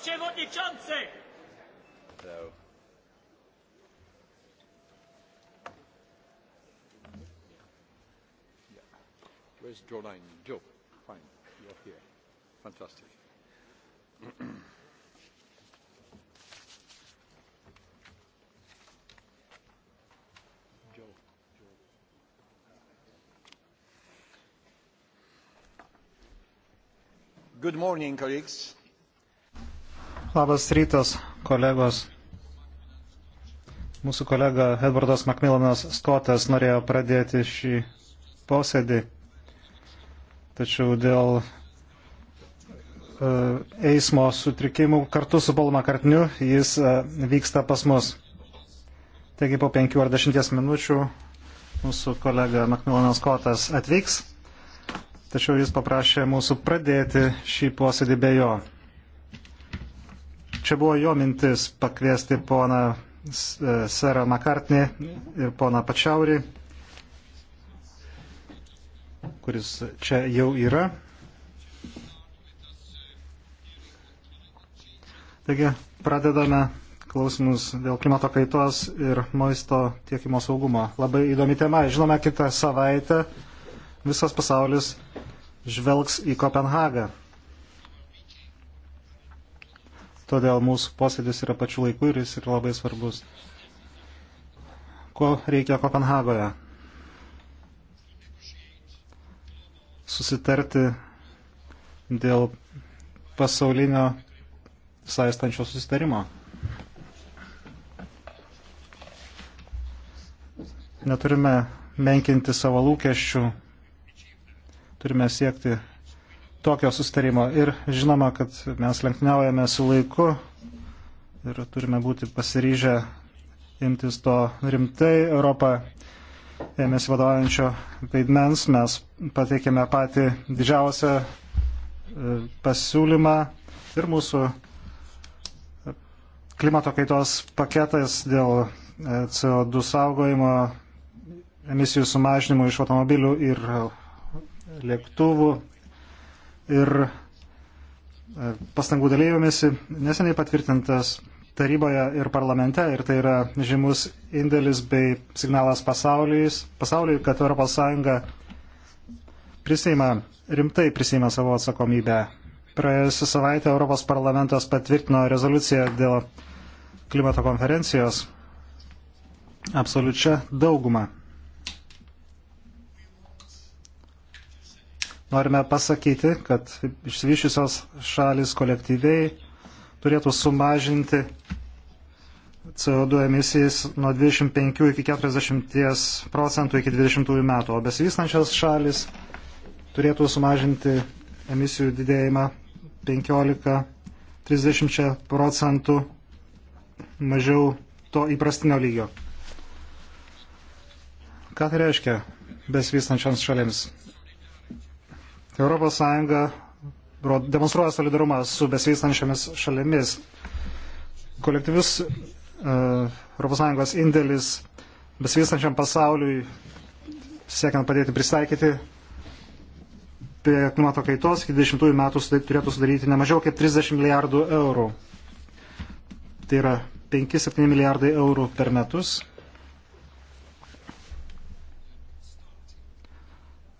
przewodniczący! So. Yeah. Where's draw line? Joe, fine, you're here. Fantastic. Joe. Good morning, colleagues. Labas rytas, kolegos. Mūsų kolega Edvardas Makmilanas Skotas norėjo pradėti šį posėdį, tačiau dėl e, eismo sutrikimų kartu su Paulu Makartniu jis e, vyksta pas mus. Taigi po penkių ar dešimties minučių mūsų kolega Makmilanas Skotas atvyks, tačiau jis paprašė mūsų pradėti šį posėdį be jo čia buvo jo mintis pakviesti poną e, Sarą Makartnį ir poną Pačiaurį, kuris čia jau yra. Taigi, pradedame klausimus dėl klimato kaitos ir maisto tiekimo saugumo. Labai įdomi tema. Žinome, kitą savaitę visas pasaulis žvelgs į Kopenhagą. todėl mūsų posėdis yra pačiu laiku ir jis yra labai svarbus. Ko reikia Kopenhagoje? Susitarti dėl pasaulinio saistančio susitarimo. Neturime menkinti savo lūkesčių, turime siekti tokio sustarimo. Ir žinoma, kad mes lenkniaujame su laiku ir turime būti pasiryžę imtis to rimtai. Europa ėmėsi vadovaujančio vaidmens, mes pateikėme patį didžiausią e, pasiūlymą ir mūsų klimato kaitos paketas dėl e, CO2 saugojimo, emisijų sumažinimo iš automobilių ir lėktuvų ir e, pastangų dalyjomis neseniai patvirtintas taryboje ir parlamente ir tai yra žymus indėlis bei signalas pasauliui, kad ES prisima, rimtai prisima savo atsakomybę. Praėjusią savaitę Europos parlamentas patvirtino rezoliuciją dėl klimato konferencijos absoliučia dauguma. Norime pasakyti, kad išsivyšusios šalis kolektyviai turėtų sumažinti CO2 emisijas nuo 25 iki 40 procentų iki 20 metų, o besivystančios šalis turėtų sumažinti emisijų didėjimą 15-30 procentų mažiau to įprastinio lygio. Ką tai reiškia besivystančioms šalims? ES demonstruoja solidarumą su besvystančiamis šalimis. Kolektyvius ES indėlis besvystančiam pasauliui siekiant padėti pristaikyti prie klimato kaitos iki 20 metų turėtų sudaryti ne mažiau kaip 30 milijardų eurų. Tai yra 5-7 milijardai eurų per metus.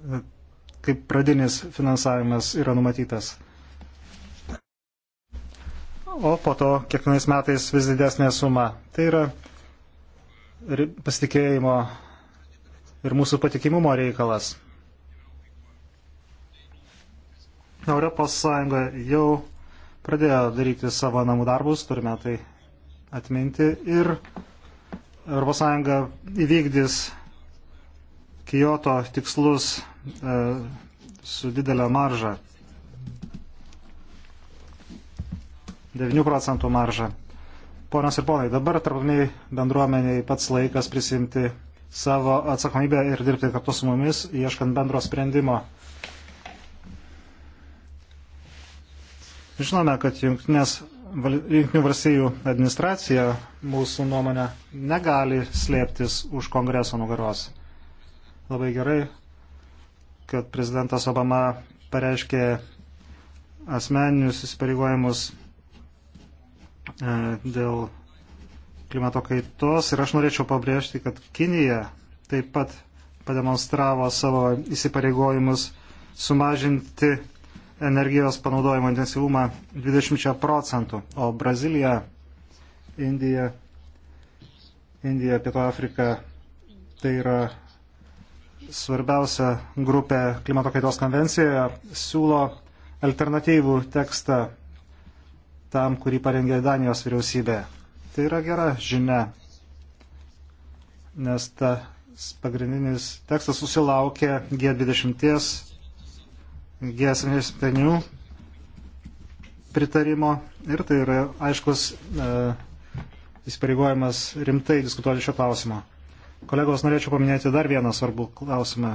E, kaip pradinis finansavimas yra numatytas. O po to kiekvienais metais vis didesnė suma. Tai yra pasitikėjimo ir mūsų patikimumo reikalas. Europos Sąjunga jau pradėjo daryti savo namų darbus, turime tai atminti ir Europos Sąjunga įvykdys Kyoto tikslus e, su didelė marža. 9 procentų marža. Ponas ir ponai, dabar tarptautiniai bendruomeniai pats laikas prisimti savo atsakomybę ir dirbti kartu su mumis, ieškant bendro sprendimo. Žinome, kad jungtinės, jungtinių valstybių administracija mūsų nuomonę negali slėptis už kongreso nugaros labai gerai, kad prezidentas Obama pareiškė asmeninius įsipareigojimus e, dėl klimato kaitos ir aš norėčiau pabrėžti, kad Kinija taip pat pademonstravo savo įsipareigojimus sumažinti energijos panaudojimo intensyvumą 20 procentų, o Brazilija, Indija, Indija, Pietų Afrika, tai yra svarbiausia grupė klimato kaitos konvencijoje siūlo alternatyvų tekstą tam, kurį parengė Danijos vyriausybė. Tai yra gera žinia, nes ta pagrindinis tekstas susilaukė G20, G75 pritarimo ir tai yra aiškus e, įsipareigojimas rimtai diskutuoti šio klausimo. Kolegos, norėčiau paminėti dar vieną svarbų klausimą.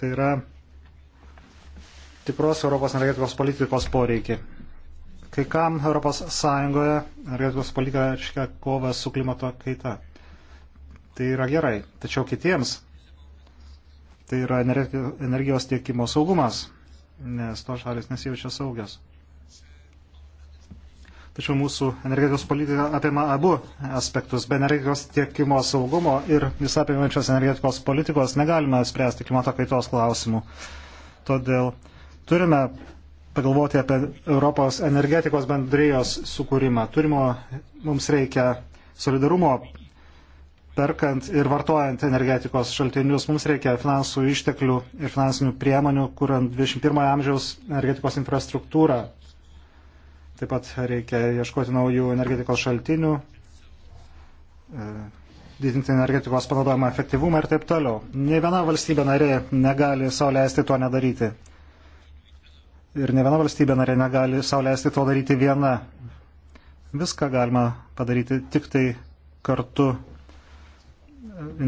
Tai yra tikros Europos energetikos politikos poreikiai. Kai kam Europos Sąjungoje energetikos politika reiškia kovą su klimato kaita. Tai yra gerai, tačiau kitiems tai yra energijos tiekimo saugumas, nes to šalis nesijaučia saugios. Tačiau mūsų energetikos politika apima abu aspektus. Be energetikos tiekimo saugumo ir visapimančios energetikos politikos negalime spręsti klimato kaitos klausimų. Todėl turime pagalvoti apie Europos energetikos bendrijos sukūrimą. Turimo mums reikia solidarumo perkant ir vartojant energetikos šaltinius, mums reikia finansų išteklių ir finansinių priemonių, kuriant 21 amžiaus energetikos infrastruktūrą. Taip pat reikia ieškoti naujų energetikos šaltinių, e, didinti energetikos panaudojimą efektyvumą ir taip toliau. Ne viena valstybė narė negali sauliaisti to nedaryti. Ir ne viena valstybė narė negali sauliaisti to daryti viena. Viską galima padaryti tik tai kartu e,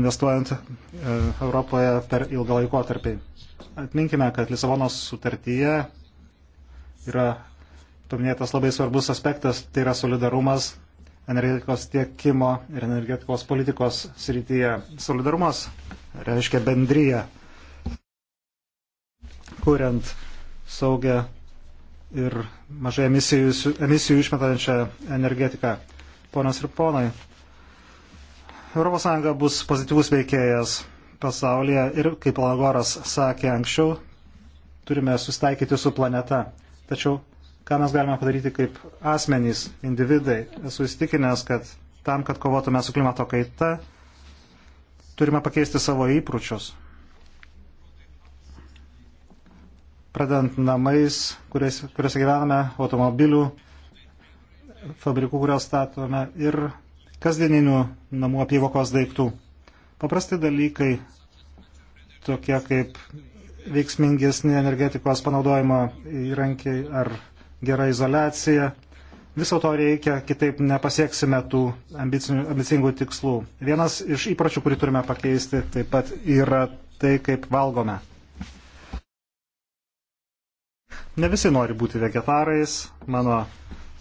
investuojant e, Europoje per ilgą laikotarpį. Atminkime, kad Lisabonos sutartyje yra paminėtas labai svarbus aspektas, tai yra solidarumas energetikos tiekimo ir energetikos politikos srityje. Solidarumas reiškia bendryje, kuriant saugę ir mažai emisijų, emisijų išmetančią energetiką. Ponios ir ponai, ES bus pozityvus veikėjas pasaulyje ir, kaip Lagoras sakė anksčiau, turime sustaikyti su planeta. Tačiau ką mes galime padaryti kaip asmenys, individai. Esu įstikinęs, kad tam, kad kovotume su klimato kaita, turime pakeisti savo įprūčius. Pradant namais, kuriais, kuriuose gyvename, automobilių, fabrikų, kurios statome ir kasdieninių namų apyvokos daiktų. Paprasti dalykai, tokie kaip veiksmingesni energetikos panaudojimo įrankiai ar gera izolacija. Viso to reikia, kitaip nepasieksime tų ambicingų tikslų. Vienas iš įpročių, kurį turime pakeisti, taip pat yra tai, kaip valgome. Ne visi nori būti vegetarais. Mano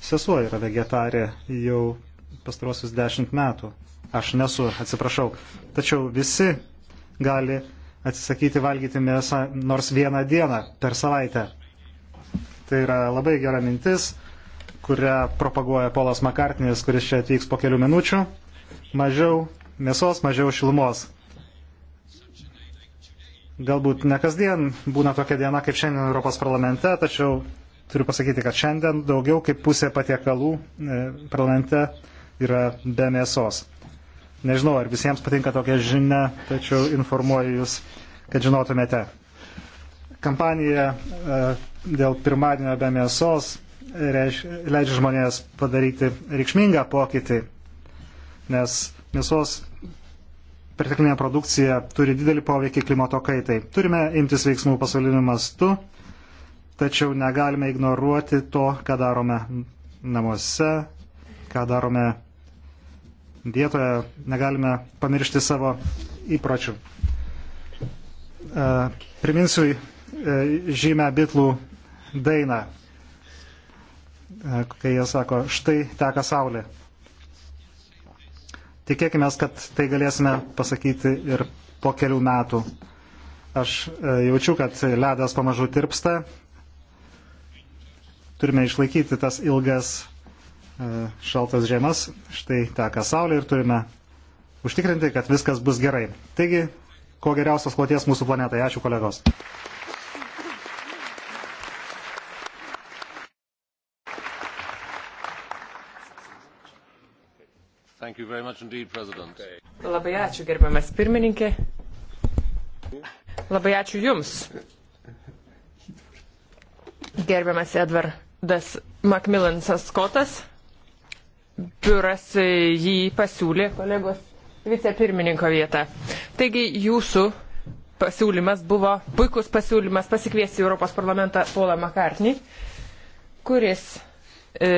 sesuo yra vegetarė jau pastarosius dešimt metų. Aš nesu, atsiprašau. Tačiau visi gali atsisakyti valgyti mėsą nors vieną dieną per savaitę. Tai yra labai gera mintis, kurią propaguoja Polas Makartinis, kuris čia atvyks po kelių minučių. Mažiau mėsos, mažiau šilumos. Galbūt ne kasdien būna tokia diena kaip šiandien Europos parlamente, tačiau turiu pasakyti, kad šiandien daugiau kaip pusė patiekalų e, parlamente yra be mėsos. Nežinau, ar visiems patinka tokia žinia, tačiau informuoju Jūs, kad žinotumėte. Kampanija e, dėl pirmadienio be mėsos reiš, leidžia žmonės padaryti reikšmingą pokytį, nes mėsos perteklinė produkcija turi didelį poveikį klimato kaitai. Turime imtis veiksmų pasauliniu mastu, tačiau negalime ignoruoti to, ką darome namuose, ką darome vietoje, negalime pamiršti savo įpročių. E, priminsiu e, žymę bitlų dainą, kai jie sako, štai teka saulė. Tikėkime, kad tai galėsime pasakyti ir po kelių metų. Aš e, jaučiu, kad ledas pamažu tirpsta. Turime išlaikyti tas ilgas e, šaltas žiemas. Štai teka saulė ir turime užtikrinti, kad viskas bus gerai. Taigi, ko geriausios kloties mūsų planetai. Ačiū kolegos. Indeed, Labai ačiū, gerbiamas pirmininkė. Labai ačiū Jums. Gerbiamas Edvardas Macmillansas Skotas. Biuras jį pasiūlė kolegos vicepirmininko vietą. Taigi jūsų pasiūlymas buvo puikus pasiūlymas pasikviesti Europos parlamentą Paulą Makartnį, kuris e,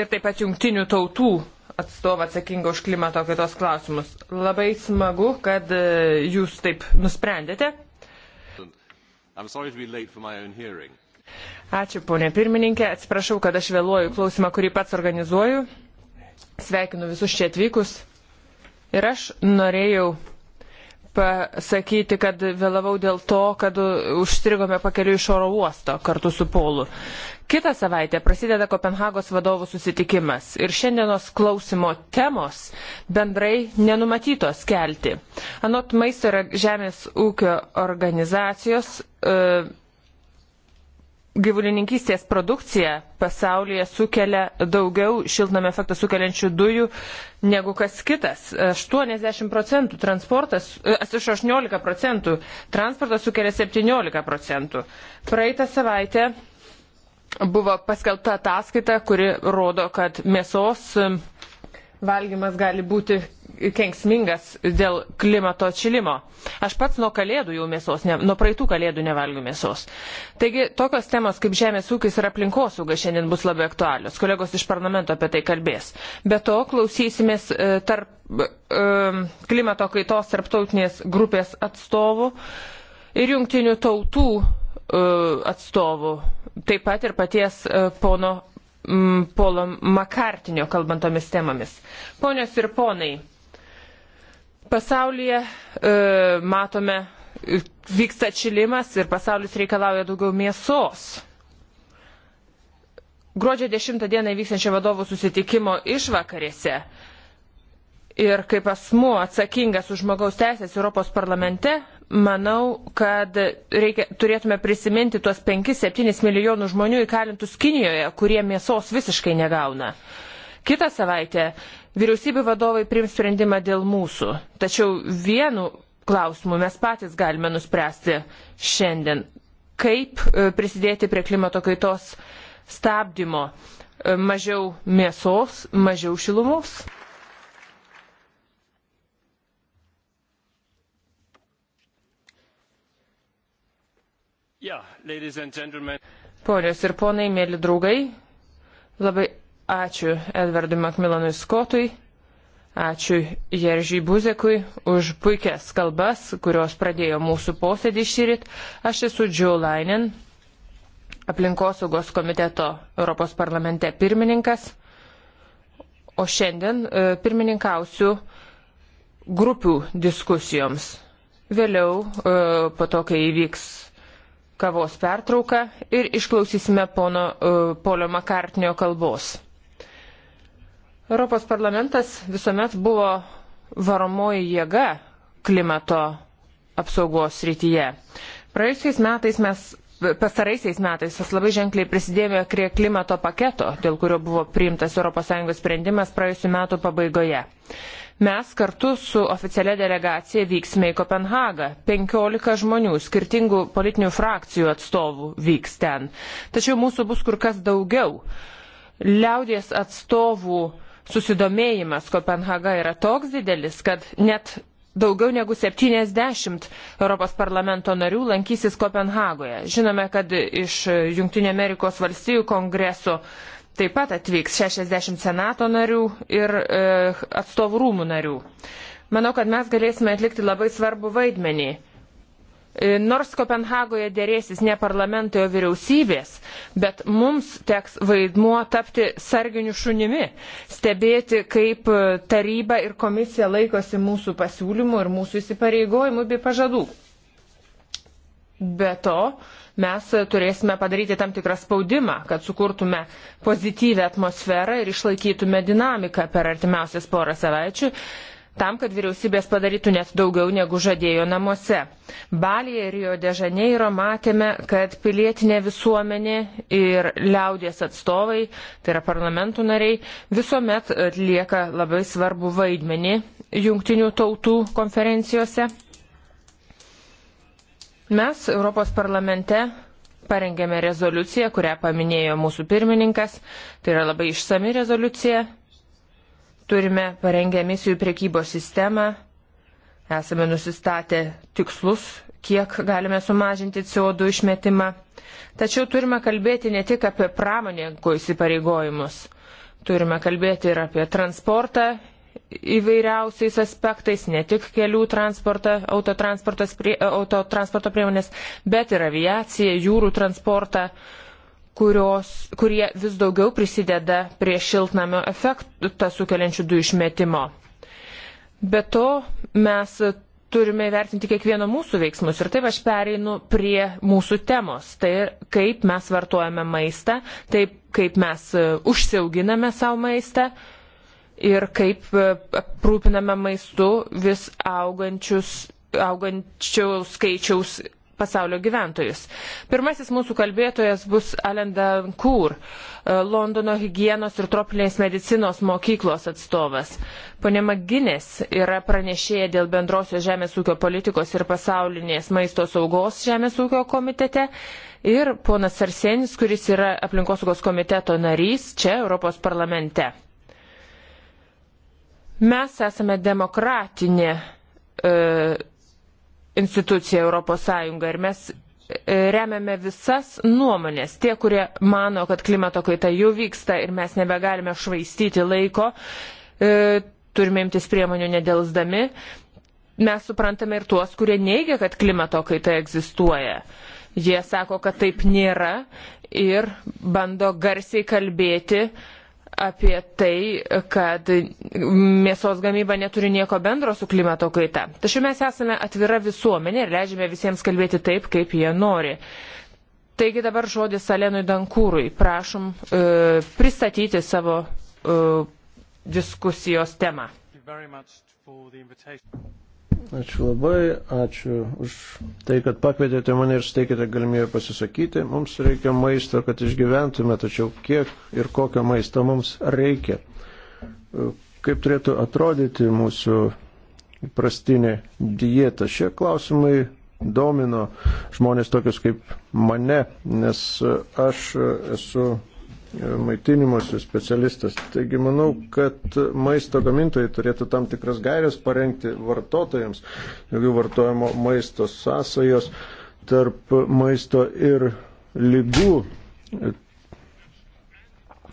ir taip pat jungtinių tautų atstovą atsakingą už klimato kaitos klausimus. Labai smagu, kad e, jūs taip nusprendėte. Ačiū, ponė pirmininkė. Atsiprašau, kad aš vėluoju klausimą, kurį pats organizuoju. Sveikinu visus čia atvykus. Ir aš norėjau pasakyti, kad vėlavau dėl to, kad užstrigome pakeliu iš oro uosto kartu su Polu. Kita savaitė prasideda Kopenhagos vadovų susitikimas ir šiandienos klausimo temos bendrai nenumatytos kelti. Anot maisto ir žemės ūkio organizacijos e, gyvulininkystės produkcija pasaulyje sukelia daugiau šiltnamio efektą sukeliančių dujų negu kas kitas. 80 procentų transportas, e, atsiprašau, 18 procentų, transportas sukelia 17 procentų. Praeitą savaitę buvo paskelbta ataskaita, kuri rodo, kad mėsos valgymas gali būti kenksmingas dėl klimato atšilimo. Aš pats nuo kalėdų jau mėsos, ne, nuo praeitų kalėdų nevalgiu mėsos. Taigi tokios temos kaip žemės ūkis ir aplinkosauga šiandien bus labai aktualios. Kolegos iš parlamento apie tai kalbės. Be to, klausysimės e, tarp, e, klimato kaitos tarptautinės grupės atstovų ir jungtinių tautų e, atstovų, taip pat ir paties pono mm, Polo Makartinio kalbant tomis temomis. Ponios ir ponai, pasaulyje e, matome, e, vyksta atšilimas ir pasaulis reikalauja daugiau mėsos. Gruodžio 10 dieną vyksiančio vadovų susitikimo išvakarėse ir kaip asmuo atsakingas už žmogaus teisės Europos parlamente Manau, kad reikia, turėtume prisiminti tuos 5-7 milijonų žmonių įkalintus Kinijoje, kurie mėsos visiškai negauna. Kita savaitė vyriausybių vadovai prims sprendimą dėl mūsų. Tačiau vienu klausimu mes patys galime nuspręsti šiandien, kaip e, prisidėti prie klimato kaitos stabdymo. E, mažiau mėsos, mažiau šilumos. Yeah, Ponios ir ponai, mėly draugai, labai ačiū Edvardui Makmilanui Skotui, ačiū Jeržiai Buzekui už puikias kalbas, kurios pradėjo mūsų posėdį šyrit. Aš esu Joe Lainen, aplinkosaugos komiteto Europos parlamente pirmininkas, o šiandien e, pirmininkausiu grupių diskusijoms. Vėliau, e, po to, kai įvyks kavos pertrauką ir išklausysime pono uh, Polio Makartnio kalbos. Europos parlamentas visuomet buvo varomoji jėga klimato apsaugos rytyje. Praėjusiais metais mes pastaraisiais metais mes labai ženkliai prisidėjome prie klimato paketo, dėl kurio buvo priimtas ES sprendimas praėjusiu metu pabaigoje. Mes kartu su oficialia delegacija vyksime į Kopenhagą. 15 žmonių, skirtingų politinių frakcijų atstovų vyks ten. Tačiau mūsų bus kur kas daugiau. Liaudies atstovų susidomėjimas Kopenhaga yra toks didelis, kad net daugiau negu 70 Europos parlamento narių lankysis Kopenhagoje. Žinome, kad iš Junktinio Amerikos valstijų kongreso taip pat atvyks 60 senato narių ir e, atstovų rūmų narių. Manau, kad mes galėsime atlikti labai svarbų vaidmenį E, nors Kopenhagoje dėrėsis ne parlamentojo vyriausybės, bet mums teks vaidmuo tapti sarginiu šunimi, stebėti, kaip e, taryba ir komisija laikosi mūsų pasiūlymų ir mūsų įsipareigojimų bei pažadų. Be to, mes turėsime padaryti tam tikrą spaudimą, kad sukurtume pozityvę atmosferą ir išlaikytume dinamiką per artimiausias porą savaičių tam, kad vyriausybės padarytų net daugiau negu žadėjo namuose. Balėje ir jo dežaneiro matėme, kad pilietinė visuomenė ir liaudės atstovai, tai yra parlamentų nariai, visuomet atlieka labai svarbu vaidmenį jungtinių tautų konferencijose. Mes Europos parlamente parengėme rezoliuciją, kurią paminėjo mūsų pirmininkas. Tai yra labai išsami rezoliucija, Turime parengę emisijų priekybos sistemą, esame nusistatę tikslus, kiek galime sumažinti CO2 išmetimą. Tačiau turime kalbėti ne tik apie pramonėko įsipareigojimus, turime kalbėti ir apie transportą įvairiausiais aspektais, ne tik kelių transportą, autotransporto prie, auto priemonės, bet ir aviaciją, jūrų transportą. Uh, kurios, kurie vis daugiau prisideda prie šiltnamio efektą sukeliančių dujų išmetimo. Be to mes turime įvertinti kiekvieno mūsų veiksmus ir taip aš pereinu prie mūsų temos. Tai kaip mes vartojame maistą, taip kaip mes e, užsiauginame savo maistą ir kaip e, aprūpiname maistu vis augančius augančiaus skaičiaus pasaulio gyventojus. Pirmasis mūsų kalbėtojas bus Alenda Kūr, e, Londono hygienos ir tropinės medicinos mokyklos atstovas. Pone Maginės yra pranešėja dėl bendrosios žemės ūkio politikos ir pasaulinės maisto saugos žemės ūkio komitete. Ir ponas Arsenis, kuris yra aplinkosaugos komiteto narys čia Europos parlamente. Mes esame demokratinė e, institucija Europos Sąjunga ir mes e, remiame visas nuomonės. Tie, kurie mano, kad klimato kaita jau vyksta ir mes nebegalime švaistyti laiko, e, turime imtis priemonių nedelsdami. Mes suprantame ir tuos, kurie neigia, kad klimato kaita egzistuoja. Jie sako, kad taip nėra ir bando garsiai kalbėti uh, apie tai, kad mėsos gamyba neturi nieko bendro su klimato kaita. Tačiau mes esame atvira visuomenė ir leidžiame visiems kalbėti taip, kaip jie nori. Taigi dabar žodis Salenui Dankūrui. Prašom e, pristatyti savo e, diskusijos temą. Ačiū labai, ačiū už tai, kad pakvietėte mane ir suteikėte galimybę pasisakyti. Mums reikia maisto, kad išgyventume, tačiau kiek ir kokio maisto mums reikia. Kaip turėtų atrodyti mūsų prastinė dieta? Šie klausimai domino žmonės tokius kaip mane, nes aš esu maitinimosi specialistas. Taigi manau, kad maisto gamintojai turėtų tam tikras gairias parengti vartotojams, jeigu vartojamo maisto sąsajos tarp maisto ir lygų,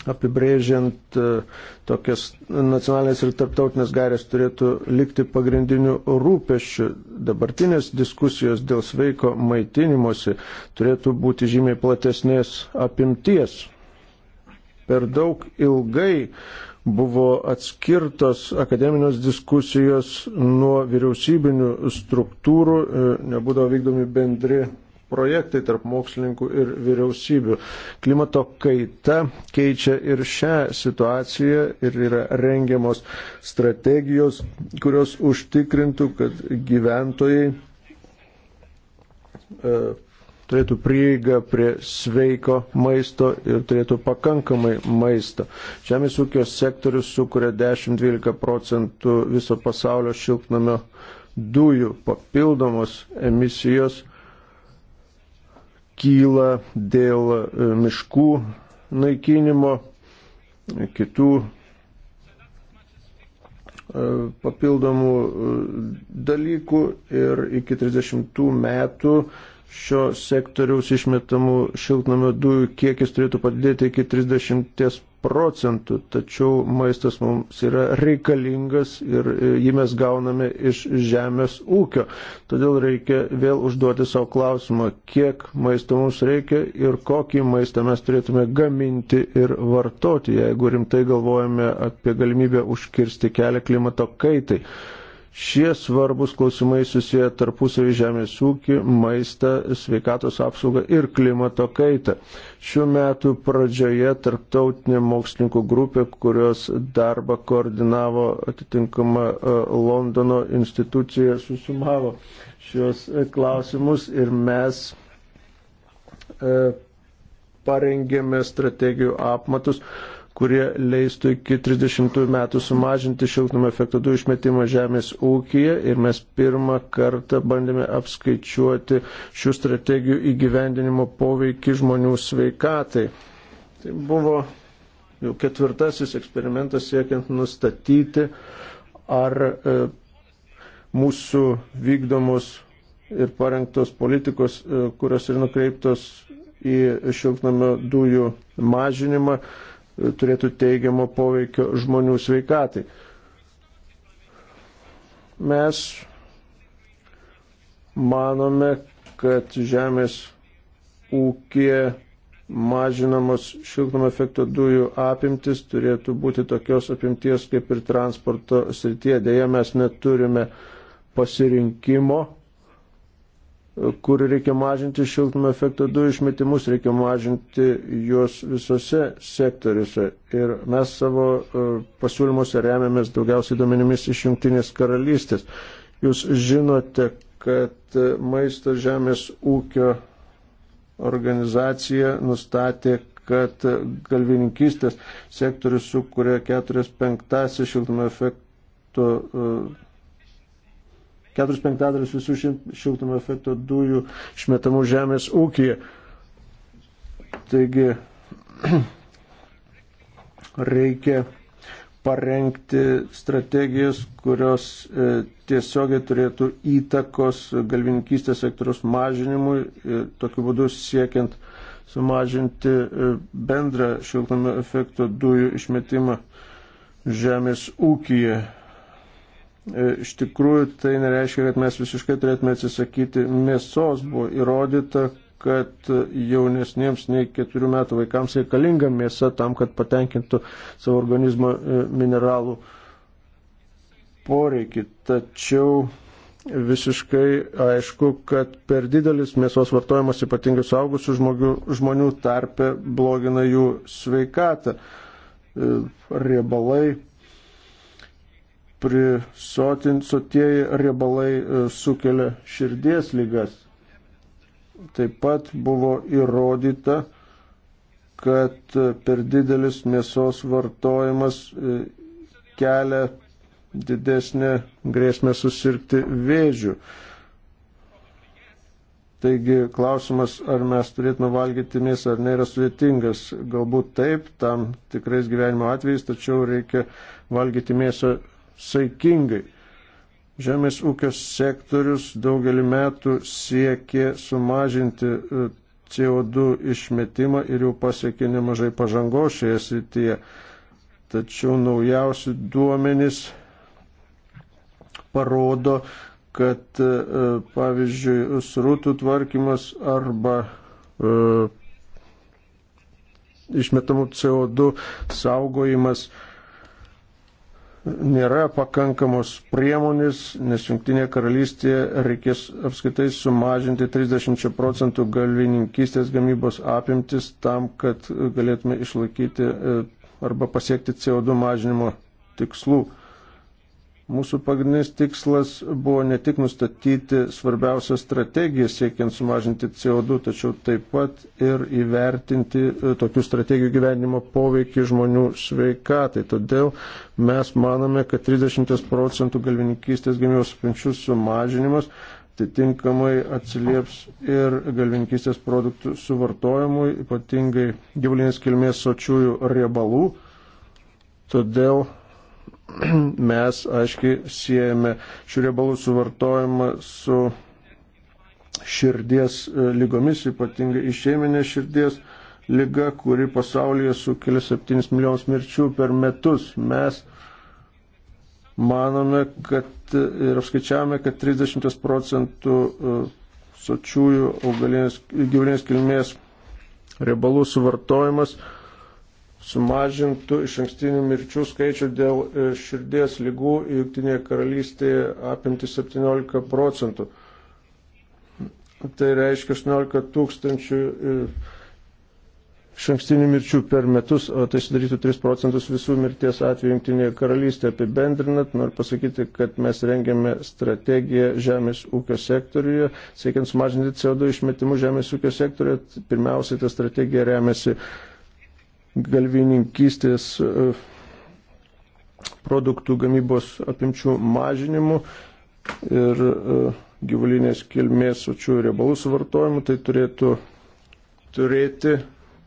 apibrėžiant e, tokias nacionalinės ir tarptautinės gairės turėtų likti pagrindinių rūpešių. Dabartinės diskusijos dėl sveiko maitinimosi turėtų būti žymiai platesnės apimties per daug ilgai buvo atskirtos akademinės diskusijos nuo vyriausybinių struktūrų, e, nebūdavo vykdomi bendri projektai tarp mokslininkų ir vyriausybių. Klimato kaita keičia ir šią situaciją ir yra rengiamos strategijos, kurios užtikrintų, kad gyventojai e, turėtų prieigą prie sveiko maisto ir turėtų pakankamai maisto. Žemės ūkio sektorius sukuria 10-12 procentų viso pasaulio šiltnamio dujų papildomos emisijos kyla dėl e, miškų naikinimo, kitų e, papildomų e, dalykų ir iki 30 metų šio sektoriaus išmetamų šiltnamio dujų kiekis turėtų padidėti iki 30 procentų, tačiau maistas mums yra reikalingas ir e, jį mes gauname iš žemės ūkio. Todėl reikia vėl užduoti savo klausimą, kiek maisto mums reikia ir kokį maistą mes turėtume gaminti ir vartoti, jeigu rimtai galvojame apie galimybę užkirsti kelią klimato kaitai. Šie svarbus klausimai susiję tarpusavį žemės ūkį, maistą, sveikatos apsaugą ir klimato kaitą. Šiuo metu pradžioje tarptautinė mokslininkų grupė, kurios darbą koordinavo atitinkama e, Londono institucija, susumavo šios e, klausimus ir mes e, parengėme strategijų apmatus kurie leistų iki 30 metų sumažinti šiltnamio efekto dujų išmetimą žemės ūkyje ir mes pirmą kartą bandėme apskaičiuoti šių strategijų įgyvendinimo poveikį žmonių sveikatai. Tai buvo jau ketvirtasis eksperimentas siekiant nustatyti, ar e, mūsų vykdomos ir parengtos politikos, e, kurios ir nukreiptos į šiltnamio dujų mažinimą, e, turėtų teigiamo poveikio žmonių sveikatai. Mes manome, kad žemės ūkė mažinamos šiltnamo efekto dujų apimtis turėtų būti tokios apimties kaip ir transporto srityje. Deja, mes neturime pasirinkimo kur reikia mažinti šiltnamio efekto dujų išmetimus, reikia mažinti juos visose sektoriuose. Ir mes savo e, pasiūlymuose remiamės daugiausiai duomenimis iš Junktinės karalystės. Jūs žinote, kad e, maisto žemės ūkio organizacija nustatė, kad e, galvininkystės sektorius sukuria 4 penktąsias šiltnamio efekto 4 penktadalis visų šiltnamio efekto dujų išmetamų žemės ūkyje. Taigi reikia parengti strategijas, kurios e, tiesiogiai turėtų įtakos galvininkystės sektoriaus mažinimui ir e, tokiu būdu siekiant sumažinti e, bendrą šiltnamio efekto dujų išmetimą žemės ūkyje. E, iš tikrųjų, tai nereiškia, kad mes visiškai turėtume atsisakyti mėsos. Buvo įrodyta, kad jaunesniems nei keturių metų vaikams reikalinga mėsa tam, kad patenkintų savo organizmo e, mineralų poreikį. Tačiau visiškai aišku, kad per didelis mėsos vartojimas ypatingai suaugusių žmonių tarpe blogina jų sveikatą. E, riebalai prisotieji riebalai e, sukelia širdies lygas. Taip pat buvo įrodyta, kad e, per didelis mėsos vartojimas e, kelia didesnė grėsmė susirgti vėžių. Taigi klausimas, ar mes turėtume valgyti mėsą, ar nėra sudėtingas. Galbūt taip, tam tikrais gyvenimo atvejais, tačiau reikia valgyti mėsą saikingai. Žemės ūkio sektorius daugelį metų siekė sumažinti e, CO2 išmetimą ir jau pasiekė nemažai pažangos šioje srityje. Tačiau naujausi duomenys parodo, kad e, pavyzdžiui srūtų tvarkymas arba e, išmetamų CO2 saugojimas e, nėra pakankamos priemonės, nes Junktinėje karalystėje reikės apskaitai sumažinti 30 procentų galvininkystės gamybos apimtis tam, kad galėtume išlaikyti e, arba pasiekti CO2 mažinimo tikslų. Mūsų pagrindinis tikslas buvo ne tik nustatyti svarbiausią strategiją siekiant sumažinti CO2, tačiau taip pat ir įvertinti e, tokių strategijų gyvenimo poveikį žmonių sveikatai. Todėl mes manome, kad 30 procentų galvininkystės gamybos apimčių sumažinimas atitinkamai atsilieps ir galvininkystės produktų suvartojimui, ypatingai gyvulinės kilmės sočiųjų riebalų. Todėl mes, aiškiai, siejame šių riebalų suvartojimą su širdies e, lygomis, ypatingai išėminė širdies lyga, kuri pasaulyje sukelia 7 milijonus mirčių per metus. Mes manome, kad e, ir apskaičiavome, kad 30 procentų e, sočiųjų gyvulinės kilmės riebalų suvartojimas sumažintų iš ankstinių mirčių skaičių dėl e, širdies lygų Junktinėje karalystėje apimti 17 procentų. Tai reiškia 18 tūkstančių e, iš ankstinių mirčių per metus, o tai sudarytų 3 procentus visų mirties atvejų Junktinėje karalystėje. Apibendrinant, noriu pasakyti, kad mes rengiame strategiją žemės ūkio sektoriuje, siekiant sumažinti CO2 išmetimų žemės ūkio sektoriuje. Pirmiausiai ta strategija remiasi galvininkystės e, produktų gamybos apimčių mažinimu ir e, gyvulinės kilmės sočių riebalų suvartojimu, tai turėtų turėti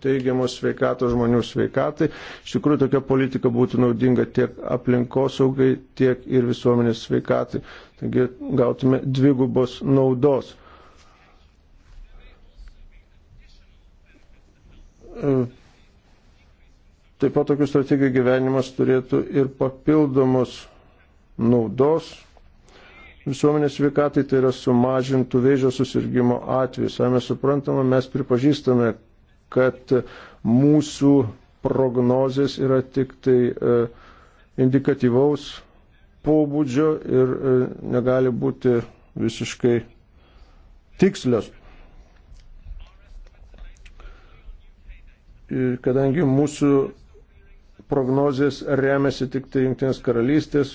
teigiamos sveikatos žmonių sveikatai. Iš tikrųjų, tokia politika būtų naudinga tiek aplinkosaugai, tiek ir visuomenės sveikatai. Taigi gautume dvigubos naudos. E, Taip pat tokių strategijų gyvenimas turėtų ir papildomos naudos visuomenės sveikatai, tai yra sumažintų vėžio susirgymo atveju. Savame suprantama, mes pripažįstame, kad mūsų prognozės yra tik tai e, indikatyvaus pobūdžio ir e, negali būti visiškai tikslios. Kadangi mūsų prognozijas remiasi tik tai Junktinės karalystės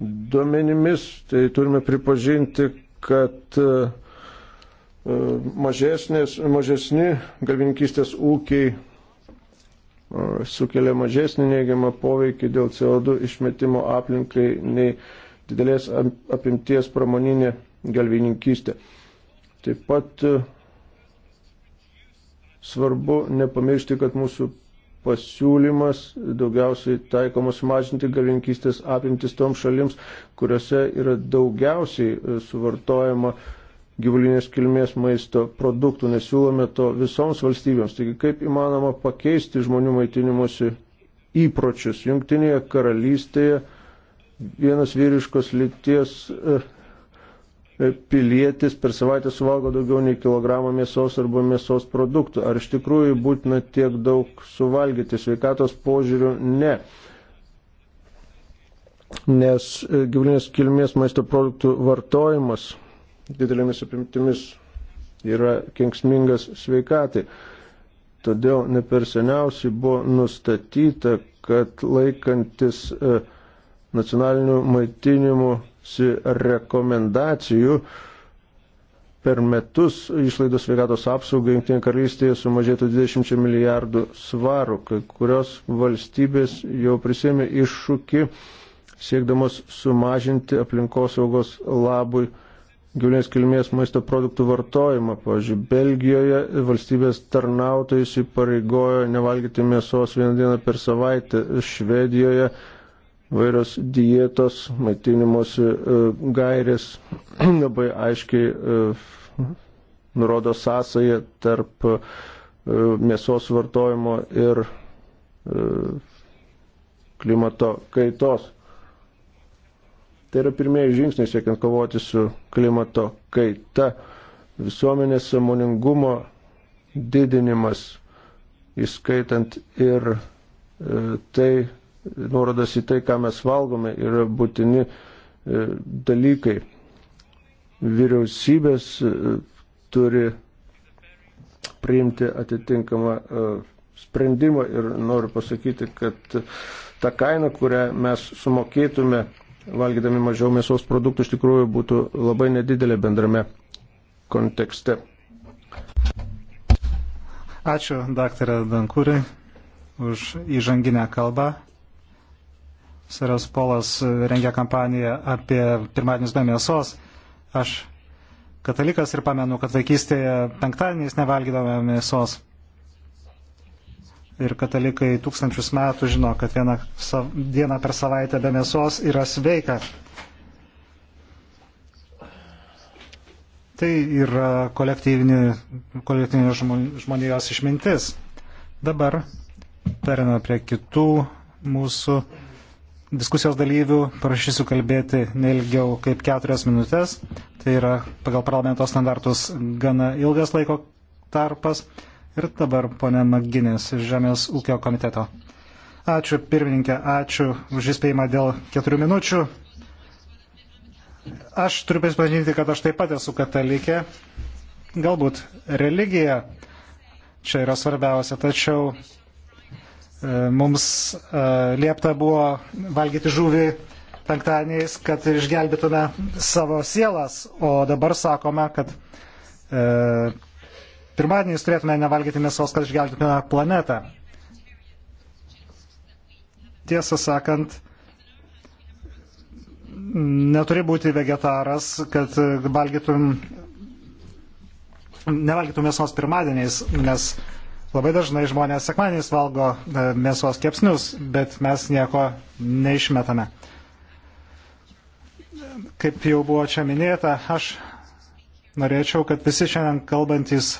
duomenimis, tai turime pripažinti, kad e, mažesnės, mažesni galvininkystės ūkiai e, sukelia mažesnį neigiamą poveikį dėl CO2 išmetimo aplinkai nei didelės apimties pramoninė galvininkystė. Taip pat e, svarbu nepamiršti, kad mūsų pasiūlymas daugiausiai taikomas mažinti galvinkystės apimtis tom šalims, kuriuose yra daugiausiai e, suvartojama gyvulinės kilmės maisto produktų, nes siūlome to visoms valstybėms. Taigi kaip įmanoma pakeisti žmonių maitinimuose įpročius. Junktinėje karalystėje vienas vyriškos lyties e, E, pilietis per savaitę suvalgo daugiau nei kilogramą mėsos arba mėsos produktų. Ar iš tikrųjų būtina tiek daug suvalgyti? Sveikatos požiūriu ne. Nes e, gyvulinės kilmės maisto produktų vartojimas didelėmis apimtimis yra kenksmingas sveikatai. Todėl ne per seniausiai buvo nustatyta, kad laikantis e, nacionalinių maitinimų rekomendacijų per metus išlaidos sveikatos apsaugai Junktinė karalystėje sumažėtų 20 milijardų svarų, kai kurios valstybės jau prisėmė iššūkį siekdamos sumažinti aplinkosaugos labui gyvulinės kilmės maisto produktų vartojimą. Pavyzdžiui, Belgijoje valstybės tarnautojai įsipareigojo nevalgyti mėsos vieną dieną per savaitę, Švedijoje vairios dietos, maitinimosi e, gairės labai aiškiai e, nurodo sąsąją tarp e, mėsos vartojimo ir klimato kaitos. Tai yra pirmieji žingsniai siekiant kovoti su klimato kaita, visuomenės samoningumo didinimas, įskaitant ir tai, nuorodas į tai, ką mes valgome, yra būtini e, dalykai. Vyriausybės e, turi priimti atitinkamą e, sprendimą ir noriu pasakyti, kad ta kaina, kurią mes sumokėtume valgydami mažiau mėsos produktų, iš tikrųjų būtų labai nedidelė bendrame kontekste. Ačiū, daktarė Dankūrai, už įžanginę kalbą. Saras Polas rengia kampaniją apie pirmadienius be mėsos. Aš katalikas ir pamenu, kad vaikystėje penktadieniais nevalgydavome mėsos. Ir katalikai tūkstančius metų žino, kad vieną sav, dieną per savaitę be mėsos yra sveika. Tai yra kolektyvinė, kolektyvinė žmonijos išmintis. Dabar perėmė prie kitų mūsų diskusijos dalyvių prašysiu kalbėti neilgiau kaip keturias minutės. Tai yra pagal parlamento standartus gana ilgas laiko tarpas. Ir dabar ponė Maginės iš Žemės ūkio komiteto. Ačiū pirmininkė, ačiū už įspėjimą dėl keturių minučių. Aš turiu prisipažinti, kad aš taip pat esu katalikė. Galbūt religija čia yra svarbiausia, tačiau E, mums e, liepta buvo valgyti žuvį penktadieniais, kad išgelbėtume savo sielas, o dabar sakome, kad e, pirmadieniais turėtume nevalgyti mėsos, kad išgelbėtume planetą. Tiesą sakant, neturi būti vegetaras, kad valgytum, nevalgytum mėsos pirmadieniais, nes Labai dažnai žmonės sekmaniais valgo e, mėsos kepsnius, bet mes nieko neišmetame. Kaip jau buvo čia minėta, aš norėčiau, kad visi šiandien kalbantis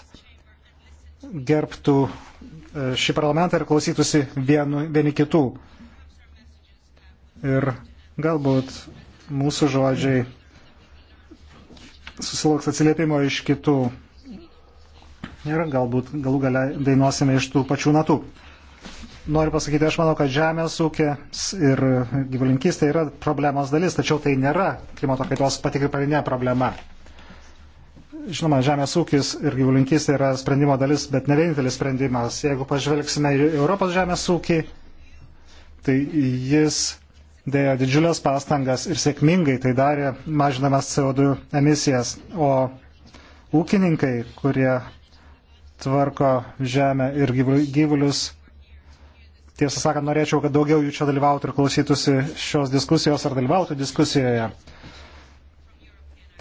gerbtų e, šį parlamentą ir klausytųsi vienu, vieni kitų. Ir galbūt mūsų žodžiai susilauks atsiliepimo iš kitų ir galbūt galų gale dainuosime iš tų pačių natų. Noriu pasakyti, aš manau, kad žemės ūkis ir gyvulinkystė yra problemos dalis, tačiau tai nėra klimato kaitos pati kaip pagrindinė problema. Žinoma, žemės ūkis ir gyvulinkystė yra sprendimo dalis, bet ne vienintelis sprendimas. Jeigu pažvelgsime į Europos žemės ūkį, tai jis dėjo didžiulės pastangas ir sėkmingai tai darė, mažinamas CO2 emisijas. O ūkininkai, kurie tvarko žemę ir gyvulius. Tiesą sakant, norėčiau, kad daugiau jų čia dalyvautų ir klausytųsi šios diskusijos ar dalyvautų diskusijoje.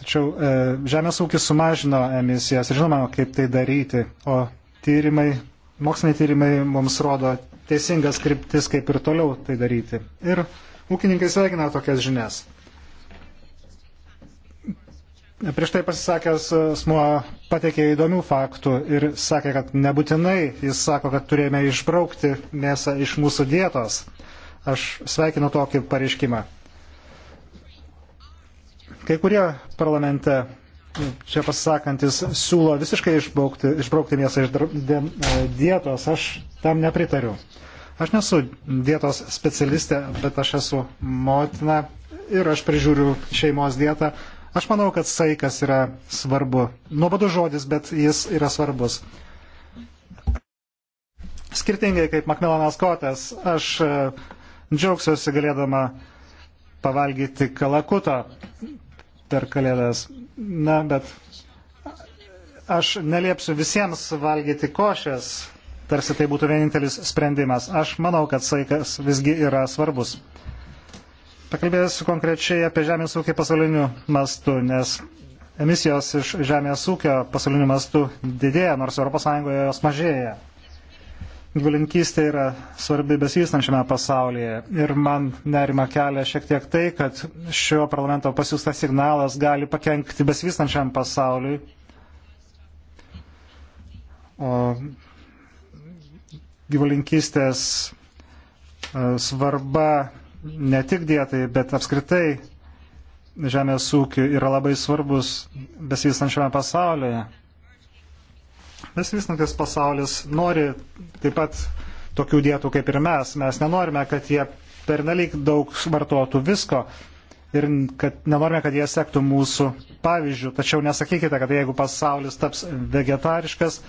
Tačiau e, žemės ūkis sumažino emisijas ir žinoma, kaip tai daryti. O tyrimai, moksliniai tyrimai mums rodo teisingas kryptis, kaip ir toliau tai daryti. Ir ūkininkai sveikina tokias žinias. Prieš tai pasisakęs asmuo pateikė įdomių faktų ir sakė, kad nebūtinai jis sako, kad turėjome išbraukti mėsą iš mūsų dietos. Aš sveikinu tokį pareiškimą. Kai kurie parlamente čia pasisakantis siūlo visiškai išbraukti, išbraukti mėsą iš dietos, aš tam nepritariu. Aš nesu dietos specialistė, bet aš esu motina ir aš prižiūriu šeimos dietą, Aš manau, kad saikas yra svarbu. Nuobodu žodis, bet jis yra svarbus. Skirtingai kaip Makmilanas Kotas, aš e, džiaugsiuosi galėdama pavalgyti kalakutą per kalėdas. Na, bet aš neliepsiu visiems valgyti košės, tarsi tai būtų vienintelis sprendimas. Aš manau, kad saikas visgi yra svarbus. Pakalbėsiu konkrečiai apie žemės ūkį pasauliniu mastu, nes emisijos iš žemės ūkio pasauliniu mastu didėja, nors ES jos mažėja. Gyvulinkystė yra svarbi besivystančiame pasaulyje ir man nerima kelia šiek tiek tai, kad šio parlamento pasiūstas signalas gali pakengti besivystančiam pasauliui. O gyvulinkystės e, svarba ne tik dietai, bet apskritai žemės ūkiu yra labai svarbus besivystančiame pasaulyje. Besivystantis pasaulis nori taip pat tokių dietų kaip ir mes. Mes nenorime, kad jie pernelyg daug vartotų visko ir kad nenorime, kad jie sektų mūsų pavyzdžių. Tačiau nesakykite, kad jeigu pasaulis taps vegetariškas,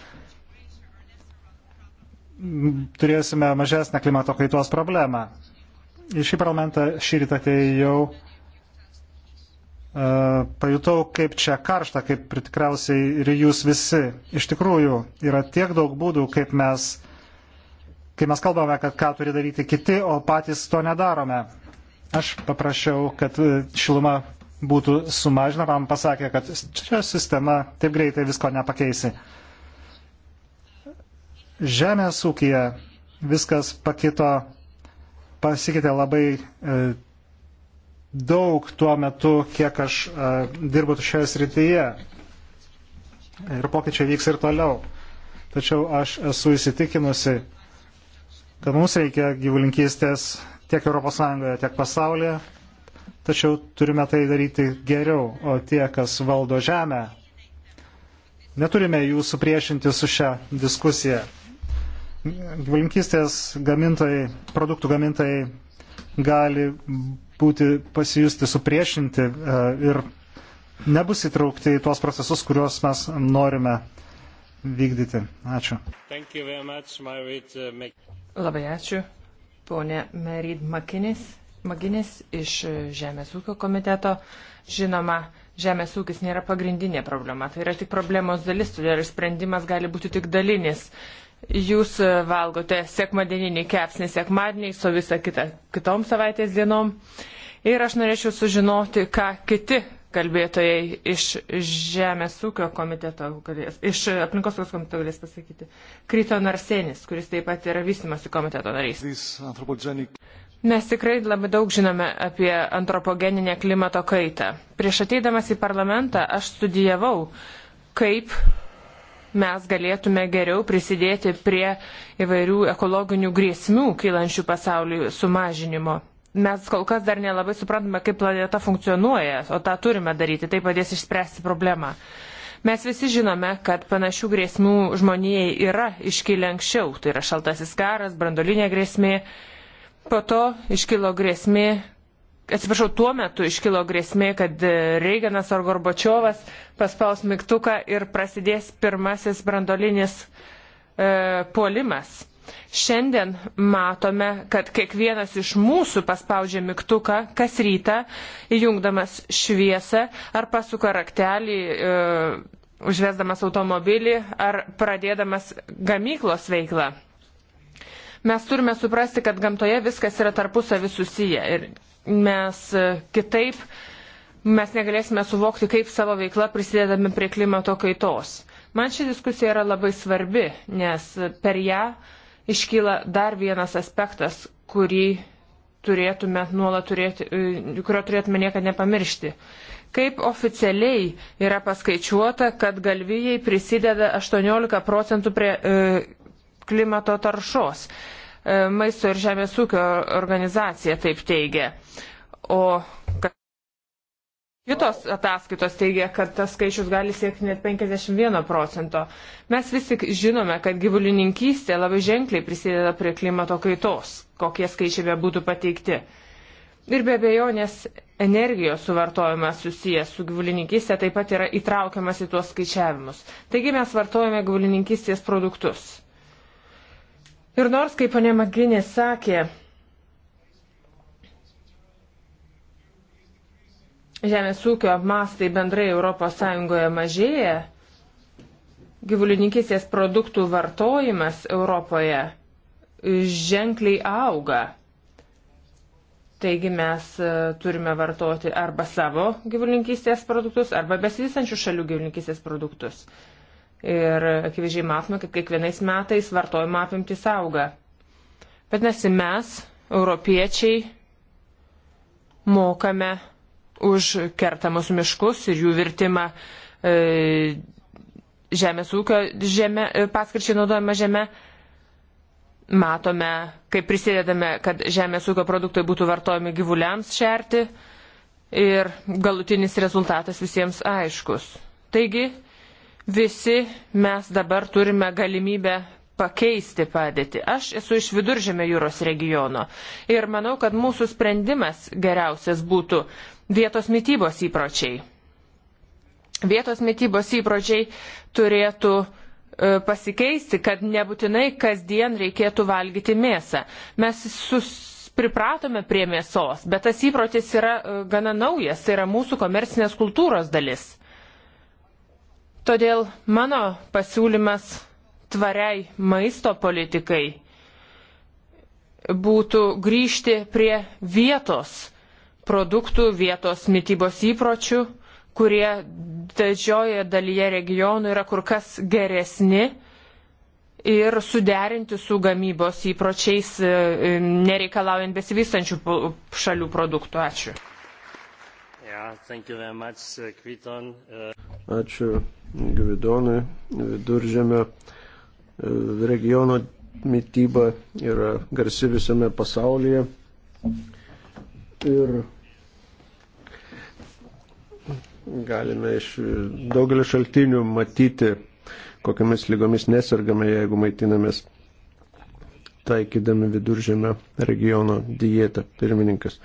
turėsime mažesnę klimato kaitos problemą į šį parlamentą šį rytą atėjau, e, pajutau, kaip čia karšta, kaip ir tikriausiai ir jūs visi. Iš tikrųjų, yra tiek daug būdų, kaip mes, kai mes kalbame, kad ką turi daryti kiti, o patys to nedarome. Aš paprašiau, kad e, šiluma būtų sumažinama, man pasakė, kad čia sistema taip greitai visko nepakeisi. Žemės ūkija viskas pakito pasikeitė labai e, daug tuo metu, kiek aš e, dirbu šioje srityje. Ir pokyčiai vyks ir toliau. Tačiau aš esu įsitikinusi, kad mums reikia gyvulinkystės tiek ES, tiek pasaulyje. Tačiau turime tai daryti geriau, o tie, kas valdo žemę, neturime jų supriešinti su šią diskusiją. Gyvulinkystės gamintojai, produktų gamintojai gali būti pasijusti supriešinti e, ir nebus įtraukti į tuos procesus, kuriuos mes norime vykdyti. Ačiū. Much, Marit, uh, Labai ačiū. Pone Merid Makinis, Maginis iš e, Žemės ūkio komiteto. Žinoma, žemės ūkis nėra pagrindinė problema, tai yra tik problemos dalis, todėl ir sprendimas gali būti tik dalinis jūs e, valgote sekmadieninį kepsnį sekmadieniais, o visą kitą kitom savaitės dienom. Ir aš norėčiau sužinoti, ką kiti kalbėtojai iš Žemės ūkio komiteto, galės, iš aplinkos komiteto galės pasakyti. Kryto Narsenis, kuris taip pat yra vystimosi komiteto narys. Mes tikrai labai daug žinome apie antropogeninę klimato kaitą. Prieš ateidamas į parlamentą aš studijavau, kaip mes galėtume geriau prisidėti prie įvairių ekologinių grėsmių kylančių pasauliui sumažinimo. Mes kol kas dar nelabai suprantame, kaip planeta funkcionuoja, o tą turime daryti, tai padės išspręsti problemą. Mes visi žinome, kad panašių grėsmių žmonijai yra iškilę anksčiau, tai yra šaltasis karas, brandolinė grėsmė, po to iškilo grėsmė atsiprašau, tuo metu iškilo grėsmė, kad e, Reiganas ar Gorbačiovas paspaus mygtuką ir prasidės pirmasis brandolinis e, puolimas. Šiandien matome, kad kiekvienas iš mūsų paspaudžia mygtuką kas rytą, įjungdamas šviesą ar pasuka raktelį, e, užvesdamas automobilį ar pradėdamas gamyklos veiklą. Mes turime suprasti, kad gamtoje viskas yra tarpusavį susiję ir mes e, kitaip mes negalėsime suvokti, kaip savo veikla prisidedame prie klimato kaitos. Man ši diskusija yra labai svarbi, nes per ją iškyla dar vienas aspektas, kurį turėtume nuolat turėti, e, kurio turėtume niekada nepamiršti. Kaip oficialiai yra paskaičiuota, kad galvijai prisideda 18 procentų prie e, klimato taršos. E, maisto ir žemės ūkio organizacija taip teigia. O kitos ataskaitos teigia, kad tas skaičius gali siekti net 51 procento. Mes vis tik žinome, kad gyvulininkystė labai ženkliai prisideda prie klimato kaitos, kokie skaičiai be būtų pateikti. Ir be abejonės energijos suvartojimas susijęs su gyvulininkystė taip pat yra įtraukiamas į tuos skaičiavimus. Taigi mes vartojame gyvulininkystės produktus. Ir nors, kaip ponė Maginė sakė, žemės ūkio mastai bendrai ES mažėja, gyvulininkysės produktų vartojimas Europoje ženkliai auga. Taigi mes e, turime vartoti arba savo gyvulininkystės produktus, arba besivysančių šalių gyvulininkystės produktus. Uh, Ir akivaizdžiai matome, kad kiekvienais metais vartojimo apimtis auga. Bet nesi mes, europiečiai, mokame už kertamus miškus ir jų virtimą e, žemės ūkio žemė, e, paskirčiai naudojama žemė. Matome, kaip prisidedame, kad žemės ūkio produktai būtų vartojami gyvuliams šerti ir galutinis rezultatas visiems aiškus. Taigi, visi mes dabar turime galimybę pakeisti padėtį. Aš esu iš viduržėmio jūros regiono ir manau, kad mūsų sprendimas geriausias būtų vietos mytybos įpročiai. Vietos mytybos įpročiai turėtų e, pasikeisti, kad nebūtinai kasdien reikėtų valgyti mėsą. Mes sus, pripratome prie mėsos, bet tas įprotis yra e, gana naujas, tai yra mūsų komercinės kultūros dalis. Todėl mano pasiūlymas tvariai maisto politikai būtų grįžti prie vietos produktų, vietos mytybos įpročių, kurie didžioje dalyje regionų yra kur kas geresni ir suderinti su gamybos įpročiais, e, e, nereikalaujant besivystančių šalių produktų. Ačiū. Yeah, much, Kriton. Uh... Ačiū Gvidonui. Viduržėme regiono mytyba yra garsi visame pasaulyje. Ir galime iš daugelio šaltinių matyti, kokiamis lygomis nesirgame, jeigu maitinamės taikydami viduržėme regiono dietą. Pirmininkas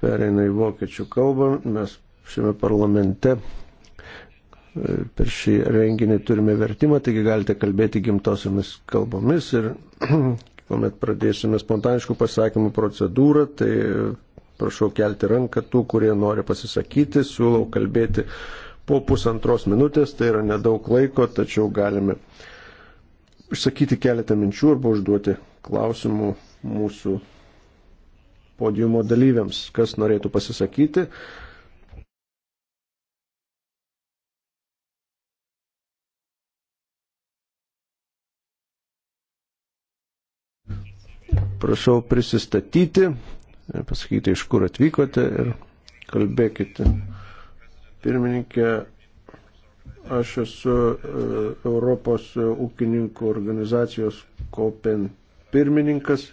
pereina į vokiečių kalbą. Mes šiame parlamente per šį renginį turime vertimą, taigi galite kalbėti gimtosiomis kalbomis ir kuomet pradėsime spontaniškų pasakymų procedūrą, tai prašau kelti ranką tų, kurie nori pasisakyti, siūlau kalbėti po pusantros minutės, tai yra nedaug laiko, tačiau galime išsakyti keletą minčių arba užduoti klausimų mūsų podiumo dalyviams, kas norėtų pasisakyti. Prašau prisistatyti, pasakyti, iš kur atvykote ir kalbėkite. Pirmininkė, aš esu e, Europos ūkininkų organizacijos Kopen pirmininkas.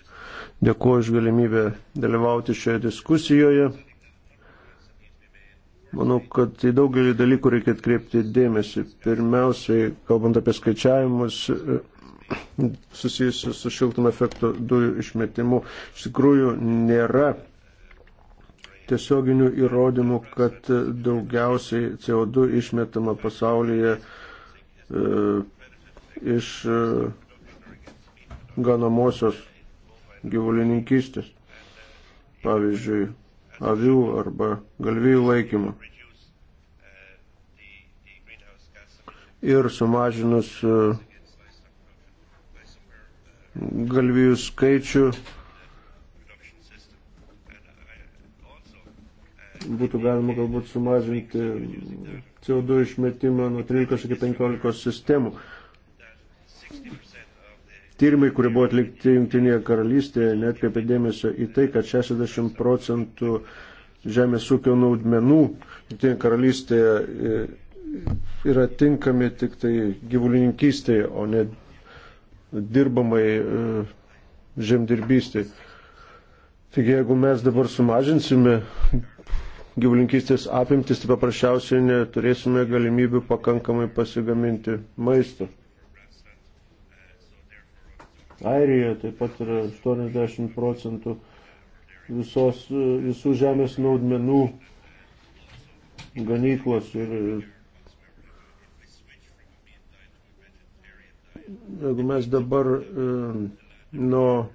Dėkuoju už galimybę dalyvauti šioje diskusijoje. Manau, kad į daugelį dalykų reikia atkreipti dėmesį. Pirmiausiai, kalbant apie skaičiavimus, e, susijusių su šiltnamio efekto dujų išmetimu. Iš tikrųjų nėra tiesioginių įrodymų, kad daugiausiai CO2 išmetama pasaulyje e, iš e, ganamosios gyvulininkystės, pavyzdžiui, avių arba galvijų laikymo. Ir sumažinus e, galvijų skaičių būtų galima galbūt sumažinti CO2 išmetimą nuo 13 iki 15 sistemų. Tyrimai, kurie buvo atlikti Junktinėje karalystėje, netkreipė dėmesio į tai, kad 60 procentų žemės ūkio naudmenų Junktinėje karalystėje e, yra tinkami tik tai gyvulininkystėje, o ne dirbamai e, žemdirbystėje. Taigi jeigu mes dabar sumažinsime gyvulinkystės apimtis, tai paprasčiausiai neturėsime galimybių pakankamai pasigaminti maisto. Airijoje taip pat yra 80 procentų visos, visų žemės naudmenų ganyklos ir jeigu mes dabar e, nuo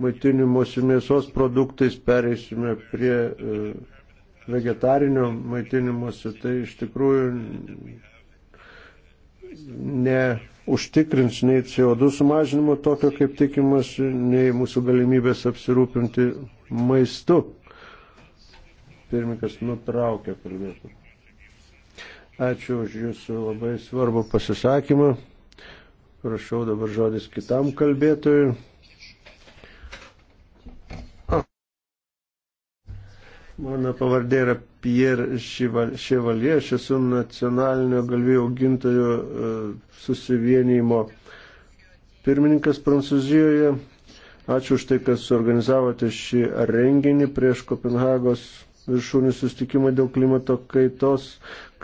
maitinimosi mėsos produktais pereisime prie e, vegetarinio maitinimuose, tai iš tikrųjų neužtikrins nei CO2 sumažinimo tokio, kaip tikimas, nei mūsų galimybės apsirūpinti maistu. Pirmininkas nutraukė kalbėti. Ačiū už Jūsų labai svarbų pasisakymą. Prašau dabar žodis kitam kalbėtojui. Mano pavardė yra Pierre Chevalie, aš esu nacionalinio galvijų augintojų e, susivienijimo pirmininkas Prancūzijoje. Ačiū už tai, kad suorganizavote šį renginį prieš Kopenhagos viršūnių sustikimą dėl klimato kaitos.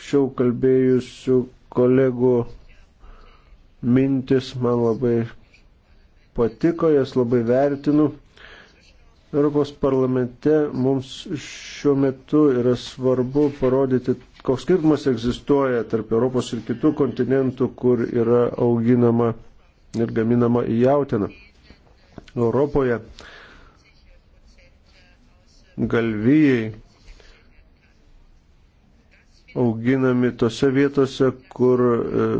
Kščiau kalbėjusių kolegų mintis man labai patiko, jas labai vertinu. Europos parlamente mums šiuo metu yra svarbu parodyti, koks skirtumas egzistuoja tarp Europos ir kitų kontinentų, kur yra auginama ir gaminama jautina. Europoje galvijai auginami tose vietose, kur e,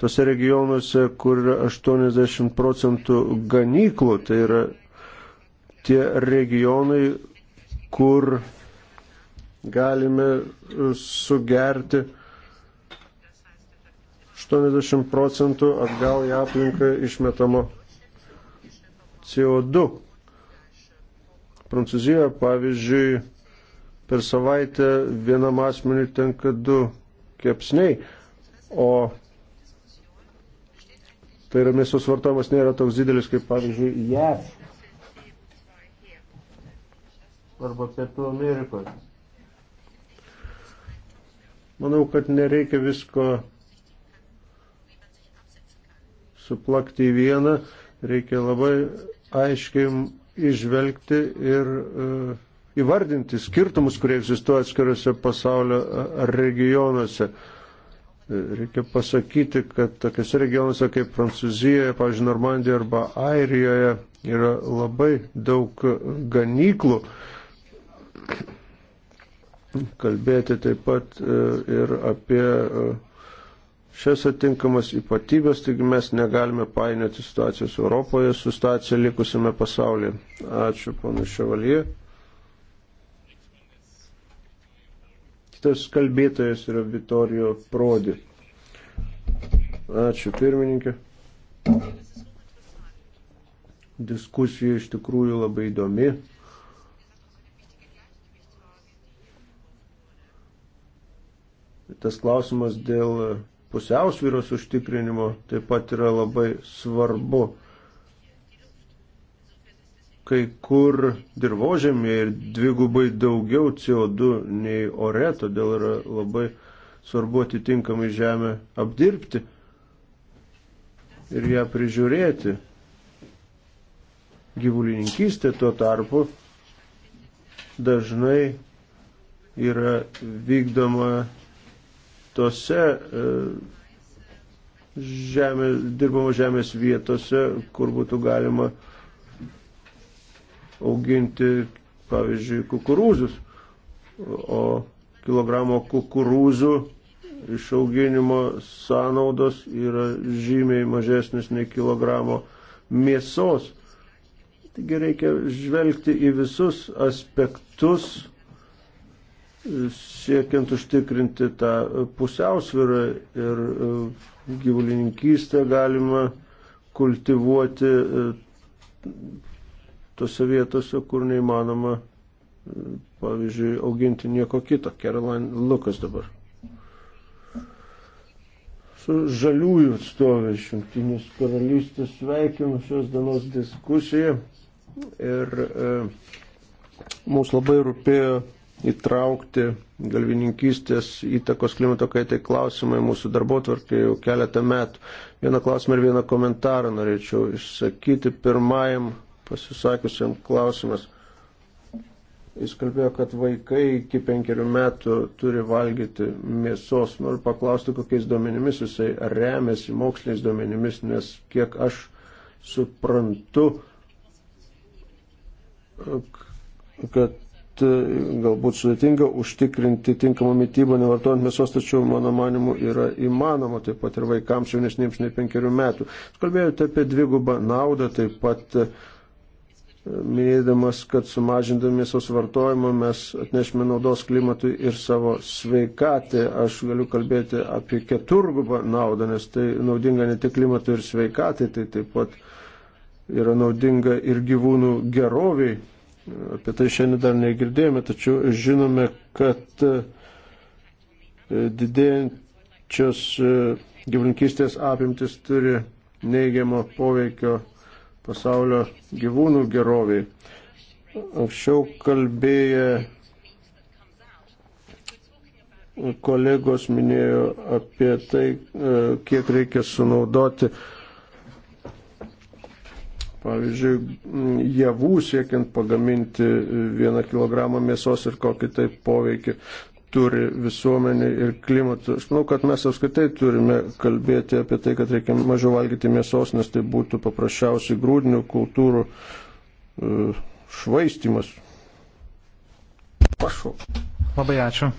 tose regionuose, kur yra 80 procentų ganyklų, tai yra tie regionai, kur galime e, sugerti 80 procentų atgal į aplinką išmetamo CO2. Prancūzijoje, pavyzdžiui, per savaitę vienam asmeniui tenka du kepsniai, o Tai yra mėsos vartojimas nėra toks didelis kaip, pavyzdžiui, JAV arba Pietų Amerikoje. Manau, kad nereikia visko suplakti į vieną, reikia labai aiškiai išvelgti ir uh, įvardinti skirtumus, kurie egzistuoja atskiriuose pasaulio e, regionuose. Uh, Reikia pasakyti, kad tokiuose regionuose kaip Prancūzijoje, pavyzdžiui, Normandijoje arba Airijoje yra labai daug ganyklų. Kalbėti taip pat e, ir apie e, šias atinkamas ypatybės, taigi mes negalime painioti situacijos Europoje su situacija likusime pasaulyje. Ačiū, panašiavalyje. Kitas kalbėtojas yra Vitorijo Prodi. Ačiū pirmininkė. Diskusija iš tikrųjų labai įdomi. Tas klausimas dėl pusiausvyros užtikrinimo taip pat yra labai svarbu kai kur dirbožėmė ir dvigubai daugiau CO2 nei ore, todėl yra labai svarbu atitinkamai žemę apdirbti ir ją prižiūrėti. Gyvulininkystė tuo tarpu dažnai yra vykdoma tose e, žemė, dirbamo žemės vietose, kur būtų galima auginti, pavyzdžiui, kukurūzus, o kilogramo kukurūzų išauginimo sąnaudos yra žymiai mažesnis nei kilogramo mėsos. Taigi reikia žvelgti į visus aspektus, siekiant užtikrinti tą pusiausvyrą ir e, gyvulininkystę galima kultivuoti e, tose vietose, kur neįmanoma, pavyzdžiui, auginti nieko kito. Caroline Lukas dabar. Su žaliųjų atstovė iš Junktinės karalystės sveikinu šios dienos diskusiją ir e, mums labai rūpėjo įtraukti galvininkystės įtakos klimato kaitai klausimai mūsų darbo tvarkė jau keletą metų. Vieną klausimą ir vieną komentarą norėčiau išsakyti pirmajam pasisakiusiam klausimas. Jis kalbėjo, kad vaikai iki penkerių metų turi valgyti mėsos. Noriu paklausti, kokiais duomenimis jisai remiasi moksliniais duomenimis, nes kiek aš suprantu, kad e, galbūt sudėtinga užtikrinti tinkamą mytybą, nevartojant mėsos, tačiau mano manimu yra įmanoma taip pat ir vaikams jaunesniems nei penkerių metų. Kalbėjote apie dvigubą naudą, taip pat e, minėdamas, kad sumažindami mėsos vartojimą mes atnešime naudos klimatui ir savo sveikatai. Aš galiu kalbėti apie keturgubą naudą, nes tai naudinga ne tik klimatui ir sveikatai, tai taip pat yra naudinga ir gyvūnų geroviai. Apie tai šiandien dar negirdėjome, tačiau žinome, kad e, didėjančios e, gyvulinkystės apimtis turi neigiamo poveikio pasaulio gyvūnų geroviai. Anksčiau kalbėję kolegos minėjo apie tai, e, kiek reikia sunaudoti, pavyzdžiui, javų siekiant pagaminti vieną kilogramą mėsos ir kokį tai poveikį turi visuomenį ir klimatą. Aš manau, kad mes apskritai turime kalbėti apie tai, kad reikia mažiau valgyti mėsos, nes tai būtų paprasčiausiai grūdinių kultūrų e, švaistimas. Prašau. Labai ačiū.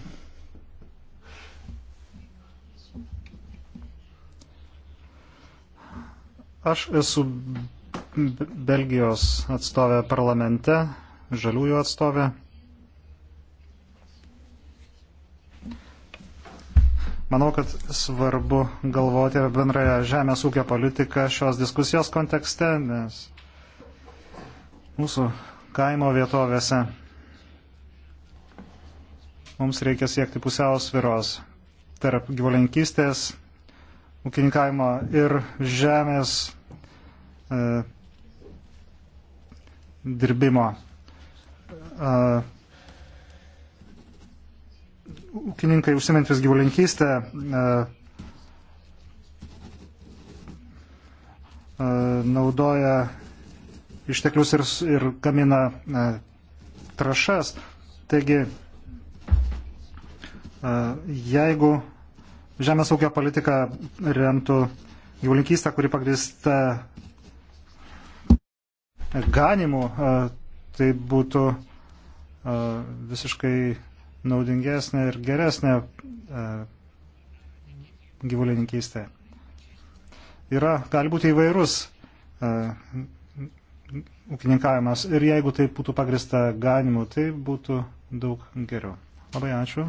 Aš esu Belgijos atstovė parlamente, žaliųjų atstovė Manau, kad svarbu galvoti apie bendrąją žemės ūkio politiką šios diskusijos kontekste, nes mūsų kaimo vietovėse mums reikia siekti pusiausviros tarp gyvulinkystės, ūkininkavimo ir žemės e, dirbimo. E, ūkininkai užsimintis gyvulinkystę e, e, naudoja išteklius ir, ir gamina e, trašas. Taigi, jeigu žemės ūkio politika remtų gyvulinkystę, kuri pagrįsta ganimu, tai būtų visiškai naudingesnė ir geresnė e, gyvulininkystė. Yra, gali būti įvairus e, ūkininkavimas ir jeigu tai būtų pagrista ganimu, tai būtų daug geriau. Labai ačiū.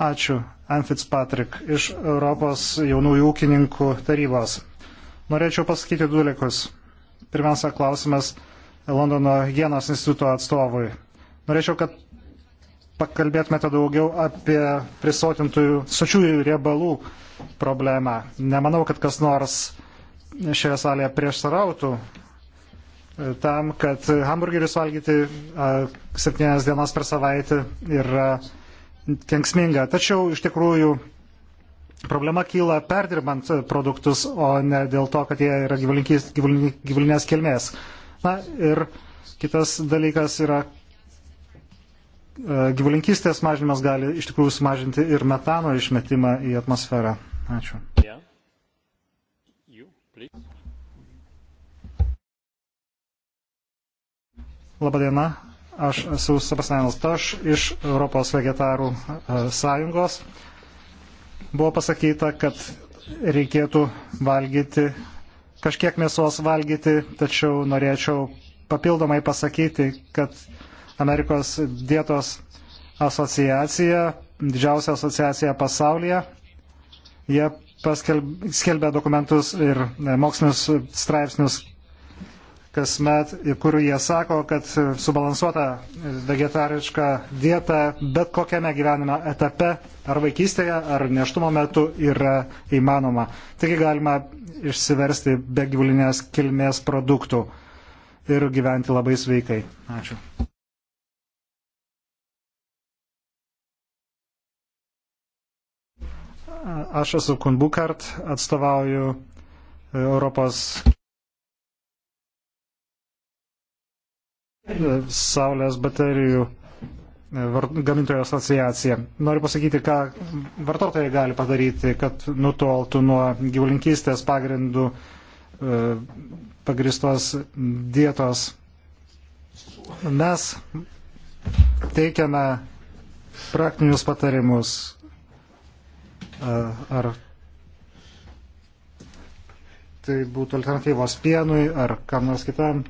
Ačiū, Anfits Patrik iš Europos jaunųjų ūkininkų tarybos. Norėčiau pasakyti du dalykus. Pirmiausia, klausimas Londono hygienos instituto atstovui. Norėčiau, kad pakalbėtumėte daugiau apie prisotintųjų sočiųjų riebalų problemą. Nemanau, kad kas nors šioje salėje prieštarautų e, tam, kad hamburgerius valgyti septynės dienas per savaitę yra kenksminga. Tačiau iš tikrųjų problema kyla perdirbant produktus, o ne dėl to, kad jie yra gyvulinės kilmės. Na ir kitas dalykas yra, E, gyvulinkystės mažinimas gali iš tikrųjų sumažinti ir metano išmetimą į atmosferą. Ačiū. Yeah. You, Labadiena, aš esu Sebastianas Toš iš Europos vegetarų e, sąjungos. Buvo pasakyta, kad reikėtų valgyti, kažkiek mėsos valgyti, tačiau norėčiau papildomai pasakyti, kad Amerikos dietos asociacija, didžiausia asociacija pasaulyje. Jie paskelbė dokumentus ir e, mokslinius straipsnius kasmet, kur jie sako, kad subalansuota vegetariška dieta bet kokiame gyvenime etape, ar vaikystėje, ar neštumo metu yra įmanoma. Taigi galima išsiversti be gyvulinės kilmės produktų ir gyventi labai sveikai. Ačiū. Aš esu Kunbukart, atstovauju e, Europos e, Saulės baterijų e, gamintojų asociacija. Noriu pasakyti, ką vartotojai gali padaryti, kad nutoltų nuo gyvulinkystės pagrindų pagristos dietos. Mes teikiame praktinius patarimus, ar tai būtų alternatyvos pienui ar kam nors kitam.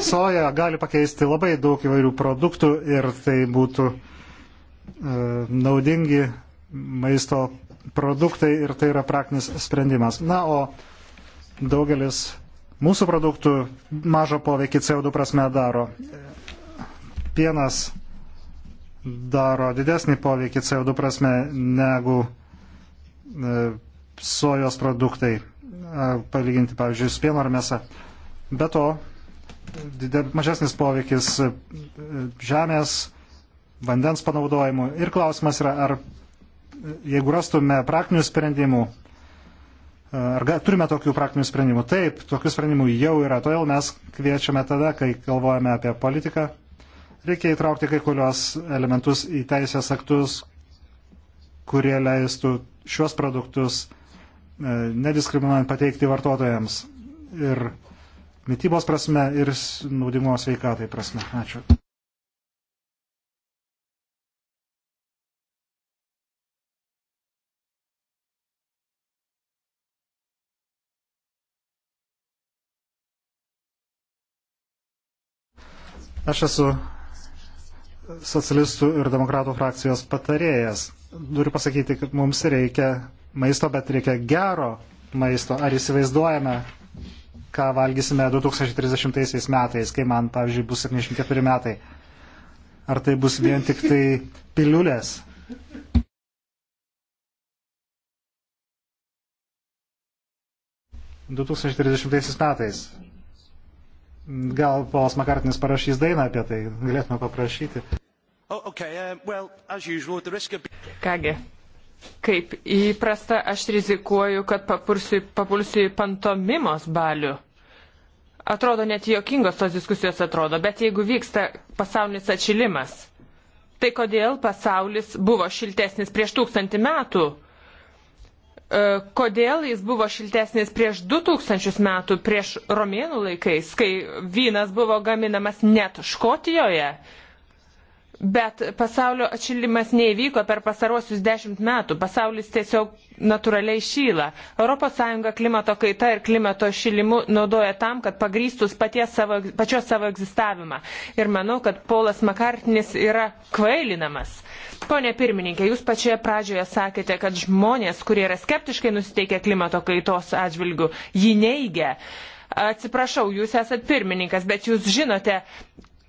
Soja gali pakeisti labai daug įvairių produktų ir tai būtų e, naudingi maisto produktai ir tai yra praktinis sprendimas. Na, o daugelis mūsų produktų mažą poveikį CO2 prasme daro. Pienas daro didesnį poveikį CO2 prasme negu e, sojos produktai, palyginti, pavyzdžiui, su pieno ar mėsa. Be to, didel, mažesnis poveikis e, žemės, vandens panaudojimu. Ir klausimas yra, ar e, jeigu rastume praktinių sprendimų, ar ga, turime tokių praktinių sprendimų? Taip, tokių sprendimų jau yra. Todėl mes kviečiame tada, kai galvojame apie politiką, Reikia įtraukti kai kurios elementus į teisės aktus, kurie leistų šios produktus e, nediskriminuojant pateikti vartotojams ir mytybos prasme, ir naudingumo sveikatai prasme. Ačiū. Aš esu socialistų ir demokratų frakcijos patarėjas. Turiu pasakyti, kad mums reikia maisto, bet reikia gero maisto. Ar įsivaizduojame, ką valgysime 2030 metais, kai man, pavyzdžiui, bus 74 metai? Ar tai bus vien tik tai piliulės? ...2030 metais. Gal Polas Makartinis parašys dainą apie tai, galėtume paprašyti. Oh, okay. um, well, usual, of... Kągi, kaip įprasta, aš rizikuoju, kad papulsiu, papulsiu į pantomimos balių. Atrodo, net jokingos tos diskusijos atrodo, bet jeigu vyksta pasaulinis atšilimas, tai kodėl pasaulis buvo šiltesnis prieš tūkstantį metų? E, kodėl jis buvo šiltesnis prieš 2000 metų, prieš romėnų laikais, kai vynas buvo gaminamas net Škotijoje. Bet pasaulio atšilimas neįvyko per pasaruosius dešimt metų. Pasaulis tiesiog natūraliai šyla. ES klimato kaita ir klimato šilimu naudoja tam, kad pagrystus savo, pačios savo egzistavimą. Ir manau, kad Polas Makartinis yra kvailinamas Pone pirmininkė, jūs pačioje pradžioje sakėte, kad žmonės, kurie yra skeptiškai nusiteikę klimato kaitos atžvilgių, jį neigia. Atsiprašau, jūs esat pirmininkas, bet jūs žinote,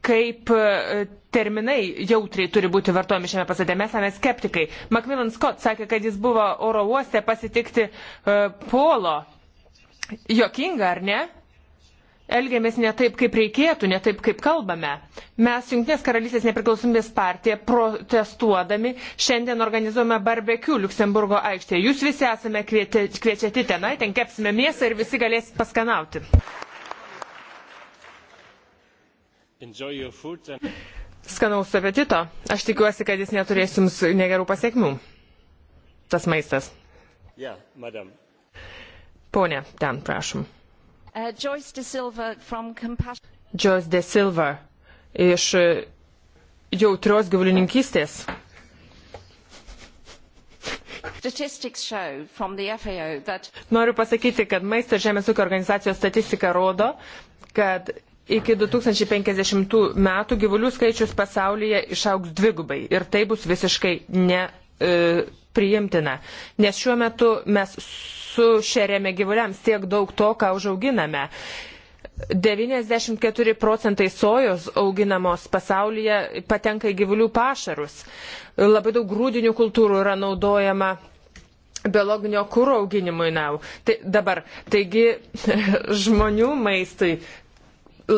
kaip e, terminai jautriai turi būti vartojami šiame pasate. Mes esame skeptikai. Macmillan Scott sakė, kad jis buvo oro uoste pasitikti uh, polo. Jokinga, ar ne? elgiamės ne taip, kaip reikėtų, ne taip, kaip kalbame. Mes Junktinės karalystės nepriklausomybės partija protestuodami šiandien organizuojame barbekiu Luksemburgo aikštėje. Jūs visi esame kvieti, kviečiati tenai, ten kepsime mėsą ir visi galės paskanauti. And... Skanaus apetito. Aš tikiuosi, kad jis neturės jums negerų pasiekmių. Tas maistas. Yeah, madam. Pone, ten prašom. Uh, Joyce De Silva from Compassion. Joyce De Silva iš uh, jautrios gyvulininkystės. That... Noriu pasakyti, kad maisto ir žemės ūkio organizacijos statistika rodo, kad iki 2050 metų gyvulių skaičius pasaulyje išaugs dvigubai ir tai bus visiškai nepriimtina, uh, e, nes šiuo metu mes sušeriame gyvuliams tiek daug to, ką užauginame. 94 procentai sojos auginamos pasaulyje patenka į gyvulių pašarus. Labai daug grūdinių kultūrų yra naudojama biologinio kūro auginimui nau. Tai dabar, taigi žmonių maistui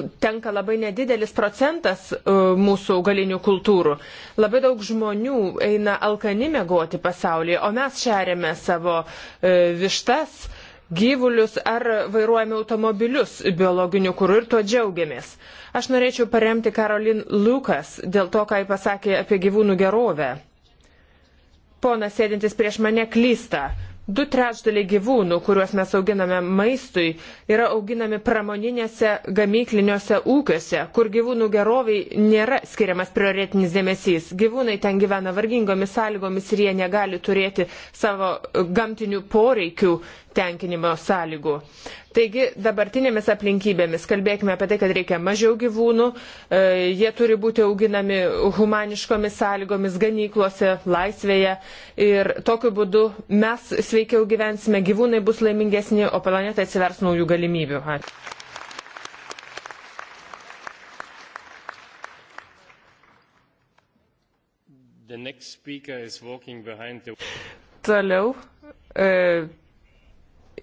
tenka labai nedidelis procentas e, mūsų augalinių kultūrų. Labai daug žmonių eina alkani mėgoti pasaulyje, o mes šeriame savo e, vištas, gyvulius ar vairuojame automobilius biologiniu kūru ir tuo džiaugiamės. Aš norėčiau paremti Karolin Lukas dėl to, ką jį pasakė apie gyvūnų gerovę. Ponas sėdintis prieš mane klysta. Du trečdaliai gyvūnų, kuriuos mes auginame maistui, yra auginami pramoninėse gamykliniuose ūkiuose, kur gyvūnų geroviai nėra skiriamas prioritinis dėmesys. Gyvūnai ten gyvena vargingomis sąlygomis ir jie negali turėti savo gamtinių poreikių tenkinimo sąlygų. Taigi dabartinėmis aplinkybėmis kalbėkime apie tai, kad reikia mažiau gyvūnų, e, jie turi būti auginami humaniškomis sąlygomis, ganyklose, laisvėje ir tokiu būdu mes sveikiau gyvensime, gyvūnai bus laimingesni, o planetai atsivers naujų galimybių. Ačiū. The... Toliau. E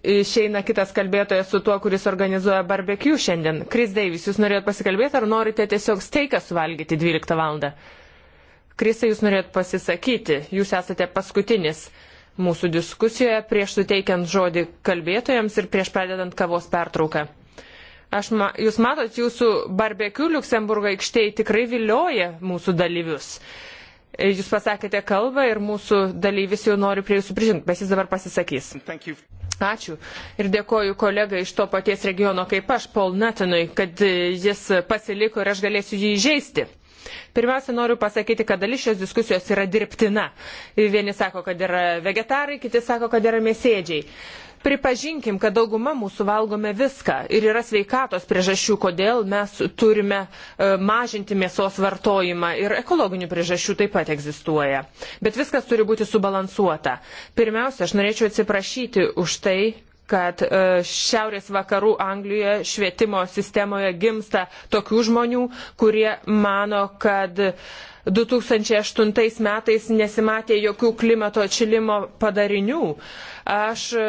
išeina kitas kalbėtojas su tuo, kuris organizuoja barbekiu šiandien. Kris Deivis, jūs norėjot pasikalbėti ar norite tiesiog steiką suvalgyti 12 val. Krisai, jūs norėjot pasisakyti, jūs esate paskutinis mūsų diskusijoje prieš suteikiant žodį kalbėtojams ir prieš pradedant kavos pertrauką. Aš ma, jūs matot, jūsų barbekiu Luksemburgo aikštėje tikrai vilioja mūsų dalyvius. Jūs pasakėte kalbą ir mūsų dalyvis jau nori prie jūsų prižinti, bet jis dabar pasisakys. Ačiū ir dėkoju kolegai iš to paties regiono kaip aš, Paul Natinui, kad e, jis pasiliko ir aš galėsiu jį įžeisti. Pirmiausia, noriu pasakyti, kad dalis šios diskusijos yra dirbtina. Vieni sako, kad yra vegetarai, kiti sako, kad yra mėsėdžiai. Pripažinkim, kad dauguma mūsų valgome viską ir yra sveikatos priežasčių, kodėl mes turime e, mažinti mėsos vartojimą ir ekologinių priežasčių taip pat egzistuoja. Bet viskas turi būti subalansuota. Pirmiausia, aš norėčiau atsiprašyti už tai, kad e, šiaurės vakarų Anglijoje švietimo sistemoje gimsta tokių žmonių, kurie mano, kad uh, 2008 metais nesimatė jokių klimato atšilimo padarinių. Aš e,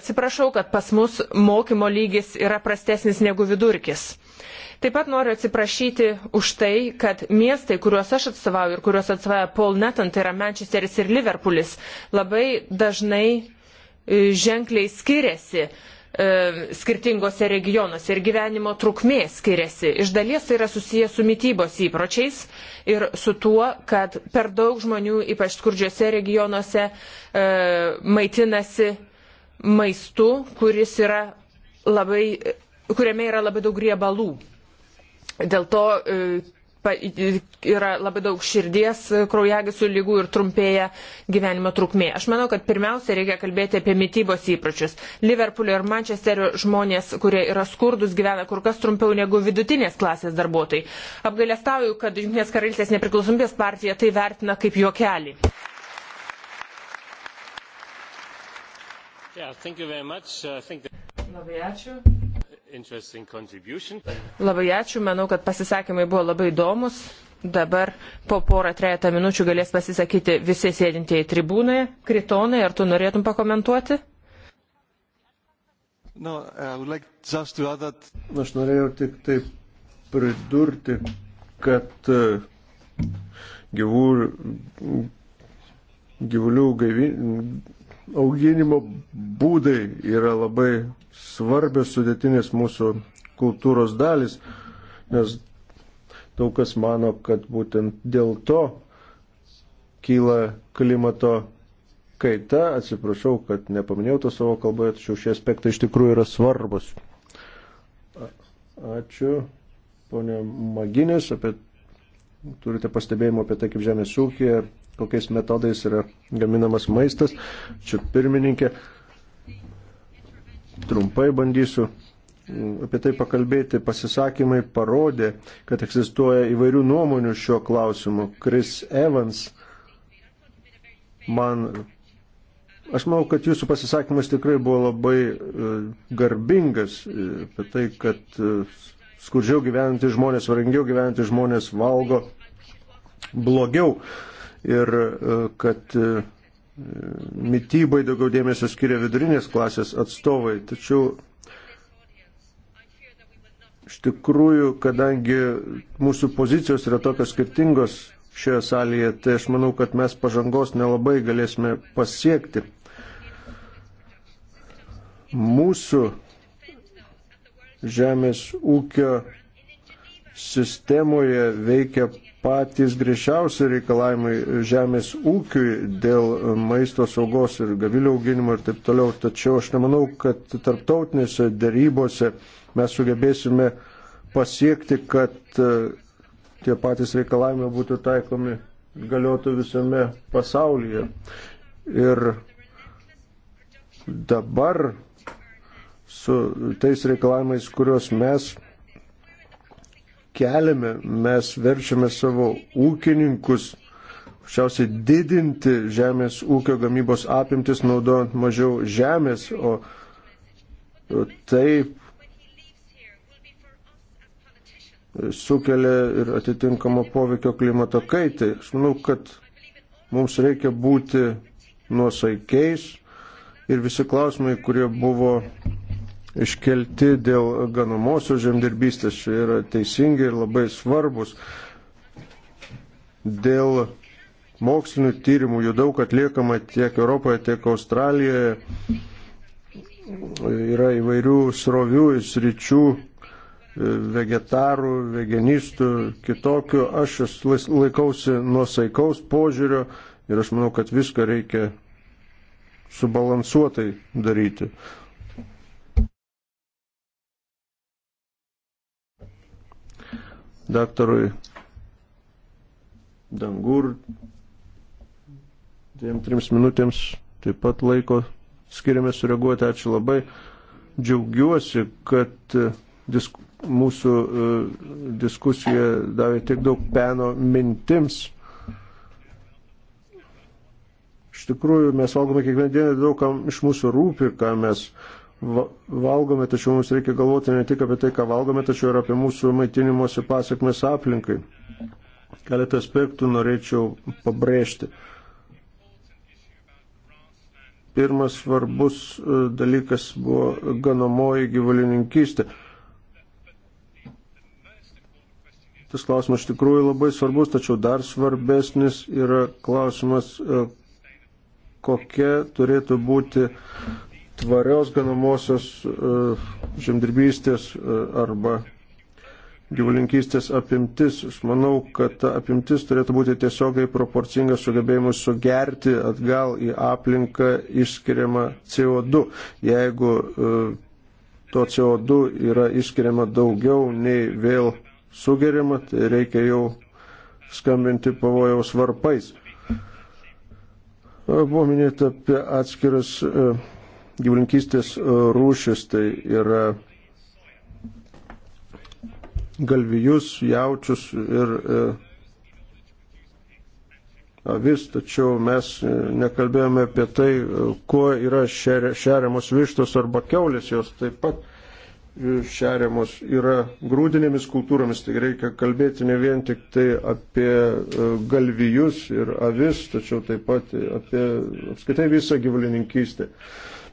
atsiprašau, kad pas mus mokymo lygis yra prastesnis negu vidurkis. Taip pat noriu atsiprašyti už tai, kad miestai, kuriuos aš atstovauju ir kuriuos atstovauja Paul Neton, tai yra Manchesteris ir Liverpoolis, labai dažnai e, ženkliai skiriasi e, skirtingose regionuose ir gyvenimo trukmė skiriasi. Iš dalies tai yra susijęs su mytybos įpročiais ir su tuo, kad per daug žmonių, ypač skurdžiose regionuose, e, maitinasi maistu, kuris yra labai, kuriame yra labai daug riebalų. Dėl to e, yra labai daug širdies e, kraujagyslių lygų ir trumpėja gyvenimo trukmė. Aš manau, kad pirmiausia reikia kalbėti apie mytybos įpročius. Liverpoolio ir Manchesterio žmonės, kurie yra skurdus, gyvena kur kas trumpiau negu vidutinės klasės darbuotojai. Apgailestauju, kad Junktinės karalystės nepriklausomybės partija tai vertina kaip juokelį. Yeah, that... Uh, labai ačiū. Labai ačiū, manau, kad pasisakymai buvo labai įdomus. Dabar po porą trejata minučių galės pasisakyti visi sėdintieji tribūnoje. Kritonai, ar tu norėtum pakomentuoti? No, like that... Aš norėjau tik taip pridurti, kad e, gyvų, gyvulių gaivin, auginimo būdai yra labai svarbios sudėtinės mūsų kultūros dalis, nes daug kas mano, kad būtent dėl to kyla klimato kaita. Atsiprašau, kad nepaminėjau to savo kalboje, tačiau šie aspektai iš tikrųjų yra svarbus. Ačiū, ponė Maginės, apie, turite pastebėjimų apie tai, kaip žemės ūkija kokiais metodais yra gaminamas maistas. Čia pirmininkė, trumpai bandysiu mm, apie tai pakalbėti. Pasisakymai parodė, kad egzistuoja įvairių nuomonių šiuo klausimu. Chris Evans man. Aš manau, kad jūsų pasisakymas tikrai buvo labai e, garbingas e, apie tai, kad e, skurdžiau gyventi žmonės, varangiau gyventi žmonės valgo blogiau ir e, kad e, mytybai daugiau dėmesio skiria vidurinės klasės atstovai. Tačiau iš tikrųjų, kadangi mūsų pozicijos yra tokios skirtingos šioje salėje, tai aš manau, kad mes pažangos nelabai galėsime pasiekti. Mūsų žemės ūkio sistemoje veikia patys griežčiausi reikalavimai žemės ūkiui dėl maisto saugos ir gavilių auginimo ir taip toliau. Tačiau aš nemanau, kad tarptautinėse darybose mes sugebėsime pasiekti, kad e, tie patys reikalavimai būtų taikomi galiotų visame pasaulyje. Ir dabar su tais reikalavimais, kuriuos mes keliame, mes verčiame savo ūkininkus šiausiai didinti žemės ūkio gamybos apimtis, naudojant mažiau žemės, o taip sukelia ir atitinkamo poveikio klimato kaitai. Aš manau, kad mums reikia būti nuosaikiais ir visi klausimai, kurie buvo iškelti dėl ganomosios žemdirbystės, čia yra teisingi ir labai svarbus. Dėl mokslinių tyrimų jų daug atliekama tiek Europoje, tiek Australijoje. Yra įvairių srovių, sričių, e, vegetarų, veganistų, kitokių. Aš laikausi nuosaikaus požiūrio ir aš manau, kad viską reikia subalansuotai daryti. daktarui Dangur dviem, trims minutėms taip pat laiko skiriame sureaguoti. Ačiū labai. Džiaugiuosi, kad e, disku, mūsų uh, diskusija davė tiek daug peno mintims. Iš tikrųjų, mes valgome kiekvieną dieną daug kam iš mūsų rūpi, ką mes uh, valgome, tačiau mums reikia galvoti ne tik apie tai, ką valgome, tačiau ir apie mūsų maitinimuose pasiekmes aplinkai. Keletą aspektų norėčiau pabrėžti. Pirmas svarbus e, dalykas buvo ganomoji gyvulininkystė. Tas klausimas iš tikrųjų labai svarbus, tačiau dar svarbesnis yra klausimas, e, kokia turėtų būti tvarios ganamosios e, žemdirbystės e, arba gyvulinkystės apimtis. Aš manau, kad ta apimtis turėtų būti tiesiogiai proporcinga sugebėjimu sugerti atgal į aplinką išskiriamą CO2. Jeigu e, to CO2 yra išskiriama daugiau nei vėl sugeriama, tai reikia jau skambinti pavojaus varpais. Buvo minėta apie atskiras gyvulinkystės e, rūšis, tai yra galvijus, jaučius ir e, avis, tačiau mes e, nekalbėjome apie tai, kuo yra šeriamos vištos arba keulės, jos taip pat šeriamos yra grūdinėmis kultūromis, tai reikia kalbėti ne vien tik tai apie galvijus ir avis, tačiau taip pat apie apskaitai visą gyvulininkystę.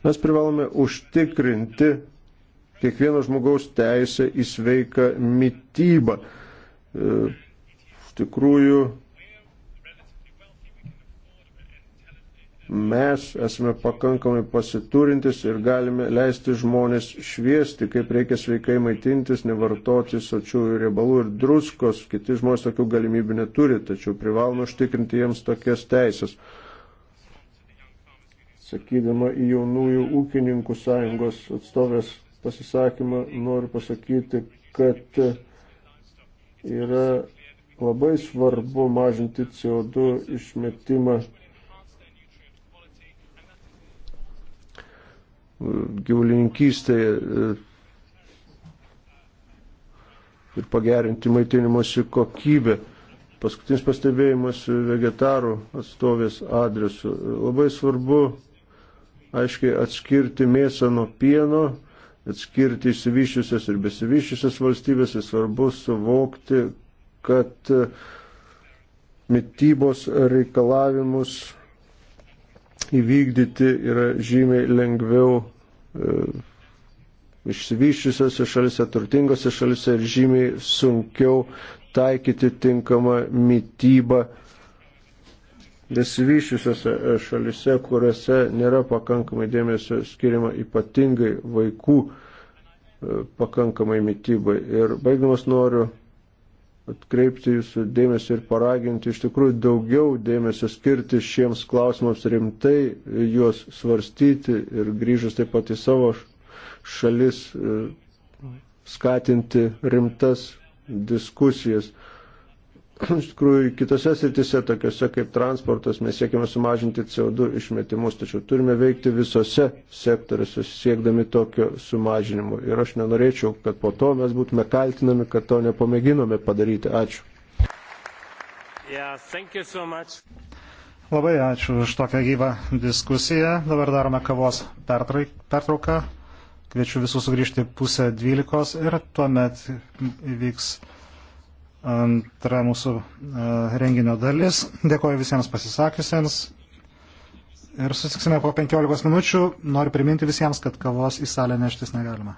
Mes privalome užtikrinti kiekvieno žmogaus teisę į sveiką mytybą. E, iš tikrųjų, mes esame pakankamai pasiturintis ir galime leisti žmonės šviesti, kaip reikia sveikai maitintis, nevartoti sočiųjų riebalų ir druskos. Kiti žmonės tokių galimybių neturi, tačiau privalome užtikrinti jiems tokias teisės. Atsakydama į jaunųjų ūkininkų sąjungos atstovės pasisakymą, noriu pasakyti, kad yra labai svarbu mažinti CO2 išmetimą gyvulininkystėje e, ir pagerinti maitinimosi kokybę. Paskutinis pastebėjimas vegetarų atstovės adresu. Labai svarbu aiškiai atskirti mėsą nuo pieno, atskirti įsivyščiusias ir besivyščiusias valstybės, svarbu suvokti, kad e, mytybos reikalavimus įvykdyti yra žymiai lengviau e, išsivyščiusiose šalise, turtingose šalise ir žymiai sunkiau taikyti tinkamą mytybą nesivyšiusiose e, šalise, kuriuose nėra pakankamai dėmesio skiriama ypatingai vaikų e, pakankamai mytybai. Ir baigdamas noriu atkreipti jūsų dėmesį ir paraginti iš tikrųjų daugiau dėmesio skirti šiems klausimams rimtai, juos svarstyti ir grįžus taip pat į savo šalis e, skatinti rimtas diskusijas Iš tikrųjų, kitose sritise, tokiuose kaip transportas, mes siekime sumažinti CO2 išmetimus, tačiau turime veikti visose sektoriuose siekdami tokio sumažinimo. Ir aš nenorėčiau, kad po to mes būtume kaltinami, kad to nepamėginome padaryti. Ačiū. Yeah, so much. Labai ačiū už tokią gyvą diskusiją. Dabar darome kavos pertrauką. Kviečiu visus sugrįžti pusę dvylikos ir tuomet įvyks antra mūsų e, renginio dalis. Dėkoju visiems pasisakiusiems. Ir susitiksime po 15 minučių. Noriu priminti visiems, kad kavos į salę neštis negalima.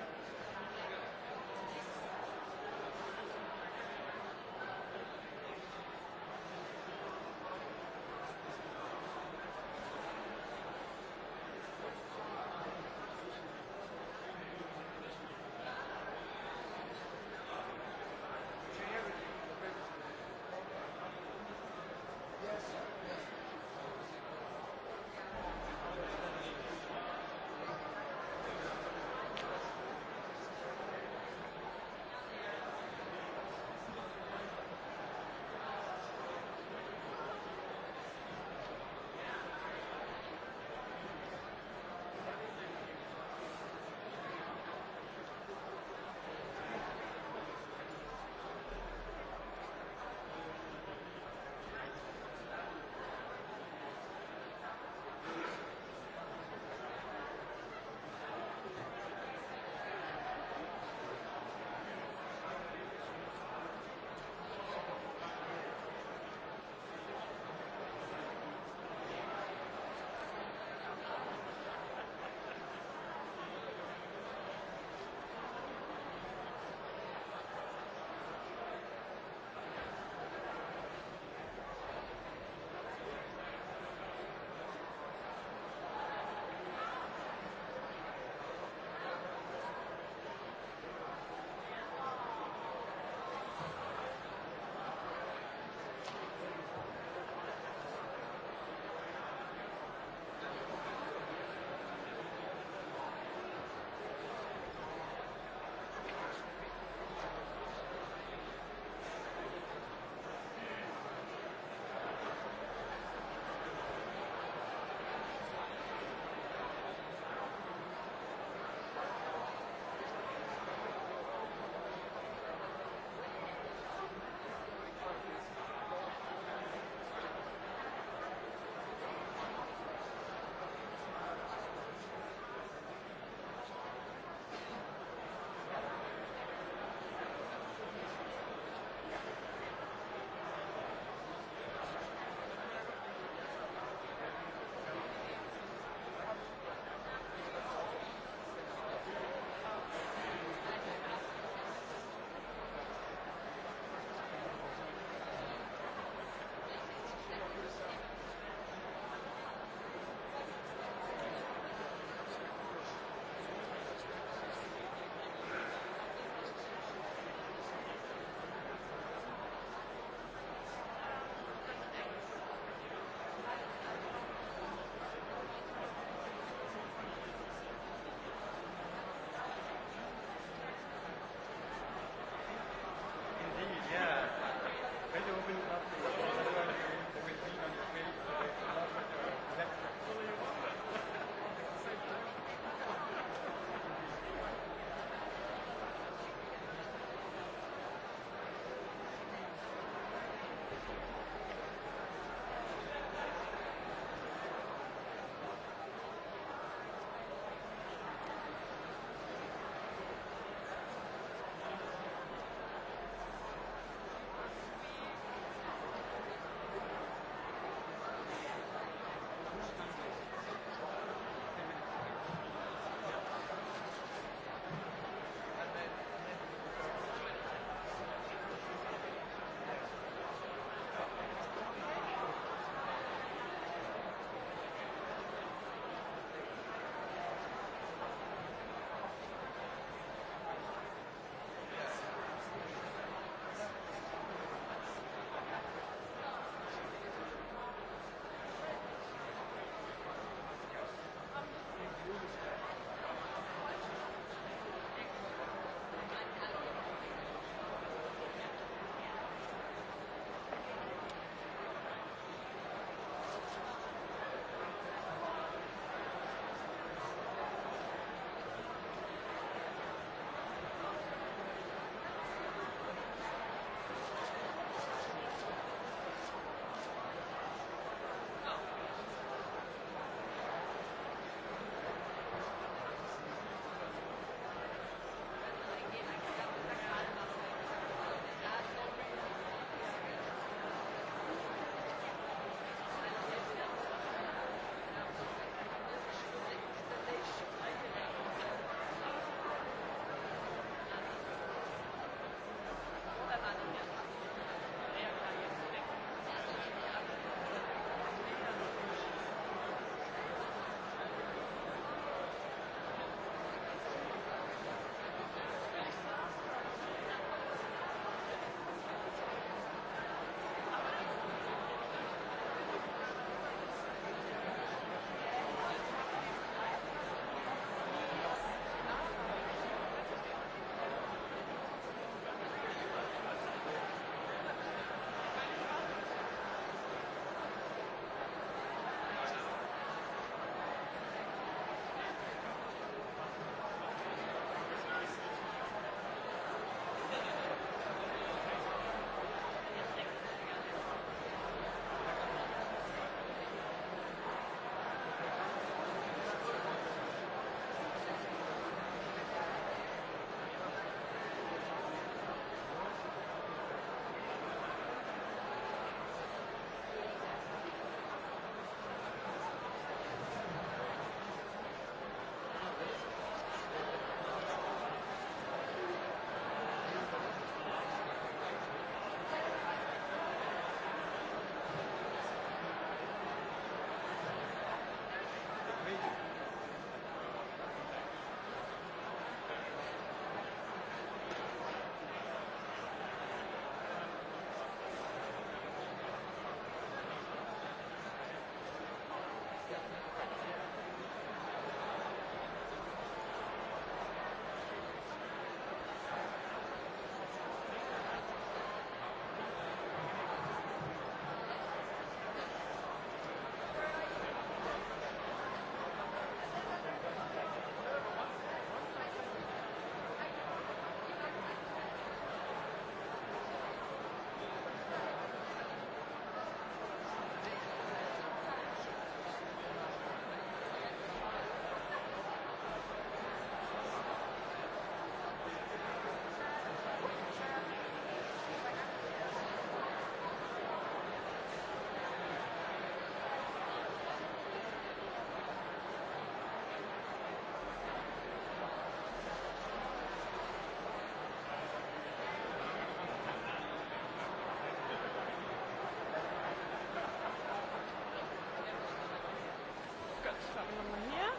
nochmal her.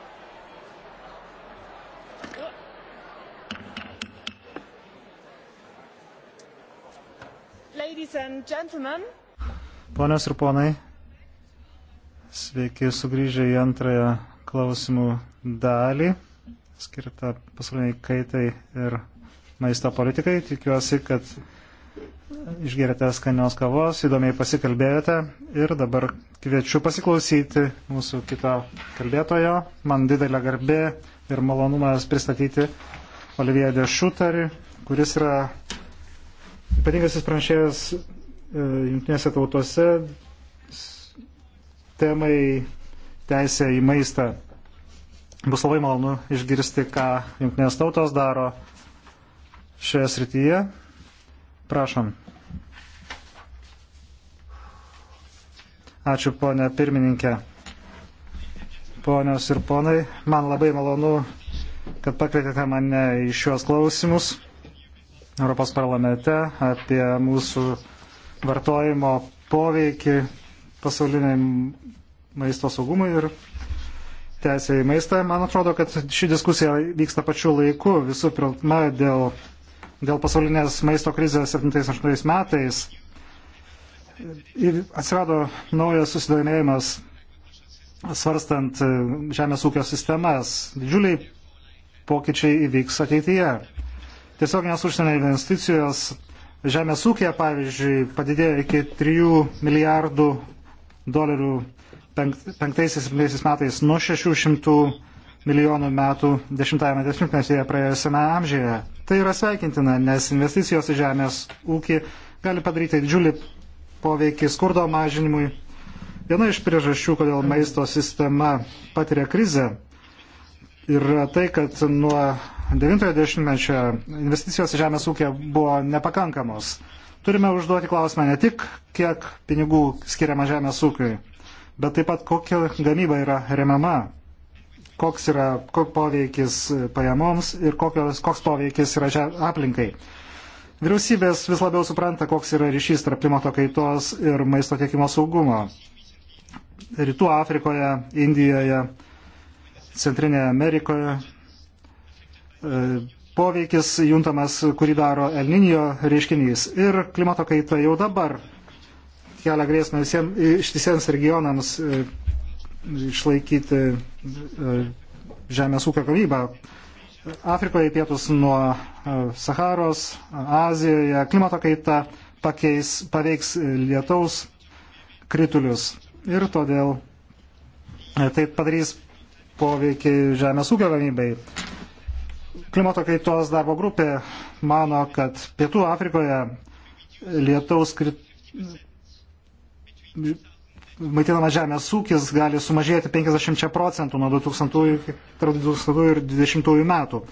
So. Ladies and gentlemen. Ponios ir ponai, sveiki sugrįžę į antrąją klausimų dalį, skirtą pasauliniai kaitai ir maisto politikai. Tikiuosi, kad išgerėte skanios kavos, įdomiai pasikalbėjote ir dabar Kviečiu pasiklausyti mūsų kito kalbėtojo. Man didelė garbė ir malonumas pristatyti Olivier de Šutarį, kuris yra ypatingasis pranešėjas e, jungtinėse tautose temai teisė į maistą. Bus labai malonu išgirsti, ką jungtinės tautos daro šioje srityje. Prašom. Ačiū ponė pirmininkė. Ponios ir ponai, man labai malonu, kad pakvietėte mane į šiuos klausimus Europos parlamente apie mūsų vartojimo poveikį pasauliniai maisto saugumui ir teisė į maistą. Man atrodo, kad ši diskusija vyksta pačiu laiku. Visų pirma, dėl, dėl pasaulinės maisto krizės 78 metais atsirado naujas susidomėjimas svarstant e, žemės ūkio sistemas. Didžiuliai pokyčiai įvyks ateityje. Tiesiog nes užsienio investicijos žemės ūkija, pavyzdžiui, padidėjo iki 3 milijardų dolerių penktaisiais metais nuo 600 milijonų metų 10-ame dešimtmetyje praėjusiame amžiuje. Tai yra sveikintina, nes investicijos į žemės ūkį gali padaryti didžiulį poveikį skurdo mažinimui. Viena iš priežasčių, kodėl maisto sistema patiria krizę, yra tai, kad nuo 90-mečio investicijos į žemės ūkį buvo nepakankamos. Turime užduoti klausimą ne tik, kiek pinigų skiriama žemės ūkiui, bet taip pat kokia gamyba yra remiama, koks yra koks poveikis pajamoms ir kokios, koks poveikis yra žem, aplinkai. Vyriausybės vis labiau supranta, koks yra ryšys tarp klimato kaitos ir maisto tiekimo saugumo. Rytų Afrikoje, Indijoje, Centrinėje Amerikoje e, poveikis juntamas, kurį daro Elninio reiškinys. Ir klimato kaita jau dabar kelia grėsmę visiems ištisiems regionams e, išlaikyti e, žemės ūkio gavybą. Afrikoje pietus nuo e, Saharos, Azijoje klimato kaita pakeis, paveiks lietaus kritulius ir todėl e, tai padarys poveikį žemės ūkio gamybai. Klimato kaitos darbo grupė mano, kad pietų Afrikoje lietaus krit maitinamas žemės ūkis gali sumažėti 50 procentų nuo 2000 ir 2020 metų.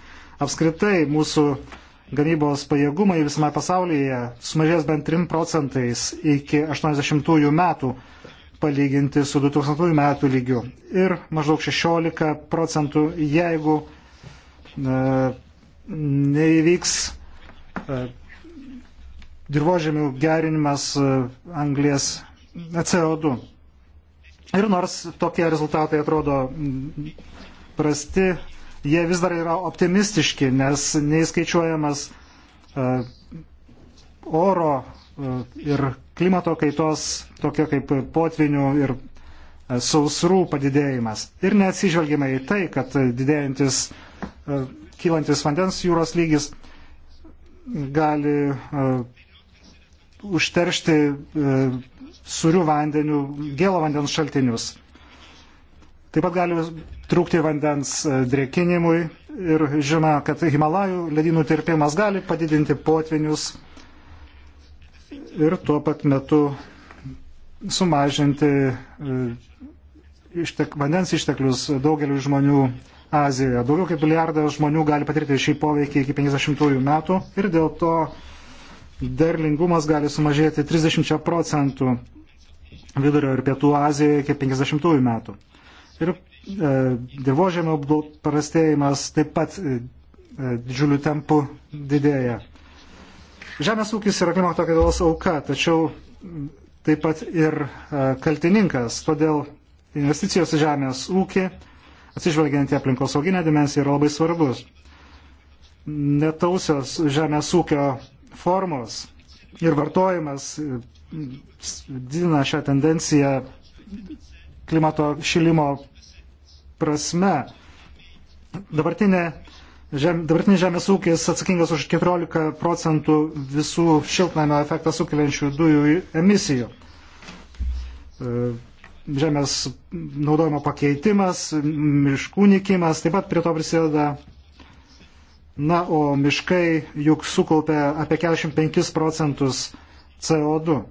Apskritai mūsų gamybos pajėgumai visame pasaulyje sumažės bent 3 procentais iki 80 metų palyginti su 2000 metų lygiu ir maždaug 16 procentų, jeigu e, neįvyks e, dirbožėmių gerinimas e, anglės e, CO2. Ir nors tokie rezultatai atrodo mm, prasti, jie vis dar yra optimistiški, nes neįskaičiuojamas e, oro e, ir klimato kaitos, tokia kaip potvinių ir e, sausrų padidėjimas. Ir neatsižvelgiama į tai, kad didėjantis, kylantis vandens jūros lygis gali užteršti surių vandenių, gėlo vandens šaltinius. Taip pat gali trūkti vandens e, drėkinimui ir žinoma, kad Himalajų ledynų tirpimas gali padidinti potvinius ir tuo pat metu sumažinti e, ištek, vandens išteklius daugeliu žmonių Azijoje. Daugiau kaip milijardas žmonių gali patirti šį poveikį iki 50-ųjų metų ir dėl to derlingumas gali sumažėti 30 procentų Vidurio ir Pietų Azijoje iki 50-ųjų metų. Ir e, dirbožėmio prastėjimas taip pat e, e didžiuliu tempu didėja. Žemės ūkis yra klimato kaitos auka, tačiau taip pat ir e, kaltininkas. Todėl investicijos į žemės ūkį, atsižvelgiant į aplinkos sauginę dimensiją, yra labai svarbus. Netausios žemės ūkio formos ir vartojimas didina šią tendenciją klimato šilimo prasme. Dabartinė Žem, dabartinis žemės ūkis atsakingas už 14 procentų visų šiltnamio efektą sukeliančių dujų emisijų. E, žemės naudojimo pakeitimas, miškų nikimas taip pat prie to prisideda. Na, o miškai juk sukaupia apie 45 procentus CO2.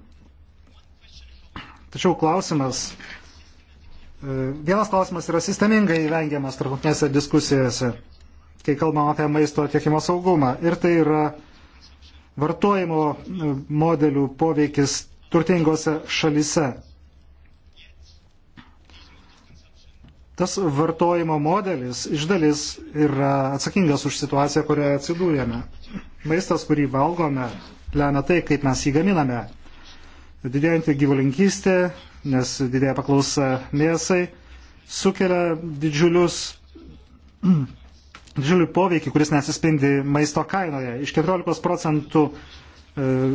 Tačiau klausimas, e, vienas klausimas yra sistemingai vengiamas tarptautinėse diskusijose, kai kalbam apie maisto tiekimo saugumą. Ir tai yra vartojimo e, modelių poveikis turtingose šalise. Tas vartojimo modelis iš dalis yra atsakingas už situaciją, kurioje atsidūrėme. Maistas, kurį valgome, lemia tai, kaip mes jį gaminame. Didėjantį gyvulinkystę, nes didėja paklausa mėsai, sukelia didžiulius didžiulį poveikį, kuris nesispindi maisto kainoje. Iš 14 procentų e,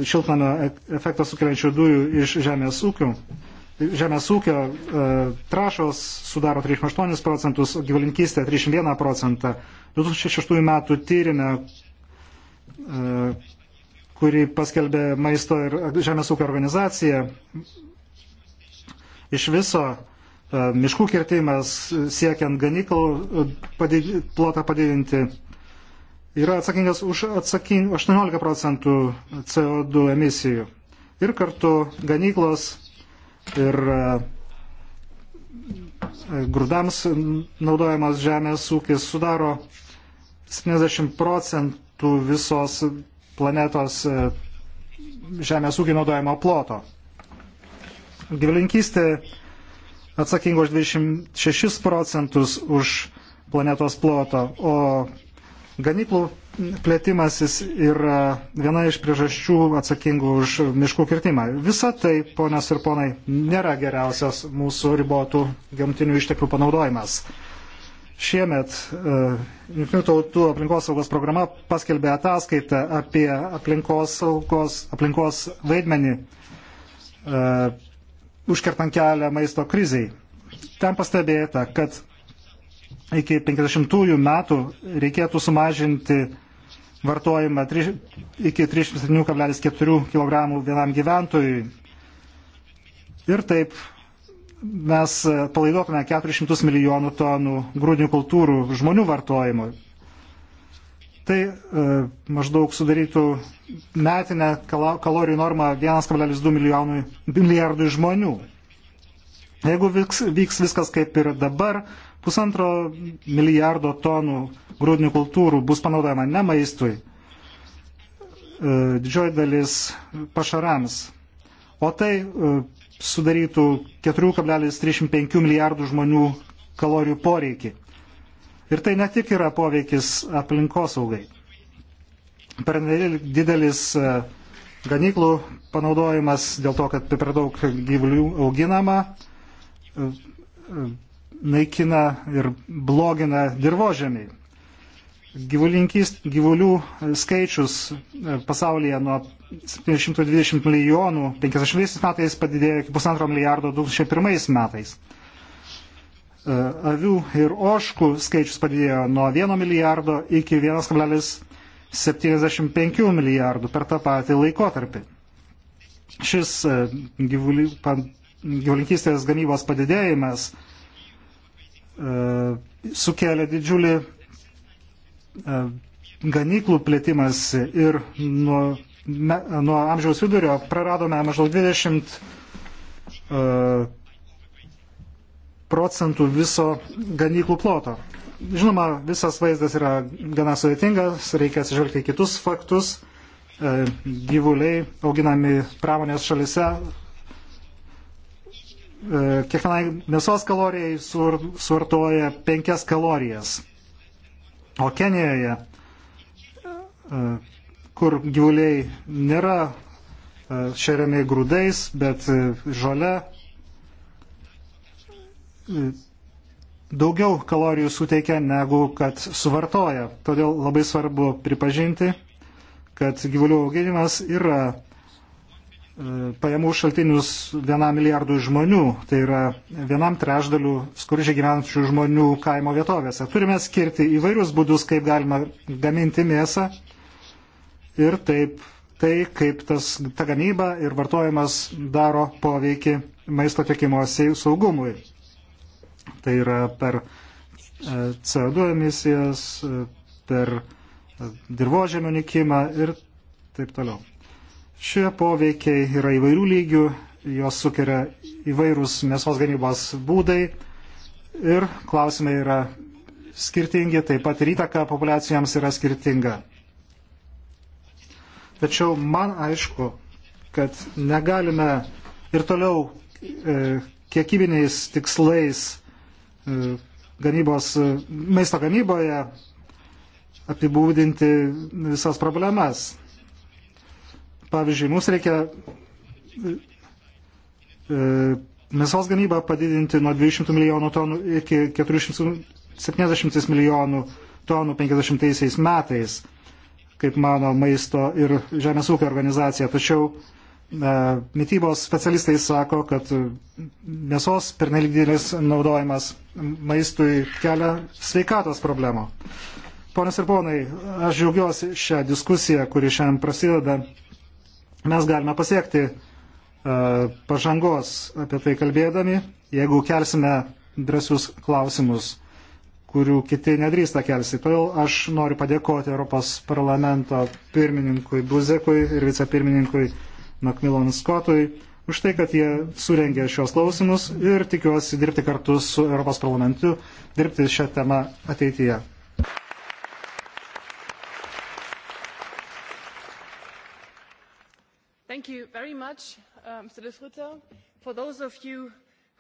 šiltnamio efektą sukeliančių dujų iš žemės ūkių. Žemės ūkio e, trašos sudaro 38 procentus, gyvulinkystė 31 procentą. 2006 metų tyrimė e, kurį paskelbė Maisto ir Žemės ūkio organizacija, iš viso e, miškų kirtimas siekiant ganyklų e, padid, plotą padidinti yra atsakingas už atsaking, 18 procentų CO2 emisijų. Ir kartu ganyklos ir e, grūdams naudojamas žemės ūkis sudaro 70 procentų visos planetos e, žemės ūkį naudojimo ploto. Gyvelinkystė atsakinga už 26 procentus už planetos ploto, o ganyklų plėtimasis yra viena iš priežasčių atsakingų už miškų kirtimą. Visa tai, ponios ir ponai, nėra geriausias mūsų ribotų gamtinių išteklių panaudojimas. Šiemet e, Junktinių tautų aplinkosaugos programa paskelbė ataskaitą apie aplinkosaugos, aplinkos vaidmenį uh, užkertant kelią maisto kriziai. Ten pastebėta, kad iki 50 metų reikėtų sumažinti vartojimą tri, iki 37,4 kg vienam gyventojui ir taip mes palaiduotume 400 milijonų tonų grūdinių kultūrų žmonių vartojimui. Tai e, maždaug sudarytų metinę kalorijų normą 1,2 milijardui žmonių. Jeigu vyks, vyks viskas kaip ir dabar, pusantro milijardo tonų grūdinių kultūrų bus panaudojama ne maistui, e, didžioji dalis pašarams. O tai e, sudarytų 4,35 milijardų žmonių kalorijų poreikį. Ir tai ne tik yra poveikis aplinkosaugai. Per didelis e, ganyklų panaudojimas dėl to, kad per daug gyvulių auginama, e, e, naikina ir blogina dirbožemį. Gyvulių skaičius e, pasaulyje nuo 120 milijonų 50 metais padidėjo iki pusantro milijardo 2001 metais. E, avių ir oškų skaičius padidėjo nuo 1 milijardo iki 1,75 milijardų per tą patį laikotarpį. Šis e, gyvulių, gyvulinkystės gamybos padidėjimas sukėlė didžiulį E, ganyklų plėtimas ir nuo, me, nuo amžiaus vidurio praradome maždaug 20 uh, e, procentų viso ganyklų ploto. Žinoma, visas vaizdas yra gana sudėtingas, reikia atsižvelgti į kitus faktus. Uh, gyvuliai auginami pramonės šalise kiekvienai mėsos kalorijai suvartoja penkias kalorijas. O Kenijoje, e, kur gyvuliai nėra e, šeriami grūdais, bet e, žalia, daugiau kalorijų suteikia negu kad suvartoja. Todėl labai svarbu pripažinti, kad gyvulių auginimas yra pajamų šaltinius vienam milijardui žmonių, tai yra vienam trešdaliu skurdžiai gyvenančių žmonių kaimo vietovėse. Turime skirti įvairius būdus, kaip galima gaminti mėsą ir taip tai, kaip tas, ta gamyba ir vartojimas daro poveikį maisto tiekimo saugumui. Tai yra per e, CO2 emisijas, e, per e, dirbožėmio nikimą ir taip toliau. Šie poveikiai yra įvairių lygių, juos sukeria įvairūs mėsos gamybos būdai ir klausimai yra skirtingi, taip pat ir įtaka populiacijoms yra skirtinga. Tačiau man aišku, kad negalime ir toliau e, kiekybiniais tikslais e, gamybos, e, maisto gamyboje apibūdinti visas problemas. Pavyzdžiui, mums reikia e, e, mėsos gamybą padidinti nuo 200 milijonų tonų iki 470 milijonų tonų 50 metais, kaip mano maisto ir žemės ūkio organizacija. Tačiau e, mytybos specialistai sako, kad mėsos pernelyg didelis naudojimas maistui kelia sveikatos problemų. Ponas ir ponai, aš džiaugiuosi šią diskusiją, kuri šiandien prasideda mes galime pasiekti e, pažangos apie tai kalbėdami, jeigu kelsime drąsius klausimus, kurių kiti nedrįsta kelsi. Todėl aš noriu padėkoti Europos parlamento pirmininkui Buzekui ir vicepirmininkui Nakmilon Skotui už tai, kad jie surengė šios klausimus ir tikiuosi dirbti kartu su Europos parlamentu, dirbti šią temą ateityje. thank you very much uh, mr de Frutter. for those of you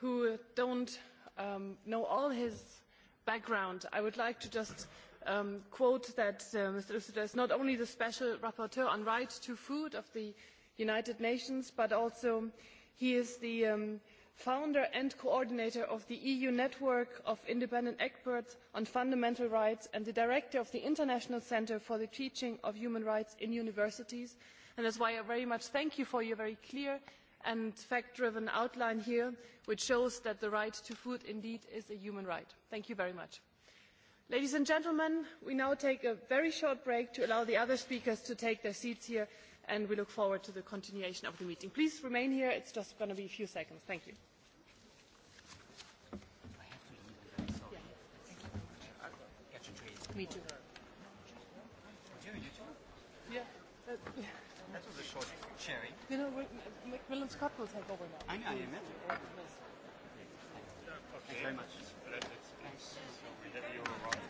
who don't um, know all his background i would like to just um, quote that uh, mr de Frutter is not only the special rapporteur on right to food of the united nations but also he is the um, founder and coordinator of the eu network of independent experts on fundamental rights and the director of the international centre for the teaching of human rights in universities and that is why i very much thank you for your very clear and fact driven outline here which shows that the right to food indeed is a human right. thank you very much. ladies and gentlemen we now take a very short break to allow the other speakers to take their seats here and we look forward to the continuation of the meeting. please remain here it is just going to be a few seconds. thank you. Me too. You, you too? Yeah. Uh, yeah that was a short sharing. You know, Macmillan Scott will take over now. I know, I met him. Okay. Thanks very much. Thanks. We have your arrival.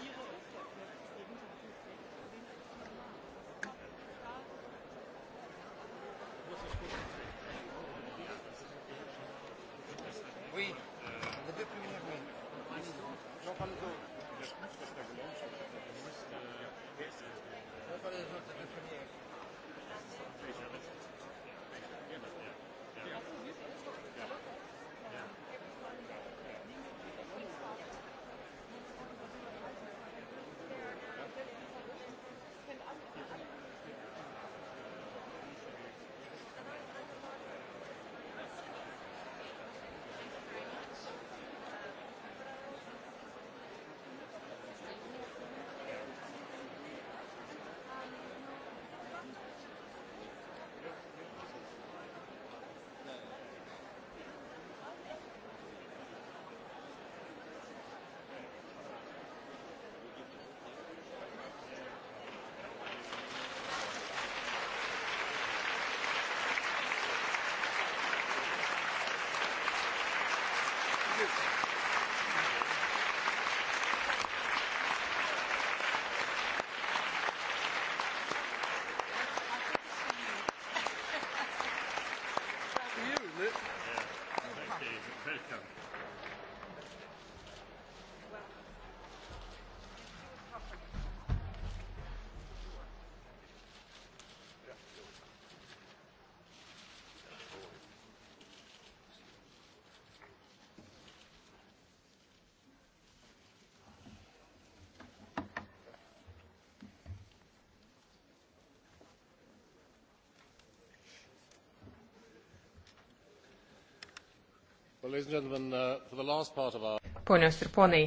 Uh, Ponios ir ponai,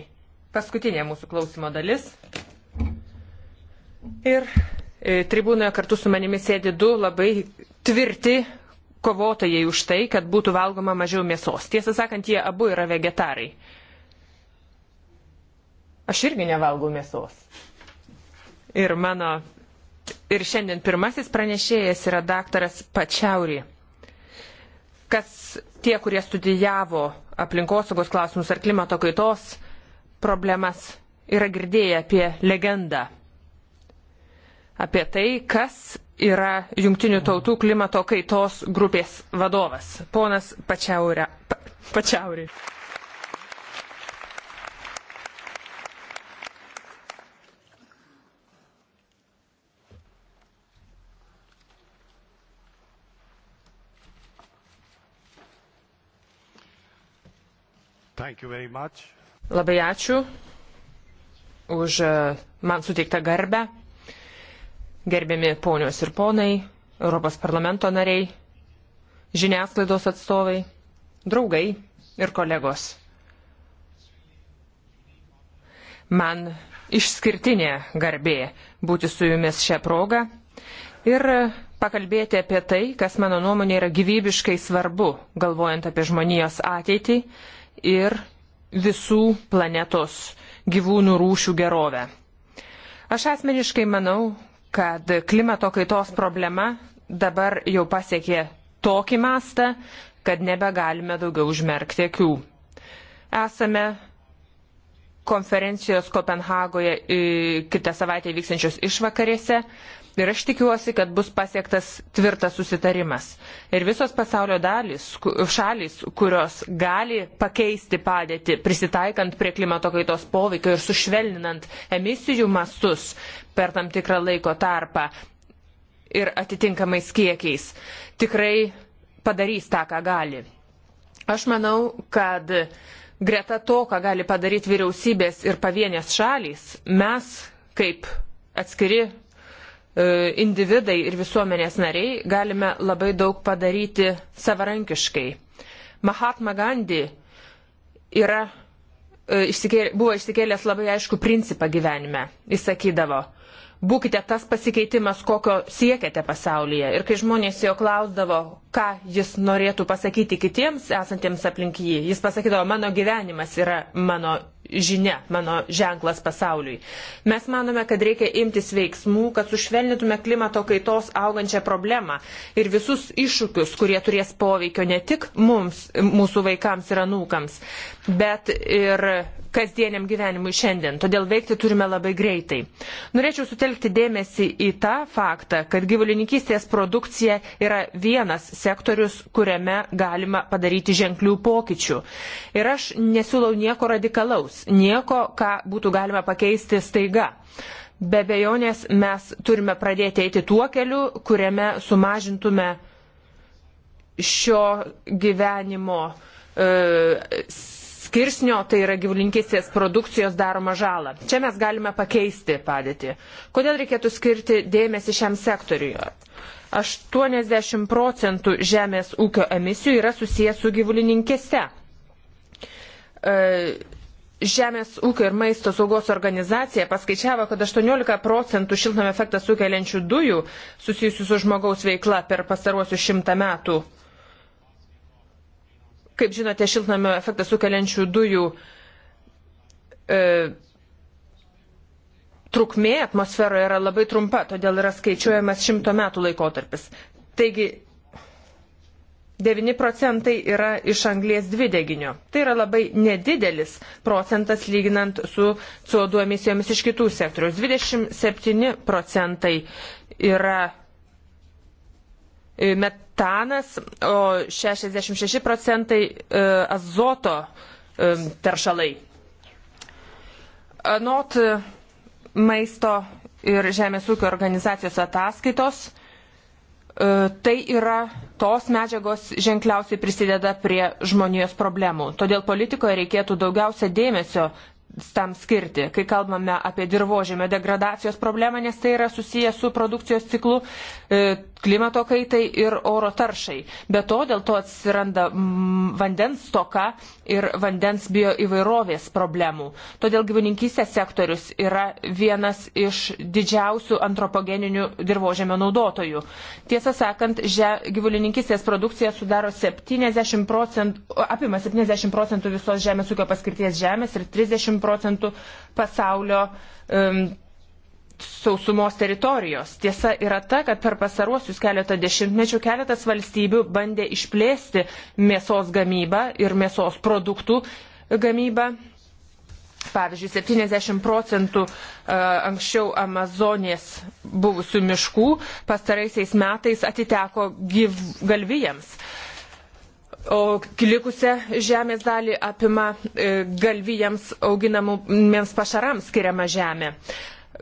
paskutinė mūsų klausimo dalis. Ir e, tribūnoje kartu su manimi sėdi du labai tvirti kovotojai už tai, kad būtų valgoma mažiau mėsos. Tiesą sakant, jie abu yra vegetarai. Aš irgi nevalgau mėsos. Ir mano, ir šiandien pirmasis pranešėjas yra daktaras Pačiauri, kas tie, kurie studijavo aplinkosaugos klausimus ar klimato kaitos problemas, yra girdėję apie legendą. Apie tai, kas yra Junktinių tautų klimato kaitos grupės vadovas, ponas Pačiaurė. Pa, pačiaurė. Labai ačiū už e, man suteiktą garbę. Gerbiami ponios ir ponai, Europos parlamento nariai, žiniasklaidos atstovai, draugai ir kolegos. Man išskirtinė garbė būti su jumis šią progą ir pakalbėti apie tai, kas mano nuomonė yra gyvybiškai svarbu, galvojant apie žmonijos ateitį ir visų planetos gyvūnų rūšių gerovę. Aš asmeniškai manau, kad klimato kaitos problema dabar jau pasiekė tokį mastą, kad nebegalime daugiau užmerkti akių. Esame konferencijos Kopenhagoje e, kitą savaitę vyksančios išvakarėse Ir aš tikiuosi, kad bus pasiektas tvirtas susitarimas. Ir visos pasaulio dalys, šalys, kurios gali pakeisti padėtį, prisitaikant prie klimato kaitos poveikio ir sušvelninant emisijų mastus per tam tikrą laiko tarpą ir atitinkamais kiekiais, tikrai padarys tą, ką gali. Aš manau, kad greta to, ką gali padaryti vyriausybės ir pavienės šalys, mes kaip atskiri E, individai ir visuomenės nariai galime labai daug padaryti savarankiškai. Mahatma Gandhi yra, e, išsikėl, buvo išsikėlęs labai aišku principą gyvenime. Jis sakydavo, būkite tas pasikeitimas, kokio siekiate pasaulyje. Ir kai žmonės jo klausdavo, ką jis norėtų pasakyti kitiems esantiems aplink jį, jis pasakydavo, mano gyvenimas yra mano žinia, mano ženklas pasauliui. Mes manome, kad reikia imtis veiksmų, kad sušvelnytume klimato kaitos augančią problemą ir visus iššūkius, kurie turės poveikio ne tik mums, mūsų vaikams ir anūkams, bet ir kasdieniam gyvenimui šiandien. Todėl veikti turime labai greitai. Norėčiau sutelkti dėmesį į tą faktą, kad gyvulininkystės produkcija yra vienas sektorius, kuriame galima padaryti ženklių pokyčių. Ir aš nesiūlau nieko radikalaus, nieko, ką būtų galima pakeisti staiga. Be bejonės mes turime pradėti eiti tuo keliu, kuriame sumažintume šio gyvenimo uh, skirsnio, tai yra gyvulinkistės produkcijos daroma žalą. Čia mes galime pakeisti padėtį. Kodėl reikėtų skirti dėmesį šiam sektoriui? 80 procentų žemės ūkio emisijų yra susijęs su gyvulininkėse. E, žemės ūkio ir maisto saugos organizacija paskaičiavo, kad 18 procentų šiltnamio efektą sukeliančių dujų susijusių su žmogaus veikla per pastaruosius šimtą metų uh, Kaip žinote, šiltnamio efektą sukeliančių dujų e, trukmė atmosferoje yra labai trumpa, todėl yra skaičiuojamas šimto metų laikotarpis. Taigi 9 procentai yra iš anglės dvideginio. Tai yra labai nedidelis procentas lyginant su CO2 emisijomis iš kitų sektorių. 27 procentai yra e, met, tanas, o 66 procentai e, azoto e, teršalai. Anot maisto ir žemės ūkio organizacijos ataskaitos, e, tai yra tos medžiagos ženkliausiai prisideda prie žmonijos problemų. Todėl politikoje reikėtų daugiausia dėmesio tam skirti, kai kalbame apie dirbožėmio degradacijos problemą, nes tai yra susiję su produkcijos ciklu, e, klimato kaitai ir oro taršai. Be to, dėl to atsiranda vandens stoka ir vandens bioįvairovės problemų. Todėl gyvininkystės sektorius yra vienas iš didžiausių antropogeninių dirbožėmio naudotojų. Tiesą sakant, gyvulininkystės produkcija sudaro 70 procentų, apima 70 procentų visos žemės ūkio paskirties žemės ir 30 procentų pasaulio um, sausumos teritorijos. Tiesa yra ta, kad per pasaruosius keletą dešimtmečių keletas valstybių bandė išplėsti mėsos gamybą ir mėsos produktų gamybą. Pavyzdžiui, 70 procentų e, anksčiau Amazonės buvusių miškų pastaraisiais metais atiteko gyv galvijams o likusią žemės dalį apima e, galvijams auginamiems pašarams skiriama žemė.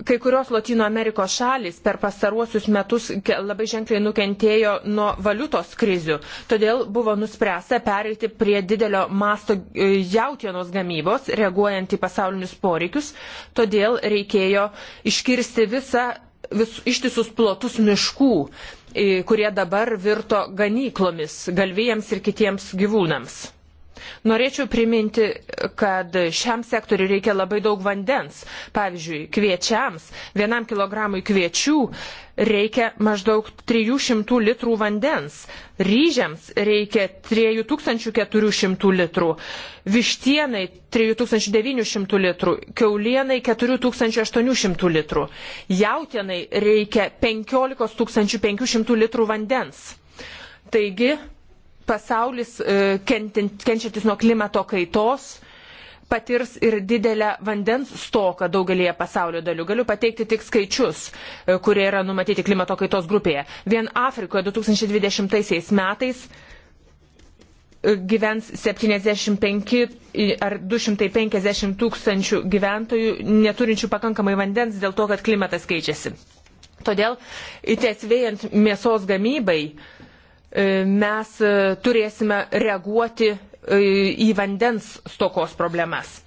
Kai kurios Latino Amerikos šalis per pastaruosius metus labai ženkliai nukentėjo nuo valiutos krizių, todėl buvo nuspręsta pereiti prie didelio masto e, jautienos gamybos, reaguojant į pasaulinius poreikius, todėl reikėjo iškirsti visą, vis, ištisus plotus miškų kurie dabar virto ganyklomis galvijams ir kitiems gyvūnams. Norėčiau priminti, kad šiam sektoriu reikia labai daug vandens. Pavyzdžiui, kviečiams, vienam kilogramui kviečių reikia maždaug 300 litrų vandens, ryžiams reikia 3400 litrų, vištienai 3900 litrų, keulienai 4800 litrų, jautienai reikia 15500 litrų vandens. Taigi, pasaulis e, kenčiantis nuo klimato kaitos patirs ir didelę vandens stoką daugelėje pasaulio dalių. Galiu pateikti tik skaičius, e, kurie yra numatyti klimato kaitos grupėje. Vien Afrikoje 2020 metais e, gyvens 75 ar 250 tūkstančių gyventojų neturinčių pakankamai vandens dėl to, kad klimatas keičiasi. Todėl įtesvėjant mėsos gamybai, uh, E, mes e, turėsime reaguoti e, į vandens stokos problemas.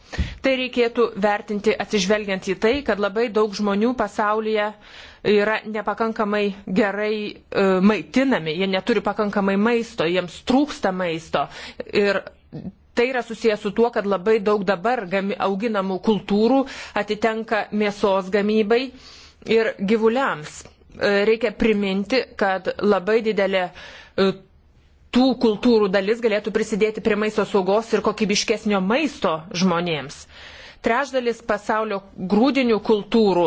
Tai reikėtų vertinti atsižvelgiant į tai, kad labai daug žmonių pasaulyje yra nepakankamai gerai maitinami, jie neturi pakankamai maisto, jiems trūksta maisto. Ir tai yra susijęs su tuo, kad labai daug dabar auginamų kultūrų atitenka mėsos gamybai ir gyvuliams. Reikia priminti, kad labai didelė uh, E, tų kultūrų dalis galėtų prisidėti prie maisto saugos ir kokybiškesnio maisto žmonėms. Trečdalis pasaulio grūdinių kultūrų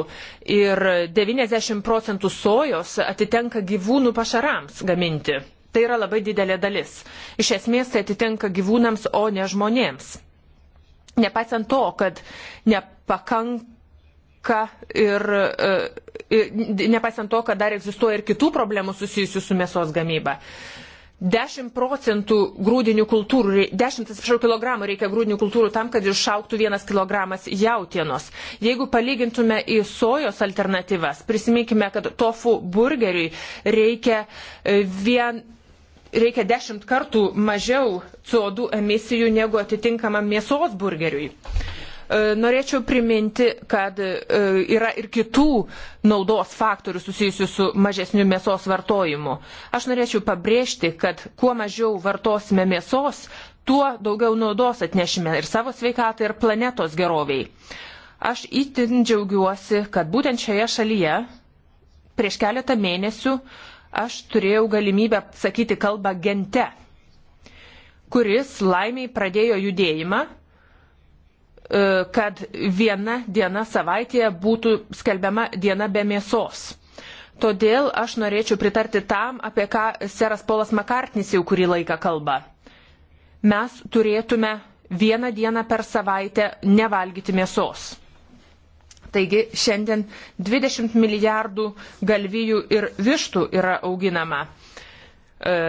ir 90 procentų sojos atitenka gyvūnų pašarams gaminti. Tai yra labai didelė dalis. Iš esmės tai atitenka gyvūnams, o ne žmonėms. Nepaisant to, kad nepakankamai ką ir, e, ir nepaisant to, kad dar egzistuoja ir kitų problemų susijusių su mėsos gamyba. 10 procentų grūdinių kultūrų, 10 kg reikia grūdinių kultūrų tam, kad išauktų 1 kg jautienos. Jeigu palygintume į sojos alternatyvas, prisiminkime, kad tofu burgeriui reikia e, vien. Reikia dešimt kartų mažiau CO2 emisijų negu atitinkamam mėsos burgeriui. Uh, E, norėčiau priminti, kad e, yra ir kitų naudos faktorių susijusių su mažesniu mėsos vartojimu. Aš norėčiau pabrėžti, kad kuo mažiau vartosime mėsos, tuo daugiau naudos atnešime ir savo sveikatai, ir planetos geroviai. Aš įtin džiaugiuosi, kad būtent šioje šalyje prieš keletą mėnesių aš turėjau galimybę sakyti kalbą gente, kuris laimiai pradėjo judėjimą E, kad viena diena savaitėje būtų skelbiama diena be mėsos. Todėl aš norėčiau pritarti tam, apie ką seras Polas Makartnis jau kurį laiką kalba. Mes turėtume vieną dieną per savaitę nevalgyti mėsos. Taigi šiandien 20 milijardų galvijų ir vištų yra auginama e,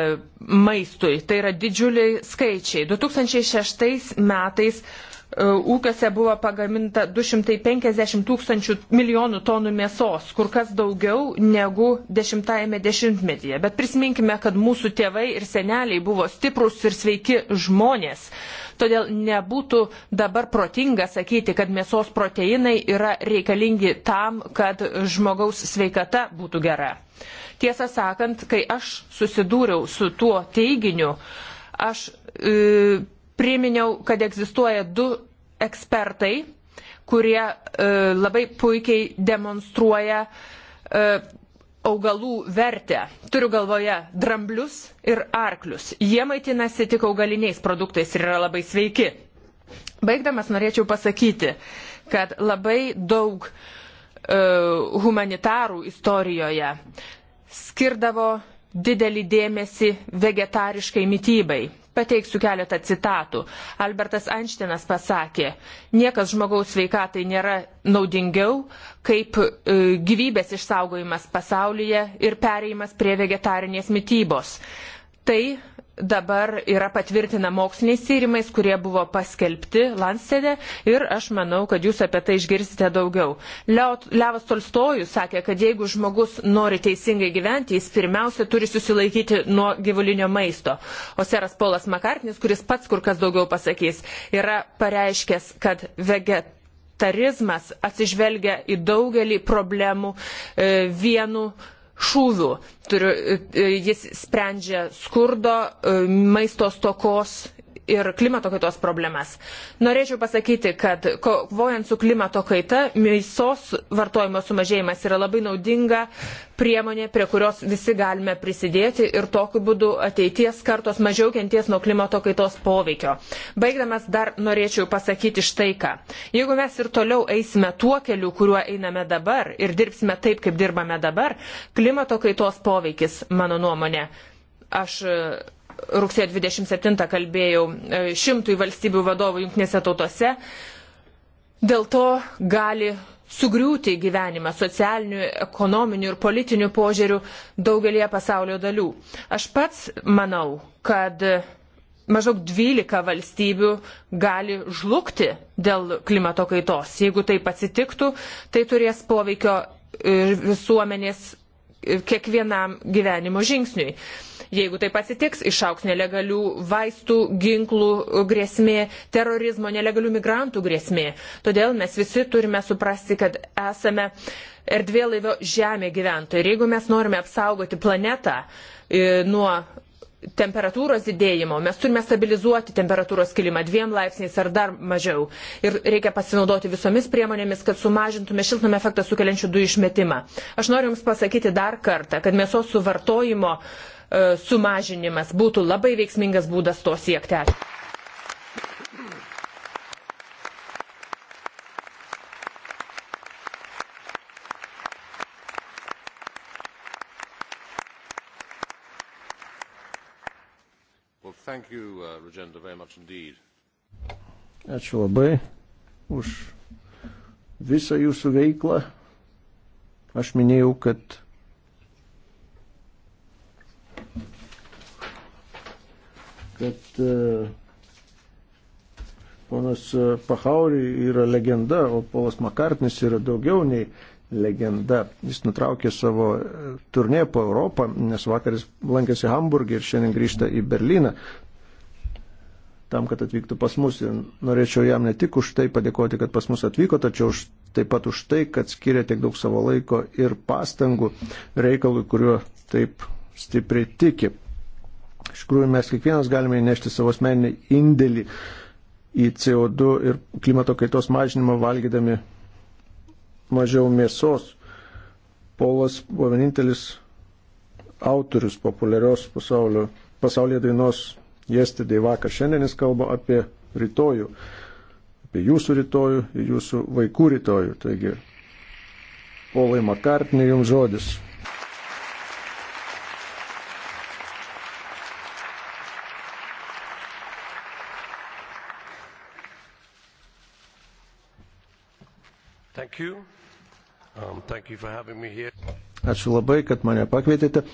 maistui. Tai yra didžiuliai skaičiai. 2006 metais E, ūkiuose buvo pagaminta 250 tūkstančių milijonų tonų mėsos, kur kas daugiau negu dešimtajame dešimtmetyje. Bet prisiminkime, kad mūsų tėvai ir seneliai buvo stiprus ir sveiki žmonės. Todėl nebūtų dabar protinga sakyti, kad mėsos proteinai yra reikalingi tam, kad žmogaus sveikata būtų gera. Tiesą sakant, kai aš susidūriau su tuo teiginiu, aš e, priminiau, kad egzistuoja du ekspertai, kurie e, labai puikiai demonstruoja e, augalų vertę. Turiu galvoje dramblius ir arklius. Jie maitinasi tik augaliniais produktais ir yra labai sveiki. Baigdamas norėčiau pasakyti, kad labai daug e, humanitarų istorijoje skirdavo didelį dėmesį vegetariškai mytybai. Pateiksiu keletą citatų. Albertas Einšteinas pasakė, niekas žmogaus sveikatai nėra naudingiau, kaip e, gyvybės išsaugojimas pasaulyje ir pereimas prie vegetarinės mytybos. Tai dabar yra patvirtina moksliniais tyrimais, kurie buvo paskelbti Lansede ir aš manau, kad jūs apie tai išgirsite daugiau. Levas Tolstojus sakė, kad jeigu žmogus nori teisingai gyventi, jis pirmiausia turi susilaikyti nuo gyvulinio maisto. O seras Polas Makartinis, kuris pats kur kas daugiau pasakys, yra pareiškęs, kad veget atsižvelgia į daugelį problemų e, vienu šūvių. Turiu, e, e, jis sprendžia skurdo, e, maisto stokos ir klimato kaitos problemas. Norėčiau pasakyti, kad kovojant su klimato kaita, mėsos vartojimo sumažėjimas yra labai naudinga priemonė, prie kurios visi galime prisidėti ir tokiu būdu ateities kartos mažiau kenties nuo klimato kaitos poveikio. Baigdamas dar norėčiau pasakyti štai ką. Jeigu mes ir toliau eisime tuo keliu, kuriuo einame dabar ir dirbsime taip, kaip dirbame dabar, klimato kaitos poveikis, mano nuomonė, aš rugsėjo 27 kalbėjau e, šimtui valstybių vadovų jungtinėse tautose, dėl to gali sugriūti gyvenimą socialiniu, ekonominiu ir politiniu požiūriu daugelie pasaulio dalių. Aš pats manau, kad maždaug 12 valstybių gali žlugti dėl klimato kaitos. Jeigu taip atsitiktų, tai turės poveikio visuomenės kiekvienam gyvenimo žingsniui. Jeigu taip atsitiks, išauks nelegalių vaistų, ginklų grėsmė, terorizmo, nelegalių migrantų grėsmė. Todėl mes visi turime suprasti, kad esame erdvėlaivio žemė gyventojai. Ir jeigu mes norime apsaugoti planetą e, nuo temperatūros didėjimo, mes turime stabilizuoti temperatūros kilimą dviem laipsniais ar dar mažiau. Ir reikia pasinaudoti visomis priemonėmis, kad sumažintume šiltnamio efektą sukeliančių dujų išmetimą. Aš noriu Jums pasakyti dar kartą, kad mėsos suvartojimo e, sumažinimas būtų labai veiksmingas būdas to siekti. Ačiū. you, uh, Regenda, very much indeed. Ačiū labai už visą jūsų veiklą. Aš minėjau, kad kad uh, ponas Pahauri yra legenda, o Polas Makartnis yra daugiau nei legenda. Jis nutraukė savo e, turnė po Europą, nes vakaris lankėsi Hamburgį ir šiandien grįžta į Berliną tam, kad atvyktų pas mus. Ir norėčiau jam ne tik už tai padėkoti, kad pas mus atvyko, tačiau už, taip pat už tai, kad skiria tiek daug savo laiko ir pastangų reikalui, kuriuo taip stipriai tiki. Iš tikrųjų, mes kiekvienas galime įnešti savo asmeninį indėlį į CO2 ir klimato kaitos mažinimą valgydami mažiau mėsos. Polas buvo vienintelis autorius populiarios pasaulio, pasaulyje dainos Jestidai vakar šiandien jis kalba apie rytojų, apie jūsų rytojų ir jūsų vaikų rytojų. Taigi, Polai Makartinė, jums žodis. Thank you. Um, thank you for having me here. Ačiū labai, kad mane pakvietėte.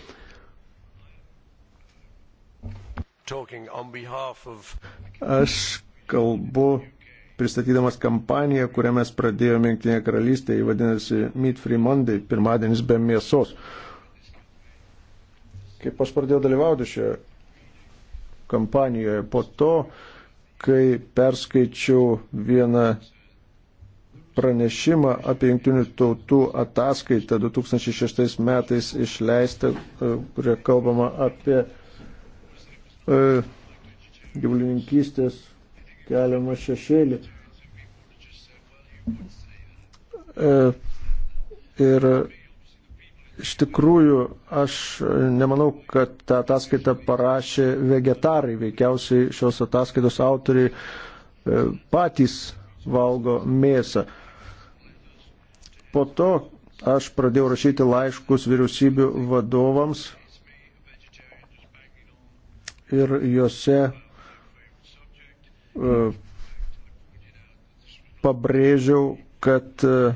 Aš kalbu pristatydamas kampaniją, kurią mes pradėjome Junktinėje karalystėje, vadinasi Meat Free Monday, pirmadienis be mėsos. Kaip aš pradėjau dalyvauti šioje kampanijoje, po to, kai perskaičiau vieną pranešimą apie Junktinių tautų ataskaitą 2006 metais išleistą, e, kurioje kalbama apie E, gyvulininkystės keliamą šešėlį. E, ir iš tikrųjų aš nemanau, kad tą ataskaitą parašė vegetarai. Veikiausiai šios ataskaitos autoriai e, patys valgo mėsą. Po to aš pradėjau rašyti laiškus vyriausybių vadovams ir juose e, pabrėžiau, kad e,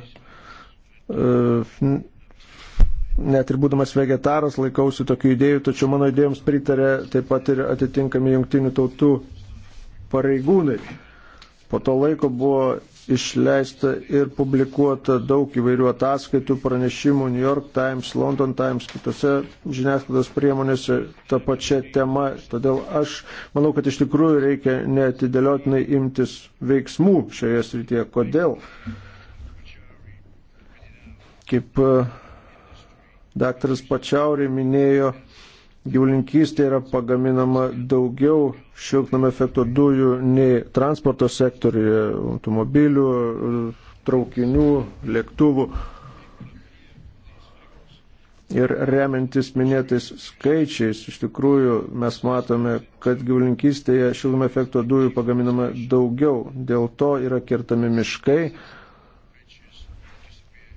net ir būdamas vegetaras laikausi tokių idėjų, tačiau mano idėjoms pritarė taip pat ir atitinkami jungtinių tautų pareigūnai. Po to laiko buvo išleista ir publikuota daug įvairių ataskaitų, pranešimų New York Times, London Times, kitose žiniasklaidos priemonėse tą pačią temą. Todėl aš manau, kad iš tikrųjų reikia netidėliotinai imtis veiksmų šioje srityje. Kodėl? Kaip e, daktaras Pačiaurė minėjo, gyvulinkystė yra pagaminama daugiau šiltnamio efekto dujų nei transporto sektoriuje, automobilių, traukinių, lėktuvų. Ir remiantis minėtais skaičiais, iš tikrųjų mes matome, kad gyvulinkystėje šiltnamio efekto dujų pagaminama daugiau, dėl to yra kertami miškai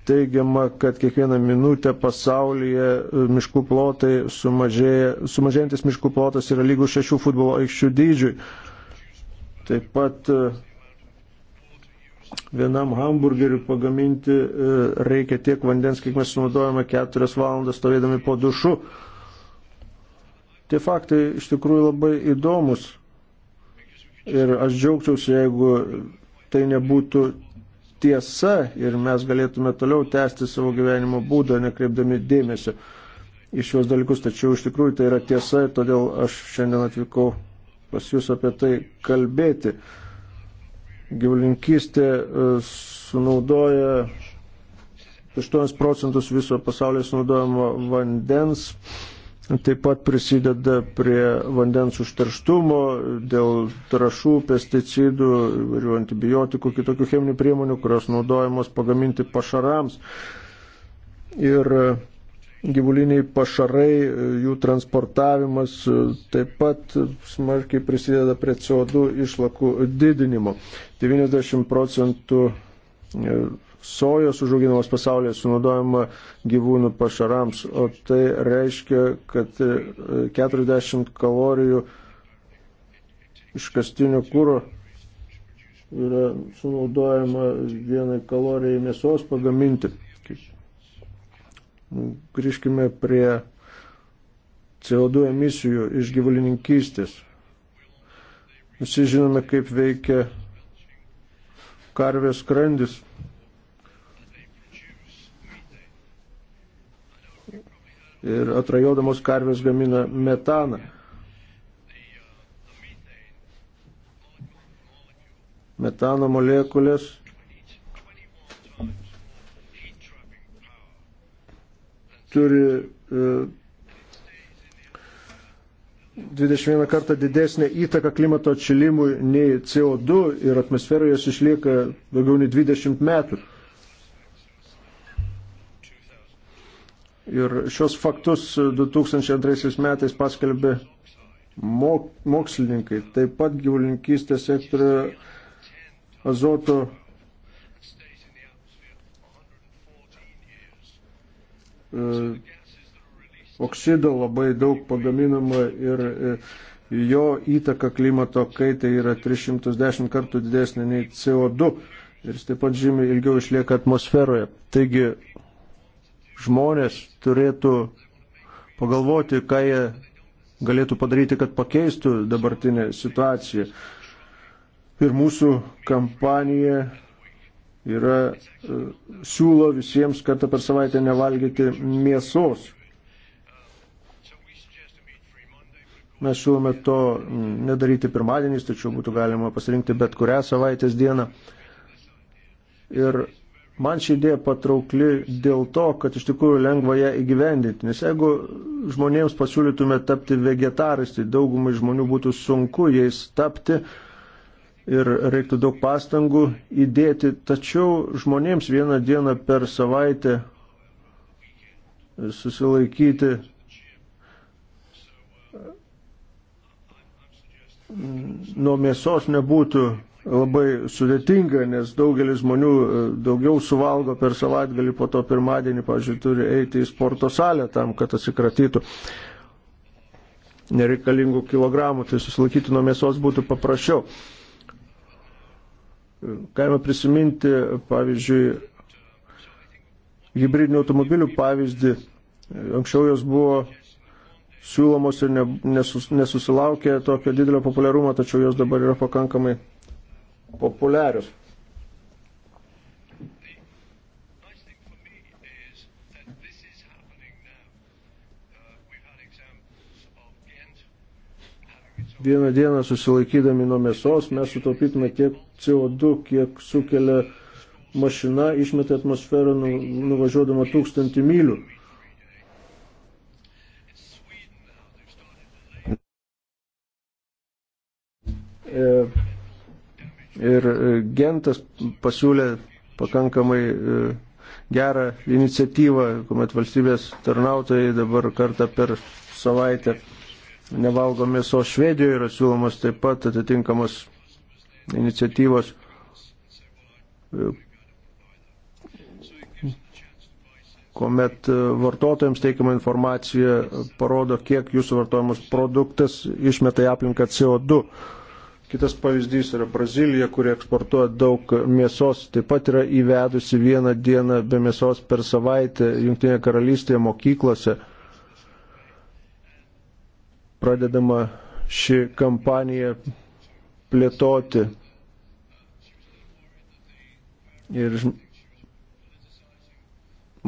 teigiama, kad kiekvieną minutę pasaulyje e, miškų plotai sumažėja, sumažėjantis miškų plotas yra lygų šešių futbolo aikščių dydžiui. Taip pat e, vienam hamburgeriu pagaminti e, reikia tiek vandens, kiek mes sunaudojame keturias valandas stovėdami po dušu. Tie faktai iš tikrųjų labai įdomus. Ir aš džiaugčiausi, jeigu tai nebūtų tiesa ir mes galėtume toliau tęsti savo gyvenimo būdą, nekreipdami dėmesio į šios dalykus. Tačiau iš tikrųjų tai yra tiesa ir todėl aš šiandien atvykau pas jūs apie tai kalbėti. Gyvulinkystė e, sunaudoja 8 procentus viso pasaulio sunaudojamo vandens taip pat prisideda prie vandens užterštumo dėl trašų, pesticidų, įvairių antibiotikų, kitokių cheminių priemonių, kurios naudojamos pagaminti pašarams. Ir e, gyvuliniai pašarai, e, jų transportavimas e, taip pat smarkiai prisideda prie CO2 išlakų didinimo. 90 procentų sojos užauginamos pasaulyje sunaudojama gyvūnų pašarams, o tai reiškia, kad 40 e, kalorijų iškastinio kūro yra sunaudojama vienai kalorijai mėsos pagaminti. Grįžkime prie CO2 emisijų iš gyvulininkystės. Visi žinome, kaip veikia karvės krandis. ir atrajodamos karvės gamina metaną. Metano molekulės turi e, 21 kartą didesnė įtaka klimato atšilimui nei CO2 ir atmosferoje jos išlieka daugiau nei 20 metų. Ir šios faktus 2002 metais paskelbė mokslininkai. Taip pat gyvulinkystės sektorio azoto e, oksido labai daug pagaminama ir e, jo įtaka klimato kaitai yra 310 kartų didesnė nei CO2 ir jis taip pat žymiai ilgiau išlieka atmosferoje. Taigi žmonės turėtų pagalvoti, ką jie galėtų padaryti, kad pakeistų dabartinę situaciją. Ir mūsų kampanija yra e, siūlo visiems kartą per savaitę nevalgyti mėsos. Mes siūlome to nedaryti pirmadieniais, tačiau būtų galima pasirinkti bet kurią savaitės dieną. Ir Man ši idėja patraukli dėl to, kad iš tikrųjų lengva ją įgyvendinti. Nes jeigu žmonėms pasiūlytume tapti vegetarais, tai daugumai žmonių būtų sunku jais tapti ir reiktų daug pastangų įdėti. Tačiau žmonėms vieną dieną per savaitę susilaikyti nuo mėsos nebūtų labai sudėtinga, nes daugelis žmonių e, daugiau suvalgo per savaitgalį, po to pirmadienį, pažiūrėjau, turi eiti į sporto salę tam, kad atsikratytų nereikalingų kilogramų, tai susilaikyti nuo mėsos būtų paprasčiau. E, galima prisiminti, pavyzdžiui, hybridinių automobilių pavyzdį. E, anksčiau jos buvo siūlomos ir nesus, nesusilaukė tokio didelio populiarumo, tačiau jos dabar yra pakankamai populiarius. Vieną dieną susilaikydami nuo mėsos mes sutaupytume tiek CO2, kiek sukelia mašina išmeta atmosferą nu, nuvažiuodama tūkstantį mylių. E, ir e, Gentas pasiūlė pakankamai e, gerą iniciatyvą, kuomet valstybės tarnautojai dabar kartą per savaitę nevalgo mėsos Švedijoje yra siūlomas taip pat atitinkamos iniciatyvos e, kuomet vartotojams teikiama informacija parodo, kiek jūsų vartojamas produktas išmeta į aplinką CO2. Kitas pavyzdys yra Brazilija, kuri eksportuoja daug mėsos, taip pat yra įvedusi vieną dieną be mėsos per savaitę Junktinėje karalystėje mokyklose. Pradedama ši kampanija plėtoti. Ir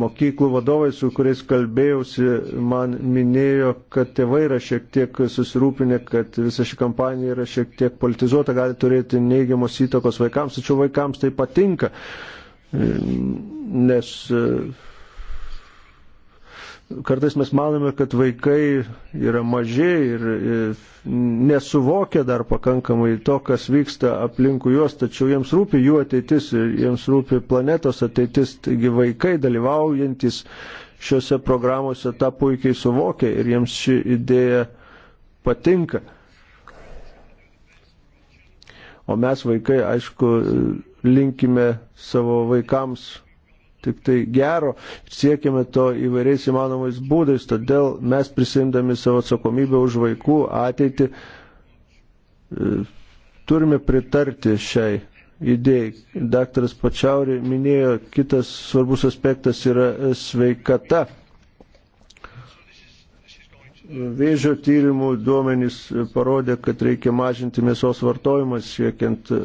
mokyklų vadovai, su kuriais kalbėjausi, man minėjo, kad tėvai yra šiek tiek susirūpinę, kad visa ši kampanija yra šiek tiek politizuota, gali turėti neigiamos įtakos vaikams, tačiau vaikams tai patinka, nes Kartais mes manome, kad vaikai yra maži ir nesuvokia dar pakankamai to, kas vyksta aplinkų juos, tačiau jiems rūpi jų ateitis ir jiems rūpi planetos ateitis. Taigi vaikai dalyvaujantis šiuose programuose tą puikiai suvokia ir jiems ši idėja patinka. O mes vaikai, aišku, linkime savo vaikams tik tai gero ir siekiame to įvairiais įmanomais būdais. Todėl mes prisimdami savo atsakomybę už vaikų ateitį e, turime pritarti šiai idėjai. Daktaras Pačiauri minėjo, kitas svarbus aspektas yra e, sveikata. Vėžio tyrimų duomenys parodė, kad reikia mažinti mėsos vartojimą, siekiant e,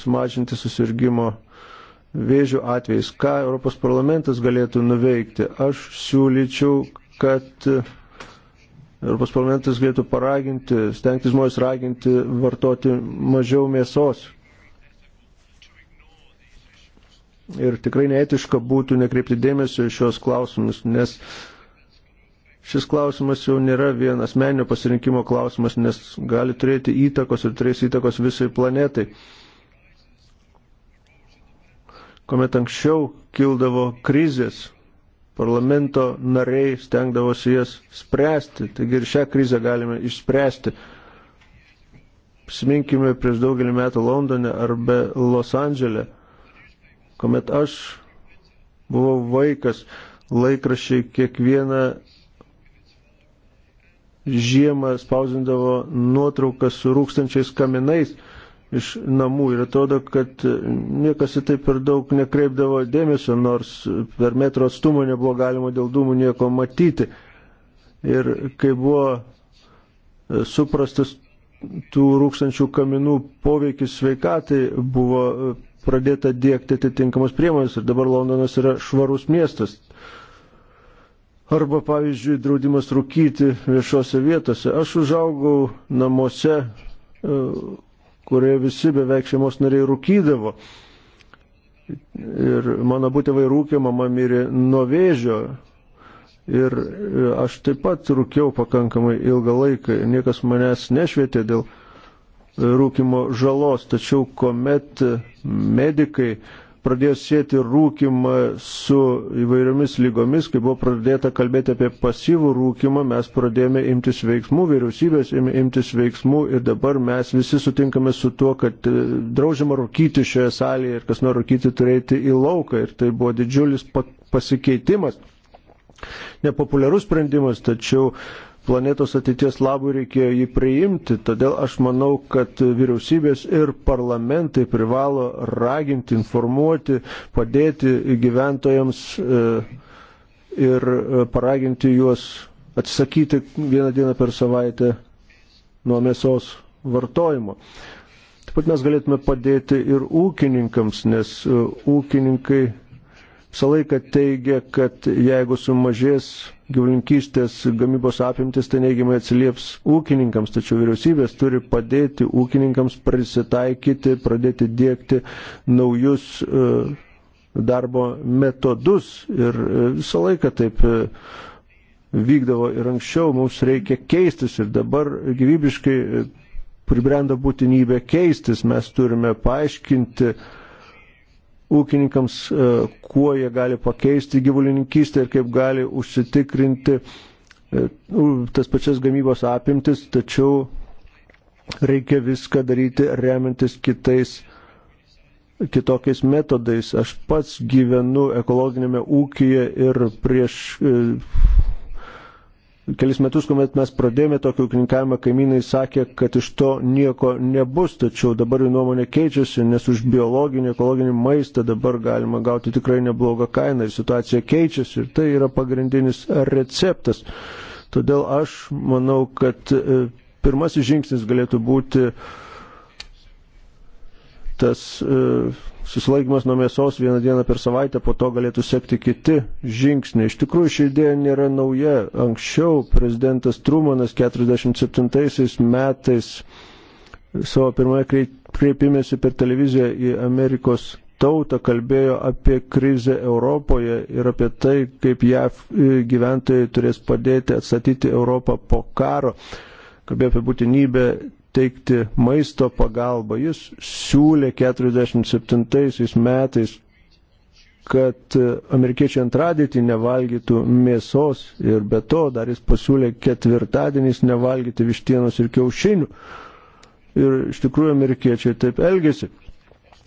sumažinti susirgymo vėžių atvejais. Ką Europos parlamentas galėtų nuveikti? Aš siūlyčiau, kad e, Europos parlamentas galėtų paraginti, stengti žmonės raginti vartoti mažiau mėsos. Ir tikrai neetiška būtų nekreipti dėmesio į šios klausimus, nes šis klausimas jau nėra vien asmeninio pasirinkimo klausimas, nes gali turėti įtakos ir turės įtakos visai planetai kuomet anksčiau kildavo krizės, parlamento nariai stengdavosi jas spręsti. Taigi ir šią krizę galime išspręsti. Prisiminkime prieš daugelį metų Londone arba Los Andželė, kuomet aš buvau vaikas, laikrašiai kiekvieną žiemą spausindavo nuotraukas su rūkstančiais kaminais iš namų ir atrodo, kad niekas į tai per daug nekreipdavo dėmesio, nors per metro atstumą nebuvo galima dėl dūmų nieko matyti. Ir kai buvo suprastas tų rūkstančių kaminų poveikis sveikatai, buvo pradėta dėkti atitinkamas priemonės ir dabar Londonas yra švarus miestas. Arba, pavyzdžiui, draudimas rūkyti viešose vietose. Aš užaugau namuose e, kurioje visi beveik šeimos nariai rūkydavo. Ir mano būtėvai rūkė, mama mirė nuo vėžio. Ir e, aš taip pat rūkiau pakankamai ilgą laiką ir niekas manęs nešvietė dėl rūkimo žalos. Tačiau kuomet medikai pradėjo sėti rūkimą su įvairiomis lygomis, kai buvo pradėta kalbėti apie pasyvų rūkimą, mes pradėjome imtis veiksmų, vyriausybės ėmė imtis veiksmų ir dabar mes visi sutinkame su tuo, kad e, draudžiama rūkyti šioje salėje ir kas nori rūkyti turėti į lauką ir tai buvo didžiulis pasikeitimas. Nepopuliarus sprendimas, tačiau planetos ateities labui reikėjo jį priimti. Todėl aš manau, kad vyriausybės ir parlamentai privalo raginti, informuoti, padėti gyventojams e, ir e, paraginti juos atsisakyti vieną dieną per savaitę nuo mėsos vartojimo. Taip pat mes galėtume padėti ir ūkininkams, nes e, ūkininkai visą laiką teigia, kad jeigu sumažės gyvulinkystės gamybos apimtis, tai neigiamai atsilieps ūkininkams, tačiau vyriausybės turi padėti ūkininkams prisitaikyti, pradėti dėkti naujus e, darbo metodus ir e, visą laiką taip e, vykdavo ir anksčiau, mums reikia keistis ir dabar gyvybiškai pribrenda būtinybė keistis, mes turime paaiškinti, ūkininkams, e, kuo jie gali pakeisti gyvulininkystę ir kaip gali užsitikrinti e, tas pačias gamybos apimtis, tačiau reikia viską daryti remiantis kitais, kitokiais metodais. Aš pats gyvenu ekologinėme ūkyje ir prieš e, kelis metus, kuomet mes pradėjome tokį ūkininkavimą, kaimynai sakė, kad iš to nieko nebus, tačiau dabar jų nuomonė keičiasi, nes už biologinį, ekologinį maistą dabar galima gauti tikrai neblogą kainą ir situacija keičiasi ir tai yra pagrindinis receptas. Todėl aš manau, kad e, pirmasis žingsnis galėtų būti tas. E, susilaikymas nuo mėsos vieną dieną per savaitę, po to galėtų sekti kiti žingsniai. Iš tikrųjų, ši idėja nėra nauja. Anksčiau prezidentas Trumanas 47 metais savo pirmoje kreipimėsi per televiziją į Amerikos tautą kalbėjo apie krizę Europoje ir apie tai, kaip JAV e, gyventojai turės padėti atstatyti Europą po karo. Kalbėjo apie būtinybę teikti maisto pagalbą. Jis siūlė 47 metais, kad amerikiečiai antradienį nevalgytų mėsos ir be to dar jis pasiūlė ketvirtadieniais nevalgyti vištienos ir kiaušinių. Ir iš tikrųjų amerikiečiai taip elgesi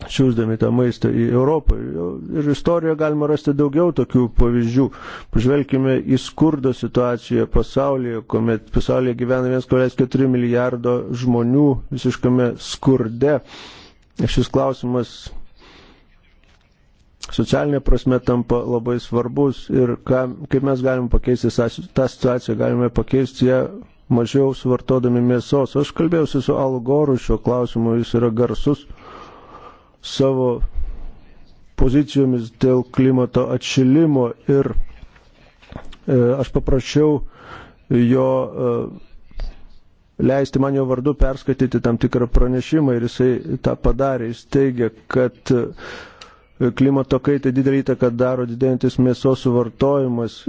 siūsdami tą maistą į Europą. Ir istorijoje galima rasti daugiau tokių pavyzdžių. Pažvelkime į skurdo situaciją pasaulyje, kuomet pasaulyje gyvena 1,4 milijardo žmonių visiškame skurde. Šis klausimas socialinė prasme tampa labai svarbus ir ką, kaip mes galime pakeisti tą situaciją, galime pakeisti ją mažiau suvartodami mėsos. Aš kalbėjausi su Algoru šiuo klausimu, jis yra garsus savo pozicijomis dėl klimato atšilimo ir e, aš paprašiau jo e, leisti man jo vardu perskaityti tam tikrą pranešimą ir jisai tą padarė. Jis teigia, kad e, klimato kaitai didelį įtaką daro didėjantis mėsos suvartojimas,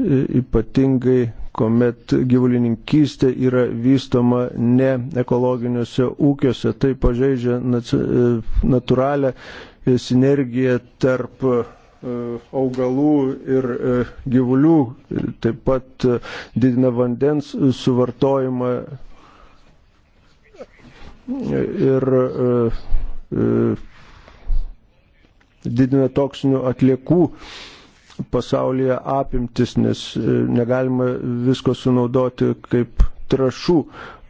ypatingai kuomet gyvulininkystė yra vystoma ne ekologiniuose ūkiuose, tai pažeidžia e, natūralią e, sinergiją tarp e, augalų ir gyvulių, taip pat didina vandens suvartojimą ir didina toksinių atliekų uh, pasaulyje apimtis, nes e, negalima visko sunaudoti kaip trašų.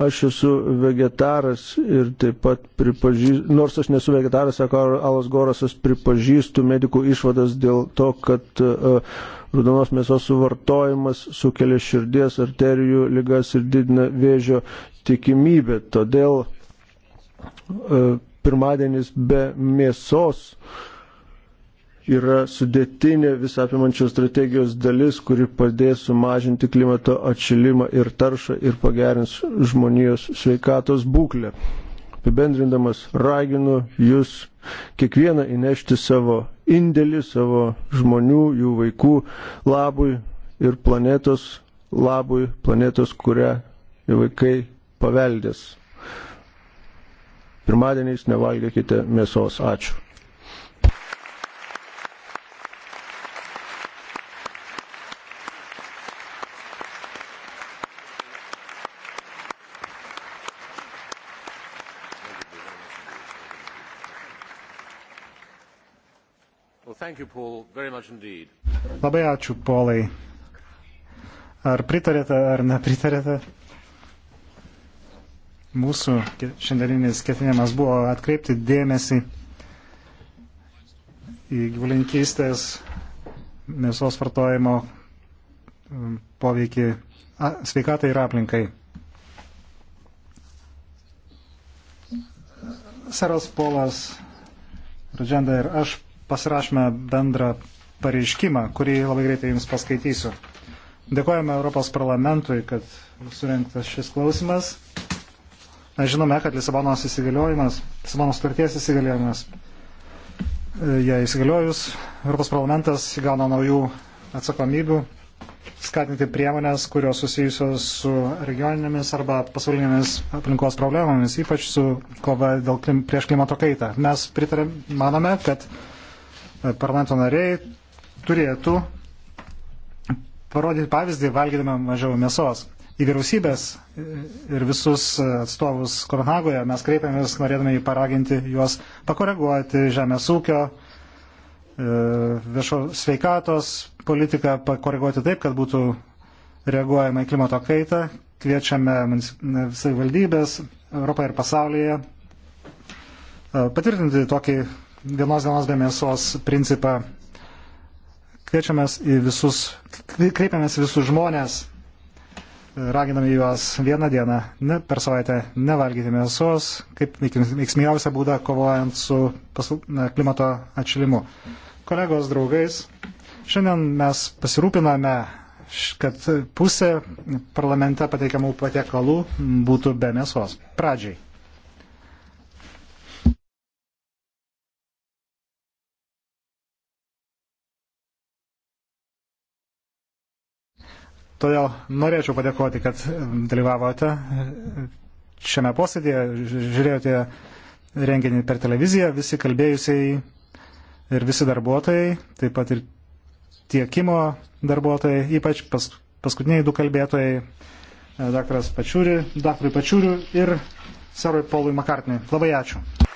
Aš esu vegetaras ir taip pat pripažįstu, nors aš nesu vegetaras, sako Alas Gorasas, pripažįstu medikų išvadas dėl to, kad uh, e, rudonos mėsos suvartojimas sukelia širdies arterijų lygas ir didina vėžio tikimybę. Todėl uh, pirmadienis be mėsos uh, yra sudėtinė visapimančios strategijos dalis, kuri padės sumažinti klimato atšilimą ir taršą ir pagerins žmonijos sveikatos būklę. Apibendrindamas, raginu jūs kiekvieną įnešti savo indėlį, savo žmonių, jų vaikų labui ir planetos labui, planetos, kurią vaikai paveldės. Pirmadieniais nevalgykite mėsos. Ačiū. You, Paul, Labai ačiū, Polai. Ar pritarėte, ar nepritarėte? Mūsų šiandieninis ketinimas buvo atkreipti dėmesį į gyvulinkystės mėsos vartojimo um, poveikį sveikatai ir aplinkai. Saros Polas, Radženda ir aš pasirašėme bendrą pareiškimą, kurį labai greitai Jums paskaitysiu. Dėkojame Europos parlamentui, kad surinktas šis klausimas. Mes žinome, kad Lisabonos įsigaliojimas, Lisabonos sutarties įsigaliojimas, jie įsigaliojus, Europos parlamentas įgauna naujų atsakomybių skatinti priemonės, kurios susijusios su regioninėmis arba pasaulinėmis aplinkos problemomis, ypač su kova dėl klim, prieš klimato kaitą. Mes pritarėm, manome, kad parlamento nariai turėtų parodyti pavyzdį, valgydami mažiau mėsos. Į vyriausybės ir visus atstovus Kopenhagoje mes kreipiamės, norėdami paraginti juos pakoreguoti žemės ūkio, e, viešo sveikatos politiką, pakoreguoti taip, kad būtų reaguojama į klimato kaitą. Kviečiame savivaldybės Europoje ir pasaulyje e, patvirtinti tokį vienos dienos be mėsos principą. Kviečiamės į visus, kreipiamės visus žmonės, raginame juos vieną dieną ne, per savaitę nevalgyti mėsos, kaip veiksmingiausia būda kovojant su pasul, na, klimato atšilimu. Kolegos, draugais, šiandien mes pasirūpiname, kad pusė parlamente pateikiamų patiekalų būtų be mėsos. Pradžiai. Todėl norėčiau padėkoti, kad dalyvavote šiame posėdėje, žiūrėjote renginį per televiziją, visi kalbėjusiai ir visi darbuotojai, taip pat ir tiekimo darbuotojai, ypač pas, paskutiniai du kalbėtojai, daktaras Pačiūri, daktarui Pačiūriu ir serui Paului Makartiniui. Labai ačiū.